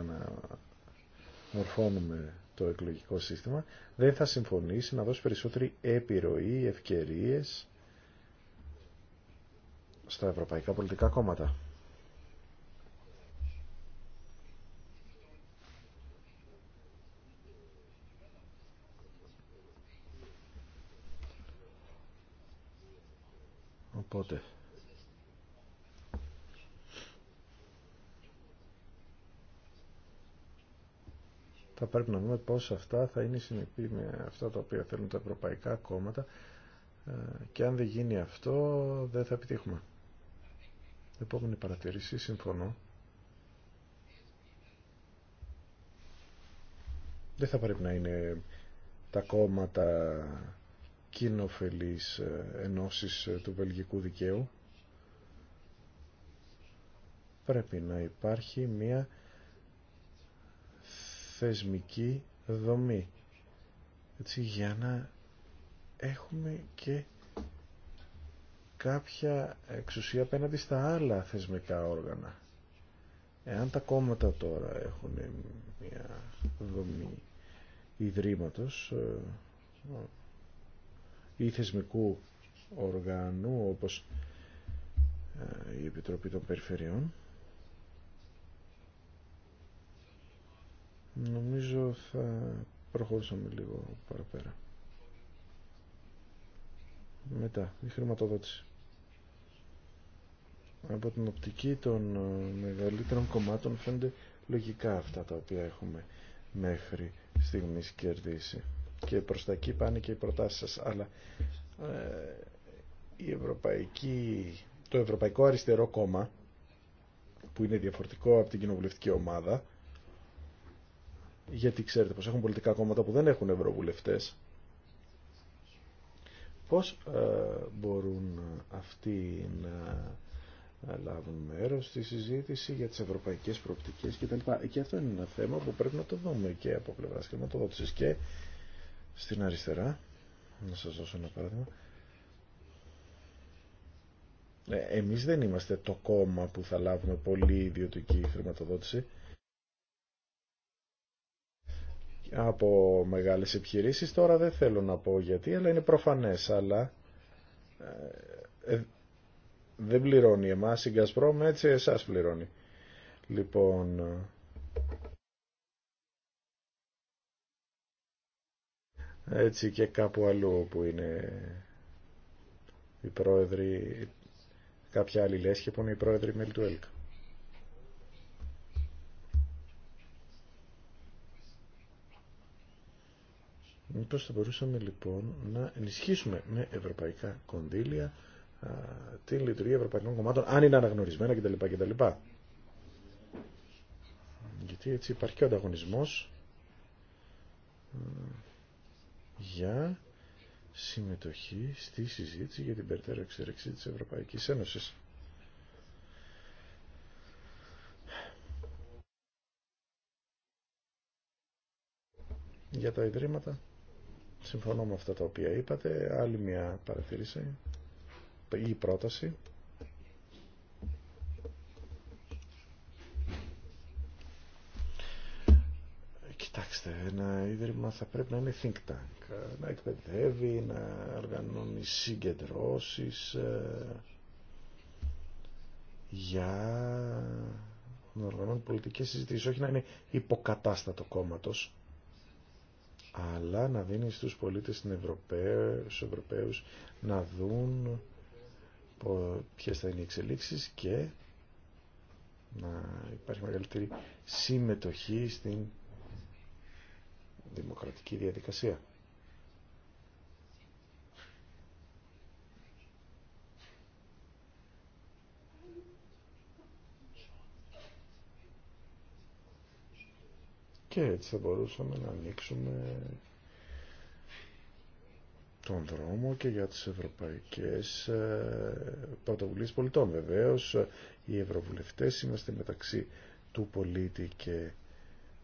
αναμορφώνουμε το εκλογικό σύστημα, δεν θα συμφωνήσει να δώσει περισσότερη επιρροή, ευκαιρίες στα ευρωπαϊκά πολιτικά κόμματα. Οπότε, θα πρέπει να δούμε πώς αυτά θα είναι συνεπή με αυτά τα οποία θέλουν τα ευρωπαϊκά κόμματα ε, και αν δεν γίνει αυτό δεν θα επιτύχουμε. Επόμενη παρατηρήση, συμφωνώ. Δεν θα πρέπει να είναι τα κόμματα κοινοφελής ε, ενώσεις ε, του βελγικού δικαίου. Πρέπει να υπάρχει μια θεσμική δομή. Έτσι, για να έχουμε και κάποια εξουσία απέναντι στα άλλα θεσμικά όργανα. Εάν τα κόμματα τώρα έχουν μια δομή ιδρύματος ε, ή θεσμικού οργάνου όπως ε, η Επιτροπή των Περιφερειών Νομίζω θα προχωρήσαμε λίγο παραπέρα. Μετά, η χρηματοδότηση. Από την οπτική των ε, μεγαλύτερων κομμάτων φαίνονται λογικά αυτά τα οποία έχουμε μέχρι στιγμής κερδίσει. Και προς τα εκεί πάνε και οι προτάσεις σας. Αλλά ε, η Ευρωπαϊκή, το Ευρωπαϊκό Αριστερό Κόμμα, που είναι διαφορετικό από την κοινοβουλευτική ομάδα, γιατί ξέρετε πως έχουν πολιτικά κόμματα που δεν έχουν ευρωβουλευτές, πώς ε, μπορούν αυτοί να ε, λάβουν μέρος στη συζήτηση για τις ευρωπαϊκές προοπτικές κτλ. Και αυτό είναι ένα θέμα που πρέπει να το δούμε και από πλευρά χρηματοδότησης και στην αριστερά. Να σας δώσω ένα παράδειγμα. Ε, εμείς δεν είμαστε το κόμμα που θα λάβουμε πολύ ιδιωτική χρηματοδότηση. από μεγάλες επιχειρήσεις. Τώρα δεν θέλω να πω γιατί, αλλά είναι προφανές. Αλλά ε, ε, δεν πληρώνει εμάς η Gazprom, έτσι εσάς πληρώνει. Λοιπόν... Ε, έτσι και κάπου αλλού που είναι οι πρόεδροι, κάποια άλλη λέσχη που είναι οι πρόεδροι μέλη Μήπως θα μπορούσαμε λοιπόν να ενισχύσουμε με ευρωπαϊκά κονδύλια α, τη λειτουργία ευρωπαϊκών κομμάτων, αν είναι αναγνωρισμένα κτλ. κτλ. Γιατί έτσι υπάρχει και ο ανταγωνισμός για συμμετοχή στη συζήτηση για την περαιτέρω εξέρεξη της Ευρωπαϊκής Ένωσης. για τα ιδρύματα Συμφωνώ με αυτά τα οποία είπατε. Άλλη μια παρατήρηση ή πρόταση. Κοιτάξτε, ένα ίδρυμα θα πρέπει να είναι think tank, να εκπαιδεύει, να οργανώνει συγκεντρώσεις ε, για να οργανώνει πολιτικές συζητήσεις, όχι να είναι υποκατάστατο κόμματος αλλά να δίνει στους πολίτες στην Ευρωπαίους να δουν ποιες θα είναι οι εξελίξεις και να υπάρχει μεγαλύτερη συμμετοχή στην δημοκρατική διαδικασία. και έτσι θα μπορούσαμε να ανοίξουμε τον δρόμο και για τις ευρωπαϊκές ε, πρωτοβουλίες πολιτών. Βεβαίως, ε, οι ευρωβουλευτές είμαστε μεταξύ του πολίτη και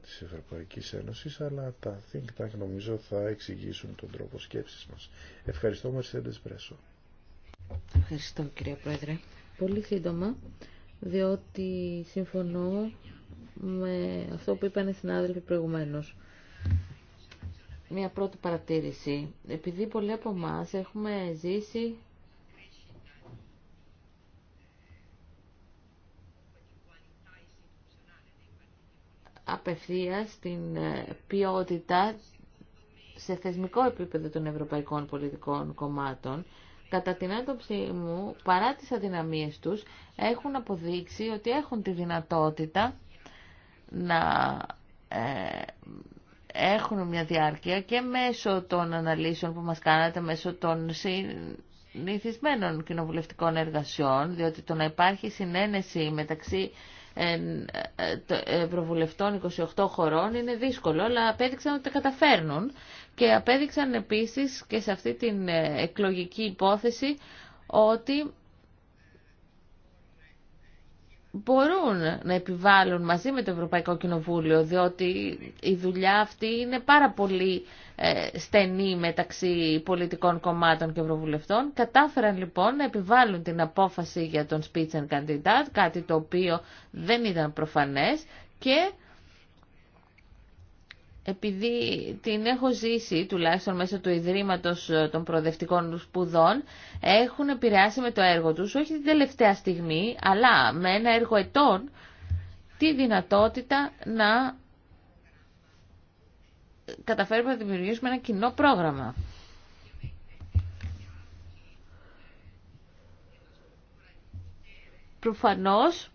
της Ευρωπαϊκής Ένωσης, αλλά τα think tank νομίζω θα εξηγήσουν τον τρόπο σκέψης μας. Ευχαριστώ, Μερσέντες Μπρέσο. Ευχαριστώ, κύριε Πρόεδρε. Πολύ σύντομα, διότι συμφωνώ με αυτό που είπαν οι συνάδελφοι προηγουμένως. Μια πρώτη παρατήρηση. Επειδή πολλοί από εμά έχουμε ζήσει απευθείας την ε, ποιότητα σε θεσμικό επίπεδο των ευρωπαϊκών πολιτικών κομμάτων, κατά την άποψή μου, παρά τις αδυναμίες τους, έχουν αποδείξει ότι έχουν τη δυνατότητα να ε, έχουν μια διάρκεια και μέσω των αναλύσεων που μας κάνατε, μέσω των συνηθισμένων κοινοβουλευτικών εργασιών, διότι το να υπάρχει συνένεση μεταξύ ε, ε, ευρωβουλευτών 28 χωρών είναι δύσκολο, αλλά απέδειξαν ότι τα καταφέρνουν και απέδειξαν επίσης και σε αυτή την εκλογική υπόθεση ότι μπορούν να επιβάλλουν μαζί με το Ευρωπαϊκό Κοινοβούλιο, διότι η δουλειά αυτή είναι πάρα πολύ ε, στενή μεταξύ πολιτικών κομμάτων και ευρωβουλευτών. Κατάφεραν λοιπόν να επιβάλλουν την απόφαση για τον Spitzenkandidat, κάτι το οποίο δεν ήταν προφανές και επειδή την έχω ζήσει, τουλάχιστον μέσα του Ιδρύματος ε, των Προοδευτικών Σπουδών, έχουν επηρεάσει με το έργο τους, όχι την τελευταία στιγμή, αλλά με ένα έργο ετών, τη δυνατότητα να καταφέρουμε να δημιουργήσουμε ένα κοινό πρόγραμμα. Προφανώς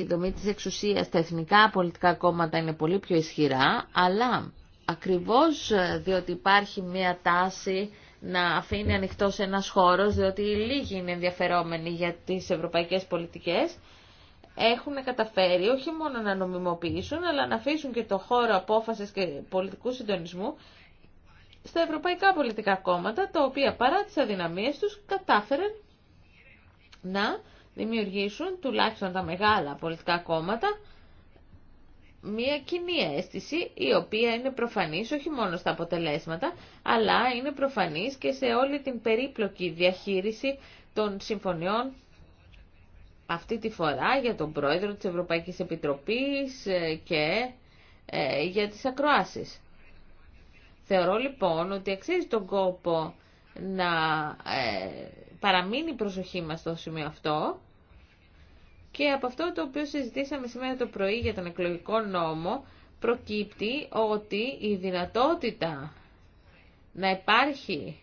η δομή της εξουσίας, τα εθνικά πολιτικά κόμματα είναι πολύ πιο ισχυρά, αλλά ακριβώς ε, διότι υπάρχει μια τάση να αφήνει ανοιχτός ένας χώρος, διότι οι λίγοι είναι ενδιαφερόμενοι για τις ευρωπαϊκές πολιτικές, έχουν καταφέρει όχι μόνο να νομιμοποιήσουν, αλλά να αφήσουν και το χώρο απόφασης και πολιτικού συντονισμού στα ευρωπαϊκά πολιτικά κόμματα, τα οποία παρά τις αδυναμίες τους κατάφεραν να δημιουργήσουν, τουλάχιστον τα μεγάλα πολιτικά κόμματα, μία κοινή αίσθηση η οποία είναι προφανής όχι μόνο στα αποτελέσματα, αλλά είναι προφανής και σε όλη την περίπλοκη διαχείριση των συμφωνιών αυτή τη φορά για τον πρόεδρο της Ευρωπαϊκής Επιτροπής ε, και ε, για τις ακροάσεις. Θεωρώ λοιπόν ότι αξίζει τον κόπο να ε, παραμείνει η προσοχή μας στο σημείο αυτό και από αυτό το οποίο συζητήσαμε σήμερα το πρωί για τον εκλογικό νόμο, προκύπτει ότι η δυνατότητα να υπάρχει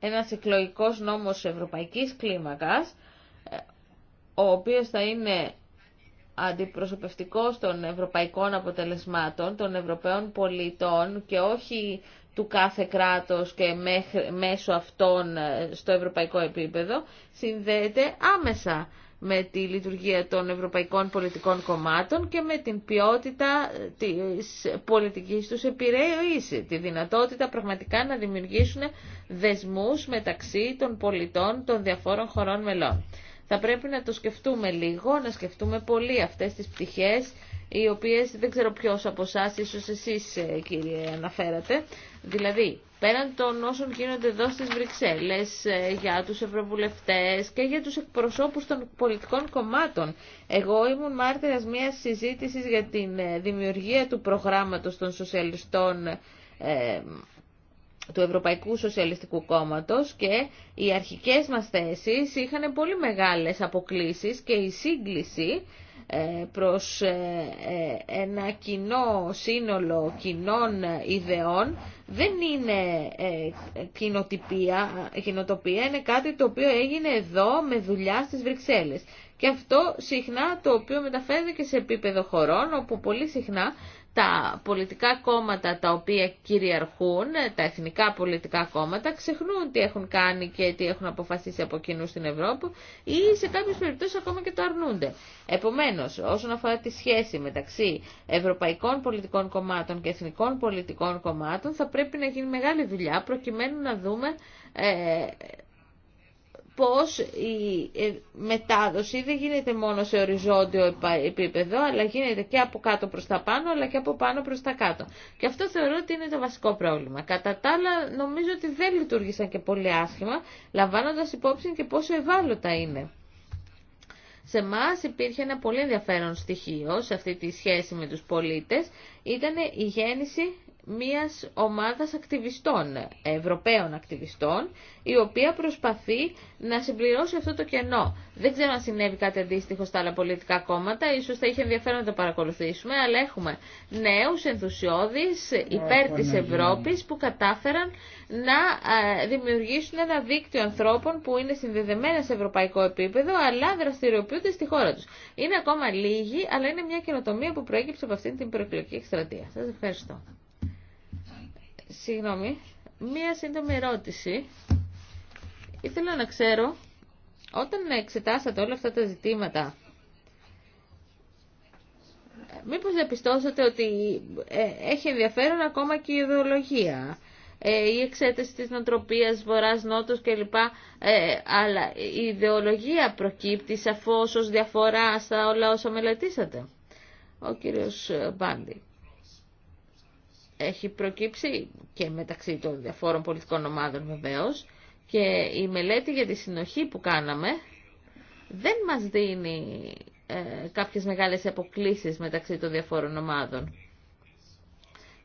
ένας εκλογικός νόμος ευρωπαϊκής κλίμακας, ο οποίος θα είναι αντιπροσωπευτικός των ευρωπαϊκών αποτελεσμάτων, των ευρωπαίων πολιτών και όχι του κάθε κράτος και μέσω αυτών ε, στο ευρωπαϊκό επίπεδο, συνδέεται άμεσα με τη λειτουργία των ευρωπαϊκών πολιτικών κομμάτων και με την ποιότητα ε, της πολιτικής τους επιρροής, τη δυνατότητα πραγματικά να δημιουργήσουν δεσμούς μεταξύ των πολιτών των διαφόρων χωρών μελών. Θα πρέπει να το σκεφτούμε λίγο, να σκεφτούμε πολύ αυτές τις πτυχές, οι οποίες δεν ξέρω ποιος από εσά, ίσως εσείς ε, κύριε αναφέρατε. Δηλαδή, πέραν των όσων γίνονται εδώ στις Βρυξέλλες, ε, για τους ευρωβουλευτές και για τους εκπροσώπους των πολιτικών κομμάτων. Εγώ ήμουν μάρτυρας μιας συζήτησης για την ε, δημιουργία του προγράμματος των σοσιαλιστών του Ευρωπαϊκού Σοσιαλιστικού Κόμματος και οι αρχικές μας θέσεις είχαν πολύ μεγάλες αποκλίσεις και η σύγκληση ε, προς ε, ε, ένα κοινό σύνολο κοινών ιδεών δεν είναι κοινοτοπία, είναι κάτι το οποίο έγινε εδώ με δουλειά στις Βρυξέλλες. Και αυτό συχνά το οποίο μεταφέρεται και σε επίπεδο χωρών, όπου πολύ συχνά τα πολιτικά κόμματα τα οποία κυριαρχούν, τα εθνικά πολιτικά κόμματα, ξεχνούν τι έχουν κάνει και τι έχουν αποφασίσει από κοινού στην Ευρώπη ή σε κάποιες περιπτώσεις ακόμα και το αρνούνται. Επομένως, όσον αφορά τη σχέση μεταξύ ευρωπαϊκών πολιτικών κομμάτων και εθνικών πολιτικών κομμάτων, θα πρέπει να γίνει μεγάλη δουλειά προκειμένου να δούμε ε, πως η ε, μετάδοση δεν γίνεται μόνο σε οριζόντιο επίπεδο, αλλά γίνεται και από κάτω προς τα πάνω, αλλά και από πάνω προς τα κάτω. Και αυτό θεωρώ ότι είναι το βασικό πρόβλημα. Κατά τα άλλα, νομίζω ότι δεν λειτουργήσαν και πολύ άσχημα, λαμβάνοντας υπόψη και πόσο ευάλωτα είναι. Σε εμά υπήρχε ένα πολύ ενδιαφέρον στοιχείο σε αυτή τη σχέση με τους πολίτες, ήταν η γέννηση μιας ομάδας ακτιβιστών, Ευρωπαίων ακτιβιστών, η οποία προσπαθεί να συμπληρώσει αυτό το κενό. Δεν ξέρω αν συνέβη κάτι αντίστοιχο στα άλλα πολιτικά κόμματα, ίσως θα είχε ενδιαφέρον να το παρακολουθήσουμε, αλλά έχουμε νέους ενθουσιώδεις υπέρ ε, της ναι, ναι. Ευρώπης που κατάφεραν να ε, δημιουργήσουν ένα δίκτυο ανθρώπων που είναι συνδεδεμένα σε ευρωπαϊκό επίπεδο, αλλά δραστηριοποιούνται στη χώρα τους. Είναι ακόμα λίγοι, αλλά είναι μια καινοτομία που προέκυψε από αυτή την προεκλογική εκστρατεία. Σας ευχαριστώ. Συγγνώμη, μία σύντομη ερώτηση. Ήθελα να ξέρω, όταν εξετάσατε όλα αυτά τα ζητήματα, μήπως διαπιστώσατε ότι ε, έχει ενδιαφέρον ακόμα και η ιδεολογία, ε, η εξέταση της νοτροπίας βορράς-νότος κλπ. Ε, αλλά η ιδεολογία προκύπτει σαφώς ως διαφορά στα όλα όσα μελετήσατε. Ο κύριος Μπάντι έχει προκύψει και μεταξύ των διαφόρων πολιτικών ομάδων βεβαίως και η μελέτη για τη συνοχή που κάναμε δεν μας δίνει ε, κάποιες μεγάλες αποκλήσεις μεταξύ των διαφόρων ομάδων.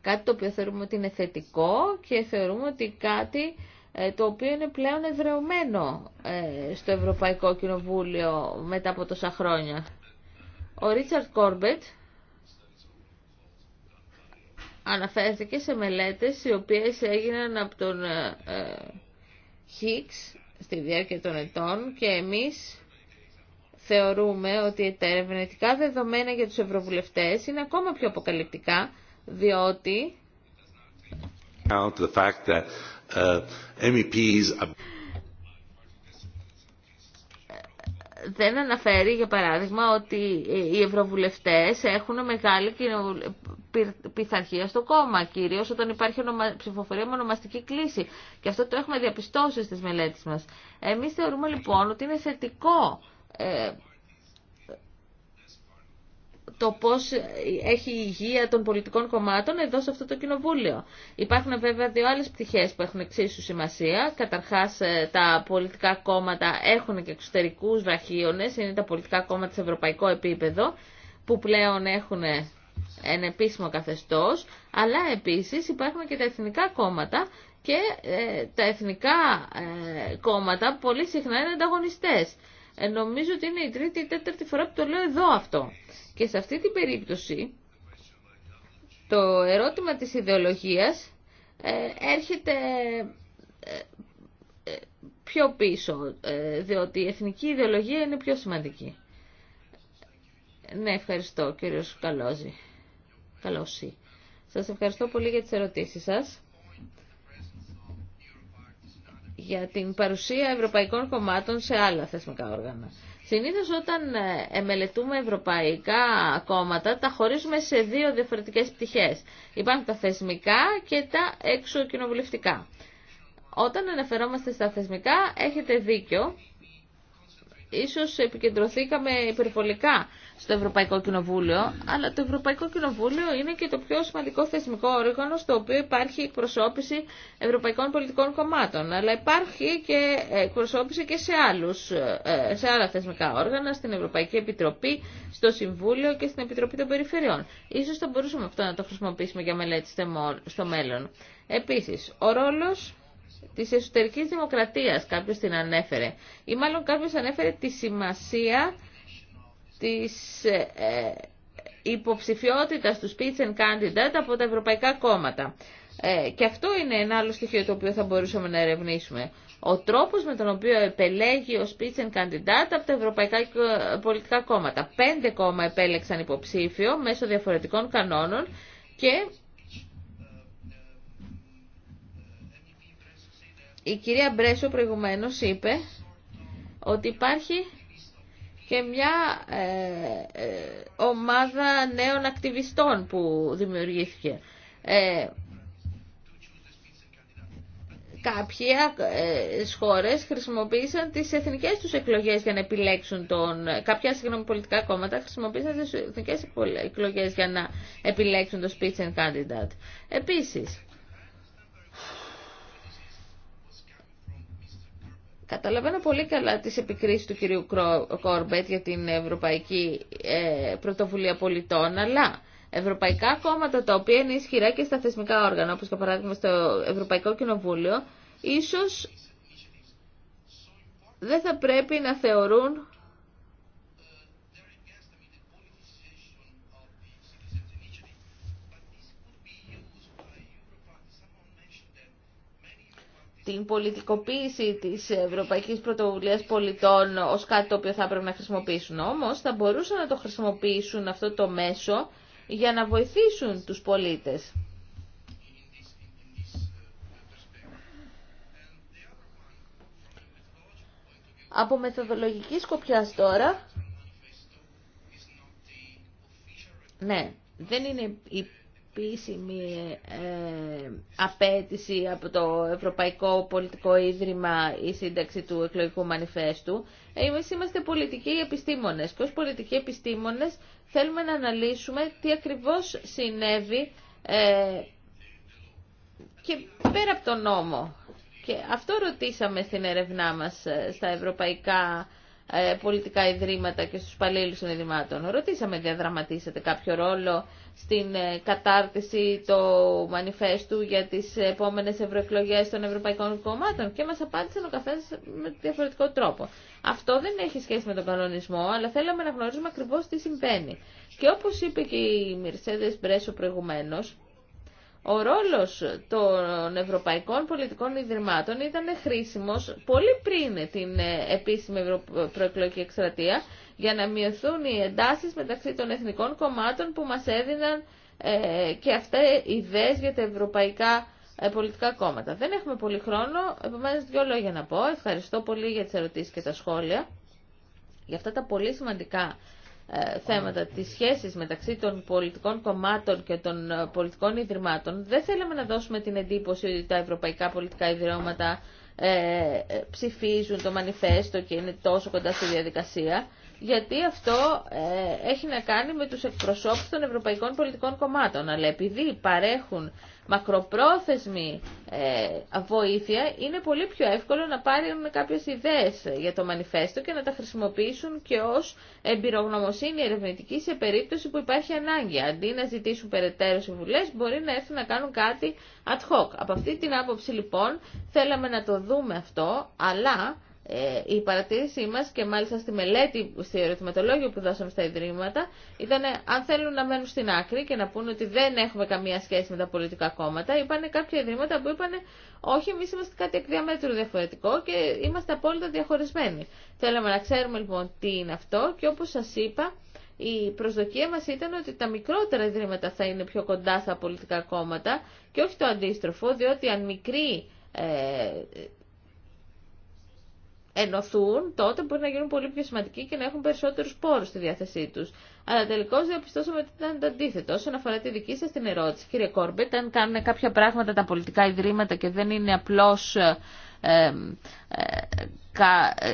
Κάτι το οποίο θεωρούμε ότι είναι θετικό και θεωρούμε ότι κάτι ε, το οποίο είναι πλέον ευρεωμένο ε, στο Ευρωπαϊκό Κοινοβούλιο μετά από τόσα χρόνια. Ο Ρίτσαρτ Κόρμπετ αναφέρθηκε σε μελέτες οι οποίες έγιναν από τον ε, ε, Higgs στη διάρκεια των ετών και εμείς θεωρούμε ότι τα ερευνητικά δεδομένα για τους ευρωβουλευτές είναι ακόμα πιο αποκαλυπτικά, διότι... δεν αναφέρει, για παράδειγμα, ότι οι ευρωβουλευτές έχουν μεγάλη πειθαρχία στο κόμμα, κυρίως όταν υπάρχει ψηφοφορία με ονομαστική κλίση. Και αυτό το έχουμε διαπιστώσει στις μελέτες μας. Εμείς θεωρούμε λοιπόν ότι είναι θετικό ε, το πώς έχει η υγεία των πολιτικών κομμάτων εδώ σε αυτό το κοινοβούλιο. Υπάρχουν βέβαια δύο άλλες πτυχές που έχουν εξίσου σημασία. Καταρχάς ε, τα πολιτικά κόμματα έχουν και εξωτερικούς βραχίονες, είναι τα πολιτικά κόμματα σε ευρωπαϊκό επίπεδο που πλέον έχουν ε, ένα επίσημο καθεστώς, αλλά επίσης υπάρχουν και τα εθνικά κόμματα και ε, τα εθνικά κόμματα πολύ συχνά είναι ανταγωνιστές. Ε, νομίζω ότι είναι η τρίτη ή τέταρτη φορά που το λέω εδώ αυτό. Και σε αυτή την περίπτωση το ερώτημα της ιδεολογίας ε, έρχεται ε, ε, πιο πίσω, διότι η εθνική ιδεολογία είναι πιο σημαντική. Ναι, ευχαριστώ κύριος Καλόζη. Καλώς. Σας ευχαριστώ πολύ για τις ερωτήσεις σας για την παρουσία ευρωπαϊκών κομμάτων σε άλλα θεσμικά όργανα. Συνήθως όταν ε, μελετούμε ευρωπαϊκά κόμματα τα χωρίζουμε σε δύο διαφορετικές πτυχές. Υπάρχουν τα θεσμικά και τα εξωκοινοβουλευτικά. Όταν αναφερόμαστε στα θεσμικά έχετε δίκιο. Ίσως επικεντρωθήκαμε υπερβολικά στο Ευρωπαϊκό Κοινοβούλιο, αλλά το Ευρωπαϊκό Κοινοβούλιο είναι και το πιο σημαντικό θεσμικό όργανο στο οποίο υπάρχει εκπροσώπηση ευρωπαϊκών πολιτικών κομμάτων, αλλά υπάρχει και εκπροσώπηση και σε, άλλους, ε, σε άλλα θεσμικά όργανα, στην Ευρωπαϊκή Επιτροπή, στο Συμβούλιο και στην Επιτροπή των Περιφερειών. Ίσως θα μπορούσαμε αυτό να το χρησιμοποιήσουμε για μελέτη στο μέλλον. Επίσης, ο ρόλος της εσωτερικής δημοκρατίας κάποιο την ανέφερε ή μάλλον κάποιο ανέφερε τη σημασία της ε, ε, υποψηφιότητας του speech and candidate από τα ευρωπαϊκά κόμματα. Ε, και αυτό είναι ένα άλλο στοιχείο το οποίο θα μπορούσαμε να ερευνήσουμε. Ο τρόπος με τον οποίο επελέγει ο speech and candidate από τα ευρωπαϊκά ε, πολιτικά κόμματα. Πέντε κόμμα επέλεξαν υποψήφιο μέσω διαφορετικών κανόνων και η κυρία Μπρέσο προηγουμένως είπε ότι υπάρχει και μια ε, ε, ομάδα νέων ακτιβιστών που δημιουργήθηκε. Ε, κάποιες χώρες χρησιμοποίησαν τις εθνικές τους εκλογές για να επιλέξουν τον... Κάποια, συγγνώμη, πολιτικά κόμματα χρησιμοποίησαν τις εθνικές εκλογές για να επιλέξουν τον speech and candidate. Επίσης, Καταλαβαίνω πολύ καλά τις επικρίσεις του κυρίου Κόρμπετ για την Ευρωπαϊκή ε, Πρωτοβουλία Πολιτών, αλλά ευρωπαϊκά κόμματα τα οποία είναι ισχυρά και στα θεσμικά όργανα, όπως για παράδειγμα στο Ευρωπαϊκό Κοινοβούλιο, ίσως δεν θα πρέπει να θεωρούν την πολιτικοποίηση της Ευρωπαϊκής Πρωτοβουλίας Πολιτών ως κάτι το οποίο θα έπρεπε να χρησιμοποιήσουν. Όμως θα μπορούσαν να το χρησιμοποιήσουν αυτό το μέσο για να βοηθήσουν τους πολίτες. Από μεθοδολογική σκοπιά τώρα, ναι, δεν είναι η επίσημη ε, απέτηση από το Ευρωπαϊκό Πολιτικό Ίδρυμα η σύνταξη του εκλογικού μανιφέστου. Εμείς είμαστε πολιτικοί επιστήμονες και ως πολιτικοί επιστήμονες θέλουμε να αναλύσουμε τι ακριβώς συνέβη ε, και πέρα από τον νόμο. Και αυτό ρωτήσαμε στην ερευνά μας ε, στα ευρωπαϊκά ε, πολιτικά ιδρύματα και στους παλίλους των ιδρυμάτων. Ρωτήσαμε διαδραματίσατε κάποιο ρόλο στην ε, κατάρτιση του μανιφέστου για τις επόμενες ευρωεκλογέ των ευρωπαϊκών κομμάτων και μας απάντησαν ο καθένας με διαφορετικό τρόπο. Αυτό δεν έχει σχέση με τον κανονισμό, αλλά θέλαμε να γνωρίζουμε ακριβώς τι συμβαίνει. Και όπως είπε και η Μυρσέδες Μπρέσο προηγουμένως, ο ρόλος των Ευρωπαϊκών Πολιτικών Ιδρυμάτων ήταν χρήσιμος πολύ πριν την ε, επίσημη προεκλογική εκστρατεία για να μειωθούν οι εντάσεις μεταξύ των εθνικών κομμάτων που μας έδιναν ε, και αυτά οι ιδέες για τα ευρωπαϊκά ε, πολιτικά κόμματα. Δεν έχουμε πολύ χρόνο, επομένως δύο λόγια να πω. Ευχαριστώ πολύ για τις ερωτήσεις και τα σχόλια για αυτά τα πολύ σημαντικά ε, θέματα, τις σχέσεις μεταξύ των πολιτικών κομμάτων και των ε, πολιτικών ιδρυμάτων, δεν θέλαμε να δώσουμε την εντύπωση ότι τα ευρωπαϊκά πολιτικά ιδρύματα ε, ε, ψηφίζουν το μανιφέστο και είναι τόσο κοντά στη διαδικασία, γιατί αυτό ε, έχει να κάνει με τους εκπροσώπους των ευρωπαϊκών πολιτικών κομμάτων. Αλλά επειδή παρέχουν μακροπρόθεσμη ε, βοήθεια, είναι πολύ πιο εύκολο να πάρουν κάποιες ιδέες για το μανιφέστο και να τα χρησιμοποιήσουν και ως εμπειρογνωμοσύνη ερευνητική σε περίπτωση που υπάρχει ανάγκη. Αντί να ζητήσουν περαιτέρω συμβουλέ, μπορεί να έρθουν να κάνουν κάτι ad hoc. Από αυτή την άποψη λοιπόν θέλαμε να το δούμε αυτό, αλλά ε, η παρατήρησή μα και μάλιστα στη μελέτη, στη ερωτηματολόγιο που δώσαμε στα Ιδρύματα ήταν αν θέλουν να μένουν στην άκρη και να πούνε ότι δεν έχουμε καμία σχέση με τα πολιτικά κόμματα είπαν κάποια Ιδρύματα που είπαν όχι εμεί είμαστε κάτι εκ διαμέτρου διαφορετικό και είμαστε απόλυτα διαχωρισμένοι. Θέλαμε να ξέρουμε λοιπόν τι είναι αυτό και όπω σα είπα η προσδοκία μας ήταν ότι τα μικρότερα Ιδρύματα θα είναι πιο κοντά στα πολιτικά κόμματα και όχι το αντίστροφο διότι αν μικροί ε, ενωθούν, τότε μπορεί να γίνουν πολύ πιο σημαντικοί και να έχουν περισσότερου πόρου στη διάθεσή του. Αλλά τελικώ διαπιστώσαμε ότι ήταν το αντίθετο. Όσον αφορά τη δική σα την ερώτηση, κύριε Κόρμπετ, αν κάνουν κάποια πράγματα τα πολιτικά ιδρύματα και δεν είναι απλώ ε, ε, κα, ε,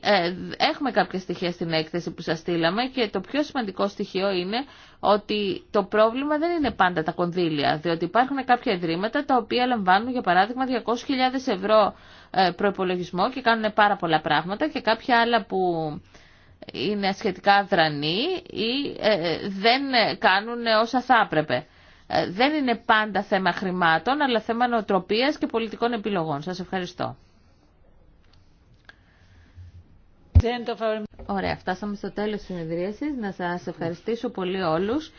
ε, Έχουμε κάποια στοιχεία στην έκθεση που σας στείλαμε και το πιο σημαντικό στοιχείο είναι ότι το πρόβλημα δεν είναι πάντα τα κονδύλια, διότι υπάρχουν κάποια ιδρύματα τα οποία λαμβάνουν για παράδειγμα 200.000 ευρώ ε, προπολογισμό και κάνουν πάρα πολλά πράγματα και κάποια άλλα που είναι σχετικά δρανή ή ε, ε, δεν κάνουν όσα θα έπρεπε. Δεν είναι πάντα θέμα χρημάτων, αλλά θέμα νοοτροπίας και πολιτικών επιλογών. Σας ευχαριστώ. Ωραία, φτάσαμε στο τέλος της συνεδρίασης. Να σας ευχαριστήσω πολύ όλους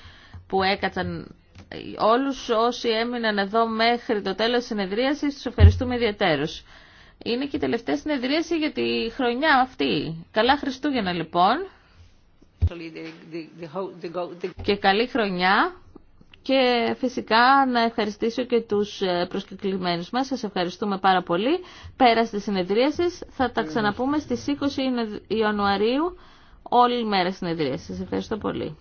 που έκατσαν όλους όσοι έμειναν εδώ μέχρι το τέλος της συνεδρίασης. Τους ευχαριστούμε ιδιαίτερως. Είναι και η τελευταία συνεδρίαση για τη χρονιά αυτή. Καλά Χριστούγεννα λοιπόν. Και καλή χρονιά. Και φυσικά να ευχαριστήσω και τους ε, προσκεκλημένους μας. Σας ευχαριστούμε πάρα πολύ. Πέρα τις συνεδρίασεις θα τα ξαναπούμε στις 20 Ιανουαρίου όλη η μέρα συνεδρίαση. Σας ευχαριστώ πολύ.